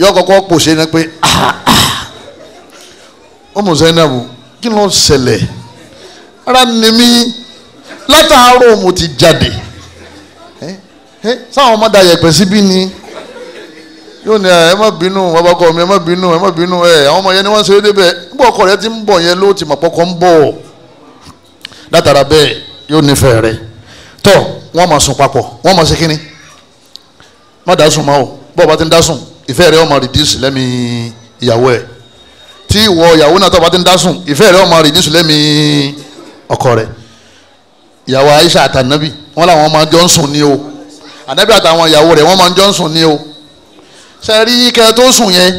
yọ kọ́kọ́ pòṣe náà pé ah, ah, ah. ọmọ Zainabu kí ló ń ṣẹlẹ̀ ara ni mí látàárọ̀ mo ti jáde sáwọn ọmọ da yẹpẹ síbí ni yóò ní ẹ má bínú babakọ mi ẹ má bínú ẹ má bínú ẹ àwọn ọmọ yẹn ni wọ́n ṣe é débẹ̀ nígbà ọkọ rẹ ti ń bọ̀ yẹn ló ti mọ̀ pọkọ ń bọ̀ látara bẹ́ẹ̀ yóò nífẹ̀ẹ́ rẹ̀ tọ́ wọ́n máa sùn papọ̀ wọ́n máa ṣe kínní má dá sùn máa o bọ́ ọba ti ń dá sùn ìfẹ́ rẹ̀ ọmọ rìdíìsì lẹ́mi ìyàwó ẹ̀ tí ìwọ ìyàwó náà tọ́ ọba ti ń dá sùn ìfẹ́ rẹ̀ ọmọ rìdíìsì lẹ́mi ọkọ rẹ̀ ìyàwó Aisha àtànábì wọn làwọn máa jọ ń sùn ní o ànábì àtàwọn ìyàwó rẹ̀ wọ́n máa jọ ń sùn ní o sẹ́rí kẹ́ tó sùn yẹn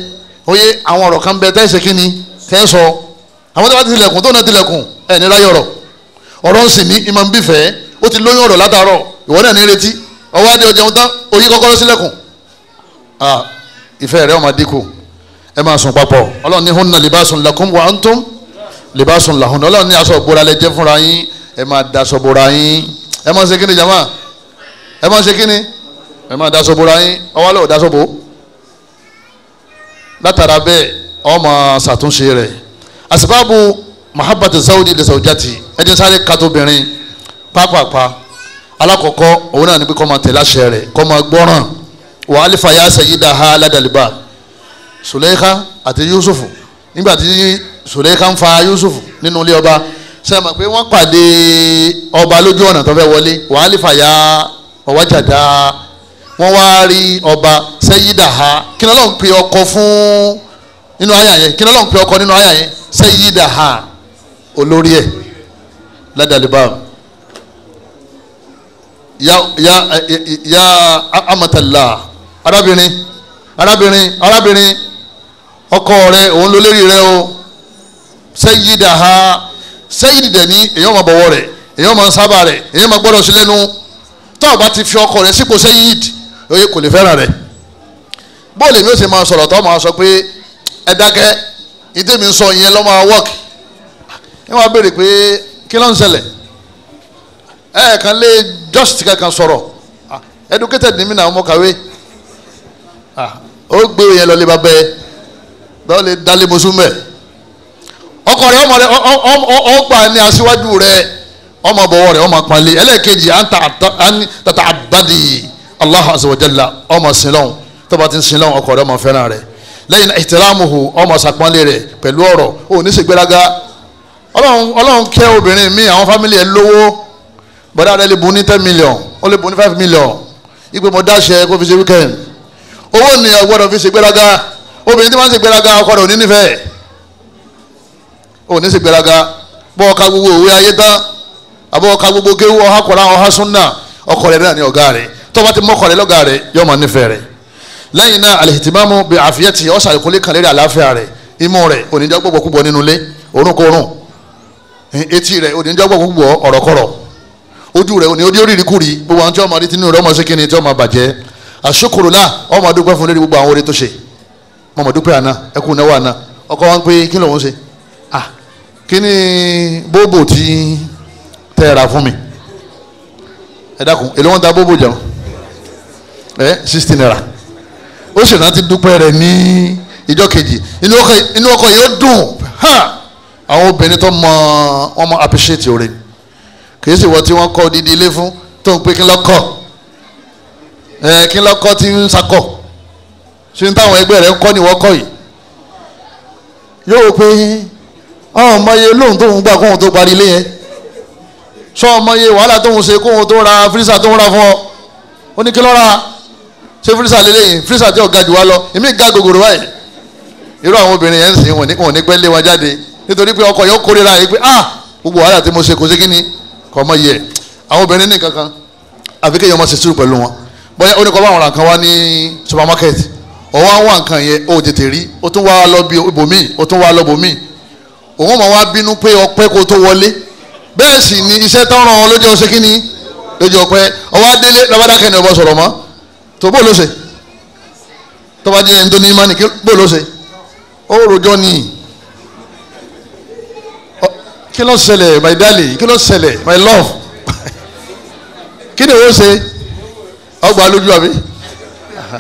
oyè àwọn ọ̀rọ̀ kan bẹ tẹ́sí kínní tẹ́ sọ àwọn tó bá ti tilẹ̀kùn tó náà tilẹ̀kùn ẹ̀ ní ráyọ̀rọ̀ ọ̀rọ̀ ń sìn ní ìmọ̀ ń ó ti lóyún ọ̀rọ̀ látàárọ̀ ìwọ náà ní retí ọwọ́ adé ọjà tán orí kọ́kọ́rọ́ sílẹ̀kùn ìfẹ́ rẹ̀ ọmọ dínkù ẹ máa sùn papọ̀ ọlọ́run ní hunna libasun lakum wa antum libasun lahunna ọlọ́run ní aṣọ ìbora lẹ jẹ́ fúnra yín ẹ máa daṣọ bora yín ẹ máa ṣe kíni jama ẹ máa ṣe kíni ẹ máa daṣọ bora yín ọwọ́ lọ́wọ́ daṣọ bò látara bẹ́ẹ̀ ọmọ ṣàtúnṣe rẹ̀ àsìbáàbù mahabbati zawudi lè sàwùjá ti ẹ jẹ́ sáré pápápá alákọ̀ọ́kọ́ òun náà ní pé kó máa tẹ̀lé àṣẹ rẹ̀ kó máa gbọ́ràn wà á lè fa yáàsẹ̀ yìí dá ha àti Yusuf nígbà tí Sùlẹ́kà ń fa Yusuf nínú ilé ọba sẹ́mi pé wọ́n pàdé ọba lójú ọ̀nà tó fẹ́ wọlé wà á lè fa ya ọ̀wájàdá wọ́n wá rí ọba sẹ́yídà ha kí ni ọlọ́run pe ọkọ fún nínú àyà yẹn kí ni ọlọ́run pe ọkọ nínú àyà yẹn sẹ́yídà ha olórí ẹ̀ ládàlíbà. ya ya ya amatala arábìnrin arábìnrin arábìnrin ọkọ rẹ òun ló lérí rẹ o sẹ́yìdà ha sẹ́yìdì dẹ̀ ní èèyàn máa bọ̀wọ̀ rẹ̀ èèyàn máa sábà rẹ̀ ma máa gbọ́dọ̀ sí ti fi ọkọ rẹ sípò oye kò lè fẹ́ràn rẹ̀ bóòlù èmi ò sì máa sọ̀rọ̀ máa sọ pé ẹ dákẹ́ ìdí mi ń sọ ìyẹn lọ́ máa ẹ ka lé just kankan sọ̀rọ̀ n ah. ni mí náà mo kàwé ah. ó gbé yẹn lọ bàbá yẹ lọ dalé ọkọ rẹ ọmọ rẹ ọgbà rẹ ọmọ bọwọ rẹ ọmọ pali ẹlẹ́ẹ̀kejì tata abadi Allahu azza ọmọ sinlọ́hún tọ́ba ti ń ọkọ rẹ ọmọ rẹ ọmọ rẹ ní obìnrin mi àwọn fámìlì ẹ lówó bọ́dá rẹ lè bùn ní ten million ó lè bùn ní five million ìpè mo dáṣẹ kó fi ṣe weekend owó ni ò gbọ́dọ̀ fi ṣe gbéraga obìnrin tí wọ́n ń ṣe gbéraga ọkọ rẹ̀ ò ní nífẹ̀ẹ́ ò ní ṣe gbéraga bọ́ ọ̀ka gbogbo òwe ayé tán àbọ̀ ọ̀ka gbogbo kéwú ọ̀há kọ̀ọ̀lá ọ̀há súnà ọkọ rẹ̀ náà ní ọ̀gá rẹ̀ tọ́ba ti mọ́kọ rẹ̀ lọ́gá rẹ̀ yọ máa nífẹ̀ẹ́ rẹ̀ lẹ́yìn náà alihitimamu bi àfiyẹ́tì ọ̀sàlùkọ́lé kan lérí àlàáfíà rẹ̀ imú rẹ̀ onídjọ́ gbogbo kúbọ̀ nínú ilé orúnkún orún etí rẹ̀ onídjọ́ gbogbo kúbọ̀ ọ̀rọ̀kọ̀rọ̀ ojú rẹ òní ojú rírì kúri gbogbo àwọn tí ọmọ adétí nínú rẹ ọmọ sékìní tí ọmọ bàjẹ́ àṣokòròlá ọmọ adúpẹ́ fún lórí gbogbo àwọn oore tó ṣe ọmọ adúpẹ́ àná ẹkùn náwó àná ọkọ wọn pé kí lòun ṣe à ah, kí ni bóbò tí tẹ́ ra fún mi ẹ dákun èlò wọn ta bóbò jẹun ẹ sixty naira ó sì rántí dúpẹ́ rẹ ní ìjọ kejì inú ọkọ yìí ó dùn ha àwọn obìnrin tó mọ wọn mọ appreciate orin kì í sì wọ́n tí wọ́n kọ́ odidi ilé fún tó ń pè kí lọ́kọ̀ ẹ̀ kí lọ́kọ̀ ti ń sakọ̀ ṣé ní táwọn ẹgbẹ́ rẹ̀ ń kọ́ ni wọ́n kọ́ yìí yóò pé ọ̀hún mọye lóhùn tóun gbà kóhun tó parí ilé yẹn sọ mọye wàhálà tóun ṣe kóhun tó ra fírísà tóun ra fún ọ ó ní kí lọ́ra ṣé fírísà lélẹ́yìn fírísà tí ò ga jù wá lọ èmi ga gògòrò báyìí irú àwọn obìnrin yẹn ń sìn ní pẹ́ lé wọn jáde nítorí pé ọkọ yẹn kórira yìí pé ah gbogbo wàhálà tí mo ṣe kò sí kí ni kọ́mọ yẹ àwọn obìnrin ní kankan àfi kéèyàn ọmọ ṣèṣirò pẹ̀lú wọn bóyá ó ní kọ́ bá àwọn nǹkan wá ní supermarket ọ̀wọ́n àwọn nǹkan yẹn ó tètè rí ó tún wá lọ bí ibòmíì ó tún wá lọ bòmíì òun mọ̀ wá bínú pé ọpẹ́ kó tó wọlé bẹ́ẹ̀ sì ni iṣẹ́ tán ràn wọn lójú ọ̀sẹ̀ kínní lójú ọpẹ́ ọwọ́ adélé lọ́wọ́dákẹ́ ni ọba sọ̀rọ̀ mọ́ tó bó ló ṣe tọ́ba jẹ́ ẹni tó ní imáni bó ló ṣe ó rojọ́ nìyí kí ló ṣẹlẹ̀ my darling kí ló ṣẹlẹ̀ my love kí ni wọ́n ṣe ọgbà lójú àbí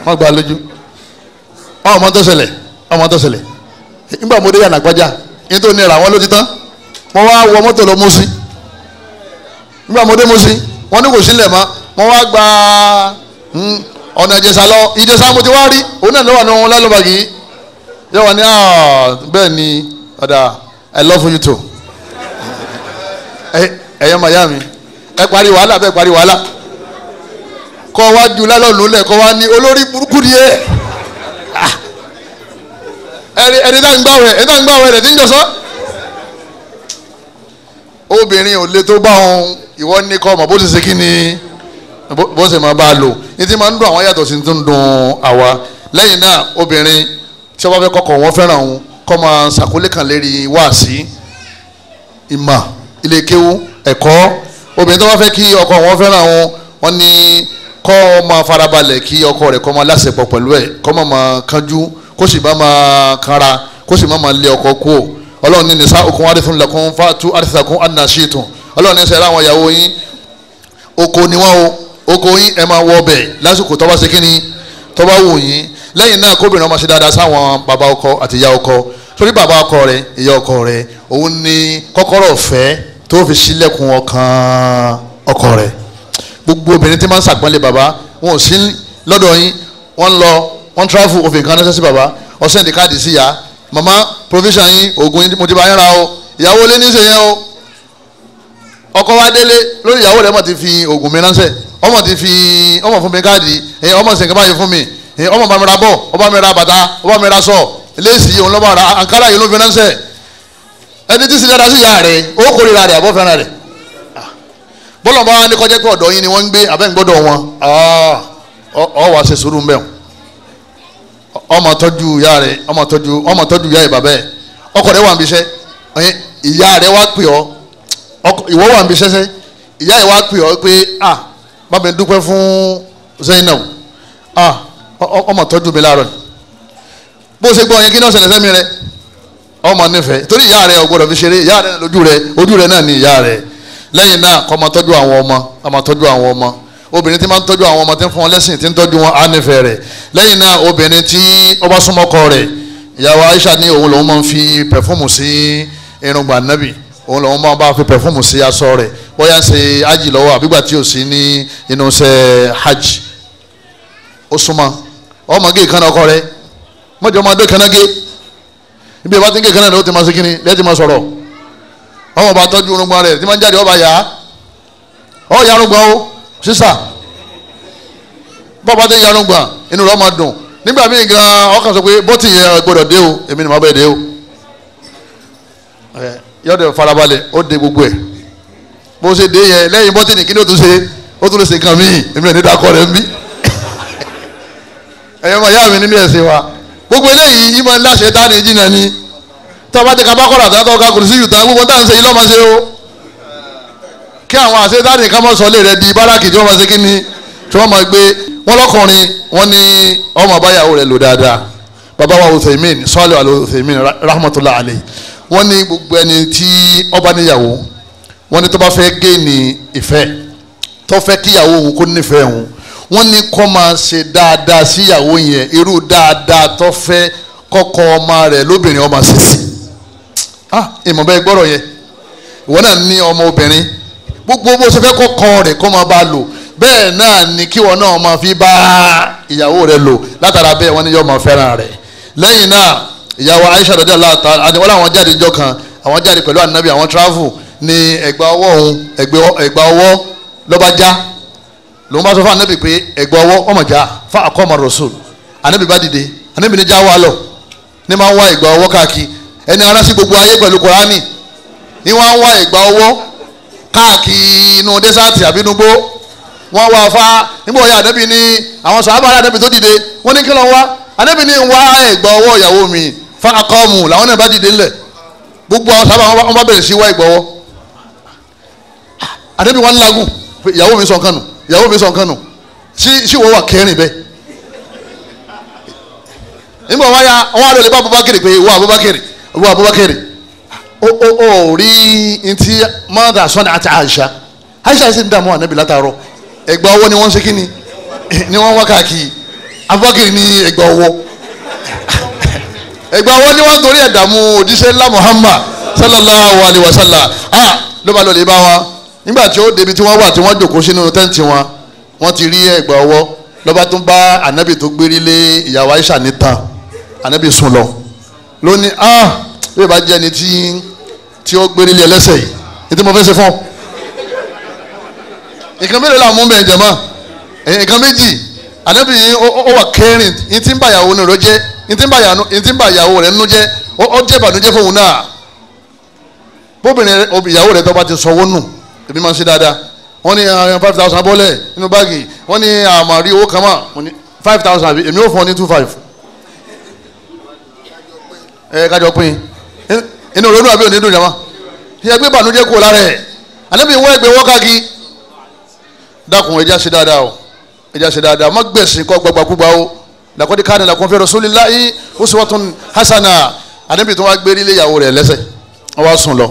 wọ́n gbà lójú ọmọ tó ṣẹlẹ̀ ọmọ tó ṣẹlẹ̀ nígbà mo dé yànnà gbájà nítorí ní ra wọn ló ti tán mo wá wọ mọ́tò lọ mọ́sí nígbà mo dé mọ́sí wọ́n ní kò sílẹ̀ mọ́ mo wá gba hmm, ọ̀nà ìjẹsà lọ ìjẹsà mo ti wá rí òun náà ló wà ní wọn lálọ́bàgì yẹ wà ní bẹ́ẹ̀ ni ọ̀dà I love you too ẹ̀yẹ màyà mi ẹ parí wàhálà bẹ́ẹ̀ parí wàhálà kọ́ wa ju lálọ́ọ̀lù lẹ̀ kọ́ wa ní olórí burúkú ni ẹ ah. ẹni tá ń gbà wẹ̀ ẹni tá ń gbà wẹ̀ rẹ̀ ti ń jọ̀sọ́ obìnrin ò le tó bá òun ìwọ ní kọ́ ọmọ bó ti ṣe kí ni bó ṣe máa bá a lò ní ti máa ń dùn àwọn yàtọ̀ sí ti ń dùn àwa lẹ́yìn náà obìnrin tí wọ́n bá fẹ́ kọ́kọ́ wọn fẹ́ràn òun kọ́ máa ṣàkólé kan lérí wáàsí ìmọ̀ ilé kéwú ẹ̀kọ́ obìnrin tó bá fẹ́ kí ọkọ wọn fẹ́ràn wọn wọn ní kó máa farabalẹ̀ kí ọkọ rẹ̀ kó máa láṣepọ̀ pẹ̀lú ẹ̀ kó máa máa kánjú kó sì má máa kanra kó sì má máa lé ọkọ kú o ọlọ́run ní nìsa okun arìfún lẹ́kún fatu arìsàkún anasiitun ọlọ́run ní sẹ́ra àwọn ìyàwó yín oko ni wọ́n o oko yín ẹ máa wọ ọbẹ̀ lásìkò tó ṣe kíni tó bá yín lẹ́yìn náà kóbìnrin ọmọ ṣe dáadáa sáwọn bàbá ọkọ àti ìyá ọkọ torí bàbá ọkọ rẹ̀ ìyá ọkọ rẹ̀ òun ni kọ́kọ́rọ́ ọ̀fẹ́ tó fi sílẹ̀kùn ọkàn ọkọ rẹ̀ gbogbo obìnrin tí máa ń sàgbọ́nlé bàbá wọn ò sí lọ́dọ̀ yín wọ́n ń lọ wọ́n ń tráfù òfin kan ránṣẹ́ sí bàbá ọ̀sẹ̀ ní káàdì sí ya màmá provision yín oògùn yín mo ti bá yín ra o ìyàwó lé níṣẹ́ yẹn o ọkọ wa délé lórí ìyàwó rẹ̀ ọmọ ti fi oògùn mi ránṣẹ́ ọmọ ti fi ọmọ fún mi káàdì ọmọ sì ń kábàáyé fún mi ọmọ bá mi ra bọ̀ ọba mi ra bàtà ọba mi ra sọ léèsì òun lọ́ba ẹni tí sinada sí ìyá rẹ̀ ó kórìíra rẹ̀ àbọ̀ fẹ́ràn rẹ̀ ah. bọ́lá bá ní kọjá pé ọ̀dọ̀ yín ni wọ́n ń gbé abẹ́ ń gbọ́dọ̀ wọn ah. ọ wà ṣe sùúrù mbẹ́ ọmọ tọ́jú ìyá ma ọmọ tọ́jú ọmọ tọ́jú ìyá ìbàbẹ́ ọkọ rẹ̀ wà níbi iṣẹ́ ìyá rẹ̀ wá pè ọ́ ìwọ wà níbi iṣẹ́ sẹ́ ìyá rẹ̀ wá pè ọ́ pé ah bá dúpẹ́ fún Zainab ah ọmọ tọ́jú mi láàárọ̀ bó ṣe gbọ́ yẹn kí ni ọ̀sẹ̀ lẹ́sẹ̀ mi rẹ̀ ọmọ nífẹ̀ẹ́ torí ìyá rẹ ọgbọ́dọ̀ fi ṣeré ìyá rẹ lójú rẹ ojú rẹ náà ni ìyá rẹ lẹ́yìn náà kọ́ máa tọ́jú àwọn ọmọ kọ́ máa tọ́jú àwọn ọmọ obìnrin tí máa ń tọ́jú àwọn ọmọ tí ń fún wọn lẹ́sìn tí ń tọ́jú wọn á nífẹ̀ẹ́ rẹ̀ lẹ́yìn náà obìnrin tí ó súnmọ́ ọkọ rẹ̀ ìyàwó Aisha ní òun lòun máa ń fi pẹ̀fúmù sí irungba nabi òun lòun máa ń bá fi pẹ̀fúmù sí aṣọ rẹ̀ bóyá ń ṣe hajj lọ́wọ́ àbígbà tí ò sí ní inú ṣe hajj ó súnmọ́ ọmọge kan ọkọ rẹ̀ mọ́jọ́ ọmọdé kan náà ibi ìbá ti ń kékeré ló ti máa ṣe kíni lẹ́ẹ̀tì máa sọ̀rọ̀ ọmọ bá tọ́jú orungbọn rẹ̀ tí máa ń jáde ọba yá ọ yarungbọn o sísà bọ́ọ̀bá ti ń yarungbọn inú rẹ̀ máa dùn nígbà míì gan ọkàn sọ pé bọ́tì yẹn gbọ́dọ̀ dé o èmi ni màá bẹ̀ dé o yọ̀dọ̀ farabalẹ̀ ó de gbogbo ẹ̀ bó ṣe dé yẹn lẹ́yìn bọ́tì ní kíni ó tún ṣe ó tún lè ṣe nǹkan míì èmi rẹ̀ ní dákọ̀ rẹ̀ ń bí ẹ̀yọ́ máa yá mi nínú ẹ̀sìn wa gbogbo eléyìí ìmọ̀ ńlá ṣètánì jìnnà ni tó bá ti ka bákọ́rọ̀ àtàtọ̀ ọ̀ka kùrùsí yìí tán gbogbo táwọn ṣe yìí lọ́mọ ṣe o kí àwọn àṣetánì ká mọ̀ sọlé rẹ di báràkì tí wọ́n máa ṣe kí ni tí wọ́n máa gbé wọn lọ́kùnrin wọn ní ọmọ àbáyàwó rẹ lò dáadáa bàbá wa Uthaymin sọ́ọ́lì wa Uthaymin rahmatulah alayhi wọ́n gbogbo wọ́n ní kó máa ṣe dáadáa síyàwó yẹn irú dáadáa tó fẹ́ kọ́kọ́ ọmọ rẹ̀ lóbìnrin ọmọ ṣe sí ah ìmọ̀ bẹ́ẹ̀ gbọ́rọ̀ yẹn ìwọ náà ní ọmọ obìnrin gbogbo bó ṣe fẹ́ kọ́kọ́ rẹ̀ kó máa bá lò bẹ́ẹ̀ náà ni kíwọ náà máa fi bá ìyàwó rẹ̀ lò látara bẹ́ẹ̀ wọ́n ní yọ máa fẹ́ràn rẹ̀ lẹ́yìn náà ìyàwó Aisha dọ́dẹ́ aláta àdìwọ́lá àwọn jáde jọ kan àwọn jáde pẹ̀lú ànábì àwọn travel ní ẹ̀gbà ọwọ́ òun ẹ̀gbà ọwọ́ lọ́bàjá lòun bá sọ fún anabi pé ẹ̀gbọ́ ọwọ́ ọmọ jà fa akọ́mọ rasul anabi bá dìde anabi ní já wa lọ ní máa ń wá ìgbà ọwọ́ káàkiri ẹni ara sí gbogbo ayé pẹ̀lú kùránì ní wọ́n á ń wá ìgbà ọwọ́ káàkiri inú dẹ́sàtì àbínúgbó wọ́n wá fa nígbà ọ̀yà anabi ní àwọn sọ abára anabi tó dìde wọ́n ní kí lọ́n wá anabi ní wá ìgbà ọwọ́ ìyàwó mi fa akọ́mù làwọn náà bá dìde ńlẹ̀ gbogbo àwọn sábà wọn bá bẹ̀rẹ̀ sí wá ìgbà ọwọ́ anabi wọn lágùn ìyàwó mi sọ nǹkan ìyàwó mi sọ nǹkan nù sí wọ́n wà kẹrin bẹ́ẹ̀ nígbà wọn ya wọn wà lórí bá Abubakar pé wọ Abubakar wọ Abubakar o o o rí ntí mọ́tà sọ́ni àti Aisha Aisha ṣe ń dààmú ànábì látàárọ̀ ẹ̀gbà ọwọ́ ni wọ́n ṣe kí ni ni wọ́n wá káàkiri Abubakar ní ẹ̀gbà ọwọ́ ẹ̀gbà ọwọ́ ni wọ́n torí ẹ̀dààmú òjíṣẹ́ ńlá Muhammad sallallahu alayhi wa sallam ah ló bá bá wọn nígbà tí ó débi tí wọ́n wà tí wọ́n jòkó sínú tẹ́ǹtì wọn wọ́n ti rí ẹ̀gbà ọwọ́ lọ́ba tún bá ànábì tó gbérí lé ìyàwó Aisha níta ànábì sùn lọ lónìí ah bí ìbá jẹ́ ni tí tí ó gbérí lé ẹlẹ́sẹ̀ yìí ní tí mo fẹ́ ṣe fún nǹkan mélòó làwọn mú bẹ́ẹ̀ jẹ̀ mọ́ nǹkan méjì ànábì ó wà kẹrin ní tí ń bà ìyàwó rẹ̀ jẹ́ ní tí ń bà ìyàwó rẹ̀ nú jẹ́ ó jẹ́ ìbànújẹ́ fóun náà bóbìnrin ìyàwó rẹ̀ tó bá ti sọ wọ́n nù èmi máa ń ṣe dáadáa wọ́n ní ah, five thousand abọ́lẹ̀ nínú báàgì wọ́n ní àmàrí ah, owó kan mà mo ní five thousand àbí èmi ò fọ́ ní two five ẹ kájọ pín inú ronú àbí òní dùn jama ṣe ẹgbẹ́ ìbànújẹ́ kúrò lára ẹ̀ ànábì wọ́n ẹgbẹ́ wọ́n kági dákun ẹja ṣe dáadáa o ẹja ṣe dáadáa má gbẹ̀sìn kọ́ gbagbakúgba o làkọ́dí káàdì làkún fẹ́ rasulillahi uswatun hasana ànábì tó wá gbé nílé ìyàwó rẹ̀ lẹ́sẹ̀ wọ́n wá sùn lọ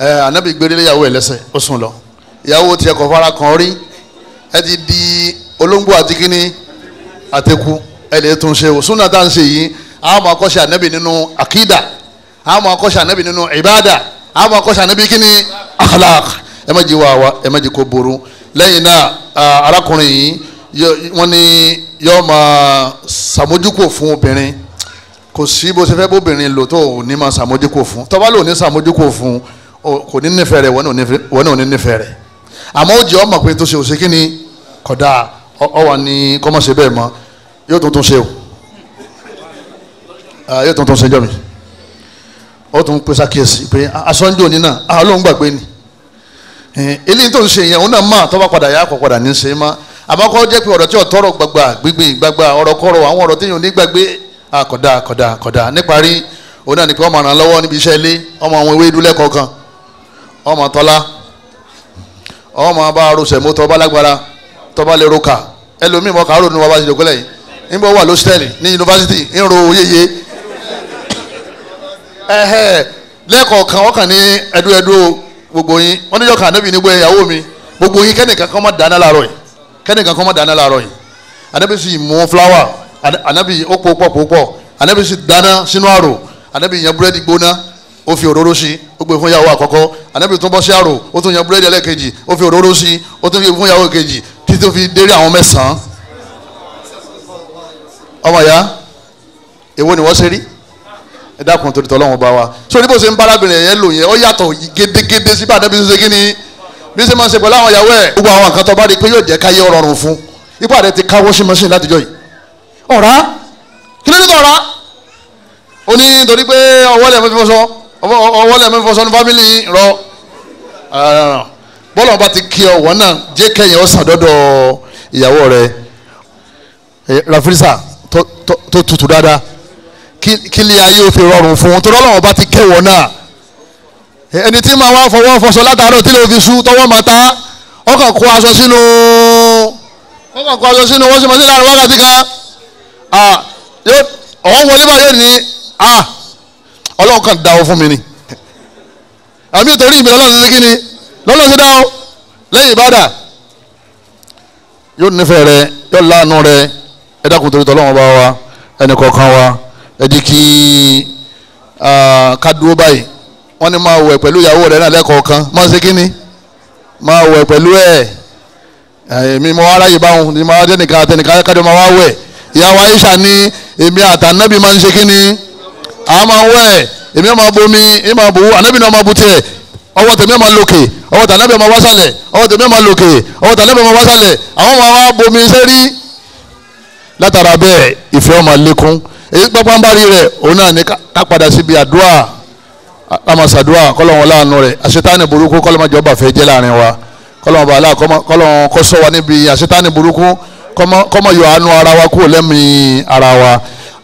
ẹ anabi gbére léyàwó ẹ lẹ́sẹ̀ ó sùn lọ ìyàwó tiẹ̀ kọ fara kan rí ẹ ti di olóńgbò àti kíní àtẹkù ẹ lè tún ṣe o sunna tá à ń ṣe yìí a máa kọ́ṣe anabi nínú akida a máa kọ́ṣe anabi nínú ibada a máa kọ́ṣe anabi kíní akhlaq ẹ má jí wá wa ẹ má jí kó burú lẹ́yìn náà arákùnrin yìí wọ́n ní yọ́ọ́ máa ṣàmójúkò fún obìnrin kò sí bó ṣe fẹ́ bóbìnrin lò tó ní máa ṣàmójúkò fún tó lò ní ṣàmójúkò fún kò ní nífẹ̀ẹ́ rẹ̀ wọ́n náà ní nífẹ̀ẹ́ rẹ̀ àmọ́ ó jẹ́ ọmọ pé tó ṣe òṣèké ni kódà ọwà ní kọ́mọ̀ṣe bẹ́ẹ̀ mọ́ yóò tuntun ṣe o yóò tuntun ṣe jọ́mi ó tún pèsè àkíyèsí pé asọ́njú òní náà ọlọ́run gbàgbé ni eléyìí tó ń ṣe yẹn òun náà máa tọ́ba padà yá àkọ́ padà ní í ṣe má àbákọ́ jẹ́ pé ọ̀rọ̀ tí ọ̀tọ́rọ̀ gbàgbà gbígbìn gbàgbà ọ̀rọ̀ kọ́rọ̀ àwọn ọ̀rọ̀ tí yóò ní gbàgbé àkọ́dà àkọ́dà àkọ́dà níparí òun náà ní pé ọmọ ràn lọ́wọ́ níbi iṣẹ́ ilé ọmọ àwọn ewé dúlẹ́ kọ̀ọ̀kan ọmọ tọ́lá ọmọ bá arúṣẹ̀ mọ́tò ọba lágbára tọ́ba lè ro kà ẹlòmíì mọ́ kàárò ní wàá ṣèjọpẹ́lẹ̀ yìí níbo wà lọ́sítẹ́ẹ̀lì ní yunifásitì ń ro yeye ẹ̀hẹ́ lẹ́kọ̀ọ̀kan ọkàn ní ẹ̀dúẹ̀dú gbogbo yín wọ́n níjọ́ kan anábì nígbó ìyàwó mi gbogbo yín kẹ́nìkan kan má dáná láàárọ̀ yìí kẹ́nìkan kan má dáná láàárọ̀ yìí anábì sì mú fúláwà anábì ó pòpọ̀ pòpọ̀ anábì sì dáná sínú àrò anábì yan búrẹ́dì gbóná ó fi òróró sí ó gbé fún ìyàwó àkọ́kọ́ ànábì tún bọ́ sí àrò ó tún yan búrẹ́dì ẹlẹ́kejì ó fi òróró sí ó tún fi fún ìyàwó kejì títí tó fi dérí àwọn mẹ́sàn-án. ọmọ ìyá èwo ni wọ́n ṣe rí ẹ dákun torí tọ́lọ́wọ́n bá wa sórí bó ṣe ń bárábìnrin yẹn lò yẹn ó yàtọ̀ gédégédé sí bá ànábì ṣe kí ni bí ṣe máa ń ṣe pẹ̀lú àwọn ìyàwó ẹ̀ gbogbo àwọn nǹkan tó bá rí i pé yóò jẹ́ káyé rọrùn fún ipá rẹ ti ká washing machine látijọ́ yìí ọ̀rá kí ló dé tọ̀ ọ̀rá ó ní torí pé ọwọ́ lẹ̀ fún fífọ́ ọwọ́ lẹ́mí fọṣọ́nù fámìlì rọ bọ́ọ̀lù ọba ti kí ọwọ́ náà jẹ́ kẹ́yìn ọ̀sán dọ́dọ̀ ìyàwó rẹ rafirisa tó tutù dáadáa kí lè ayé o fi rọrùn fún un tó lọ́wọ́ ọba ti kẹ́wọ̀ náà ẹni tí màá wá fọwọ́ fọṣọ látàárọ̀ tí lè fi sú tọwọ́ máa ta ọkàn kó aṣọ sínú ọkàn kó aṣọ sínú wọ́n sì máa sí láàrin wákàtí kan ọ̀hún wọlé báyìí ní ọlọ́run kan dáwọ́ fún mi ni àmì ìtòrí ìmìlẹ̀ ọlọ́run ṣe kí ni lọ́lọ́run ṣe dáwọ́ lẹ́yìn ìbádà yóò nífẹ̀ẹ́ rẹ yóò láàánú rẹ ẹ dákun torí tọ́lọ́run bá wa ẹnì kọ̀ọ̀kan wa ẹ di kí ká dúró báyìí wọ́n ní máa wẹ̀ pẹ̀lú ìyàwó rẹ náà lẹ́kọ̀ọ̀kan máa ṣe kí ni máa wẹ̀ pẹ̀lú ẹ̀ èmi mo wá ráyè báwọn ni mo wá dé nìkan àtẹnìkan kájọ máa wá wẹ̀ ìyàwó Aisha ní èmi àtànábì máa ń ṣe kí ni a máa wẹ̀ èmi máa bomi èmi máa bò wú anabi náà máa bu tiẹ̀ ọwọ́ tèmi máa lókè ọwọ́ tànàbí máa wá sálẹ̀ ọwọ́ tèmi máa lókè ọwọ́ tànàbí máa wá sálẹ̀ àwọn máa wá bomi sẹ́rí látara bẹ́ẹ̀ ìfẹ́ ọmọ lékún èyí pápánbárí rẹ̀ òun si ní ká padà síbi àdúrà àmàṣàdúrà kọ́lọ́wọ́n láàánú rẹ̀ àṣetánì burúkú kọ́lọ́mọjọ́ bàfẹ́ jẹ́ láàrin wa kọ́lọ́wọ́n bàálà kọ́lọ́wọ́n kọ́sọ́ wa níbi àṣetánì burúkú kọ́mọ yọ àánú ara arawa. kúrò lẹ́mìí ara wa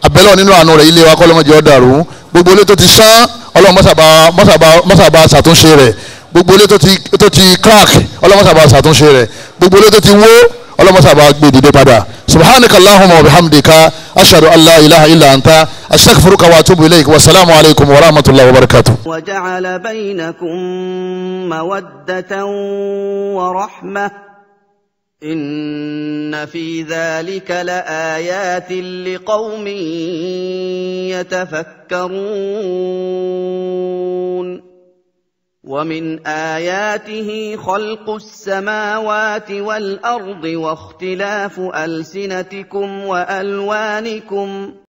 abẹ́lẹ̀ nínú àánú rẹ̀ ilé wa kọ́lọ́mọ́jì ó dàrú gbogbo ilé tó ti sán ọlọ́run mọ́sàbà mọ́sàbà mọ́sàbà ṣàtúnṣe rẹ̀ gbogbo ilé tó ti tó ti crack ọlọ́run mọ́sàbà ṣàtúnṣe rẹ̀ gbogbo ilé tó ti wó ọlọ́run mọ́sàbà gbé dìde padà subhanaka allahumma wa bihamdika ashhadu an la ilaha illa anta astaghfiruka wa atubu ilayk wa salaamu alaykum wa rahmatullahi wa barakatuh. wa ja'ala baynakum mawaddatan wa rahmah. ان في ذلك لايات لقوم يتفكرون ومن اياته خلق السماوات والارض واختلاف السنتكم والوانكم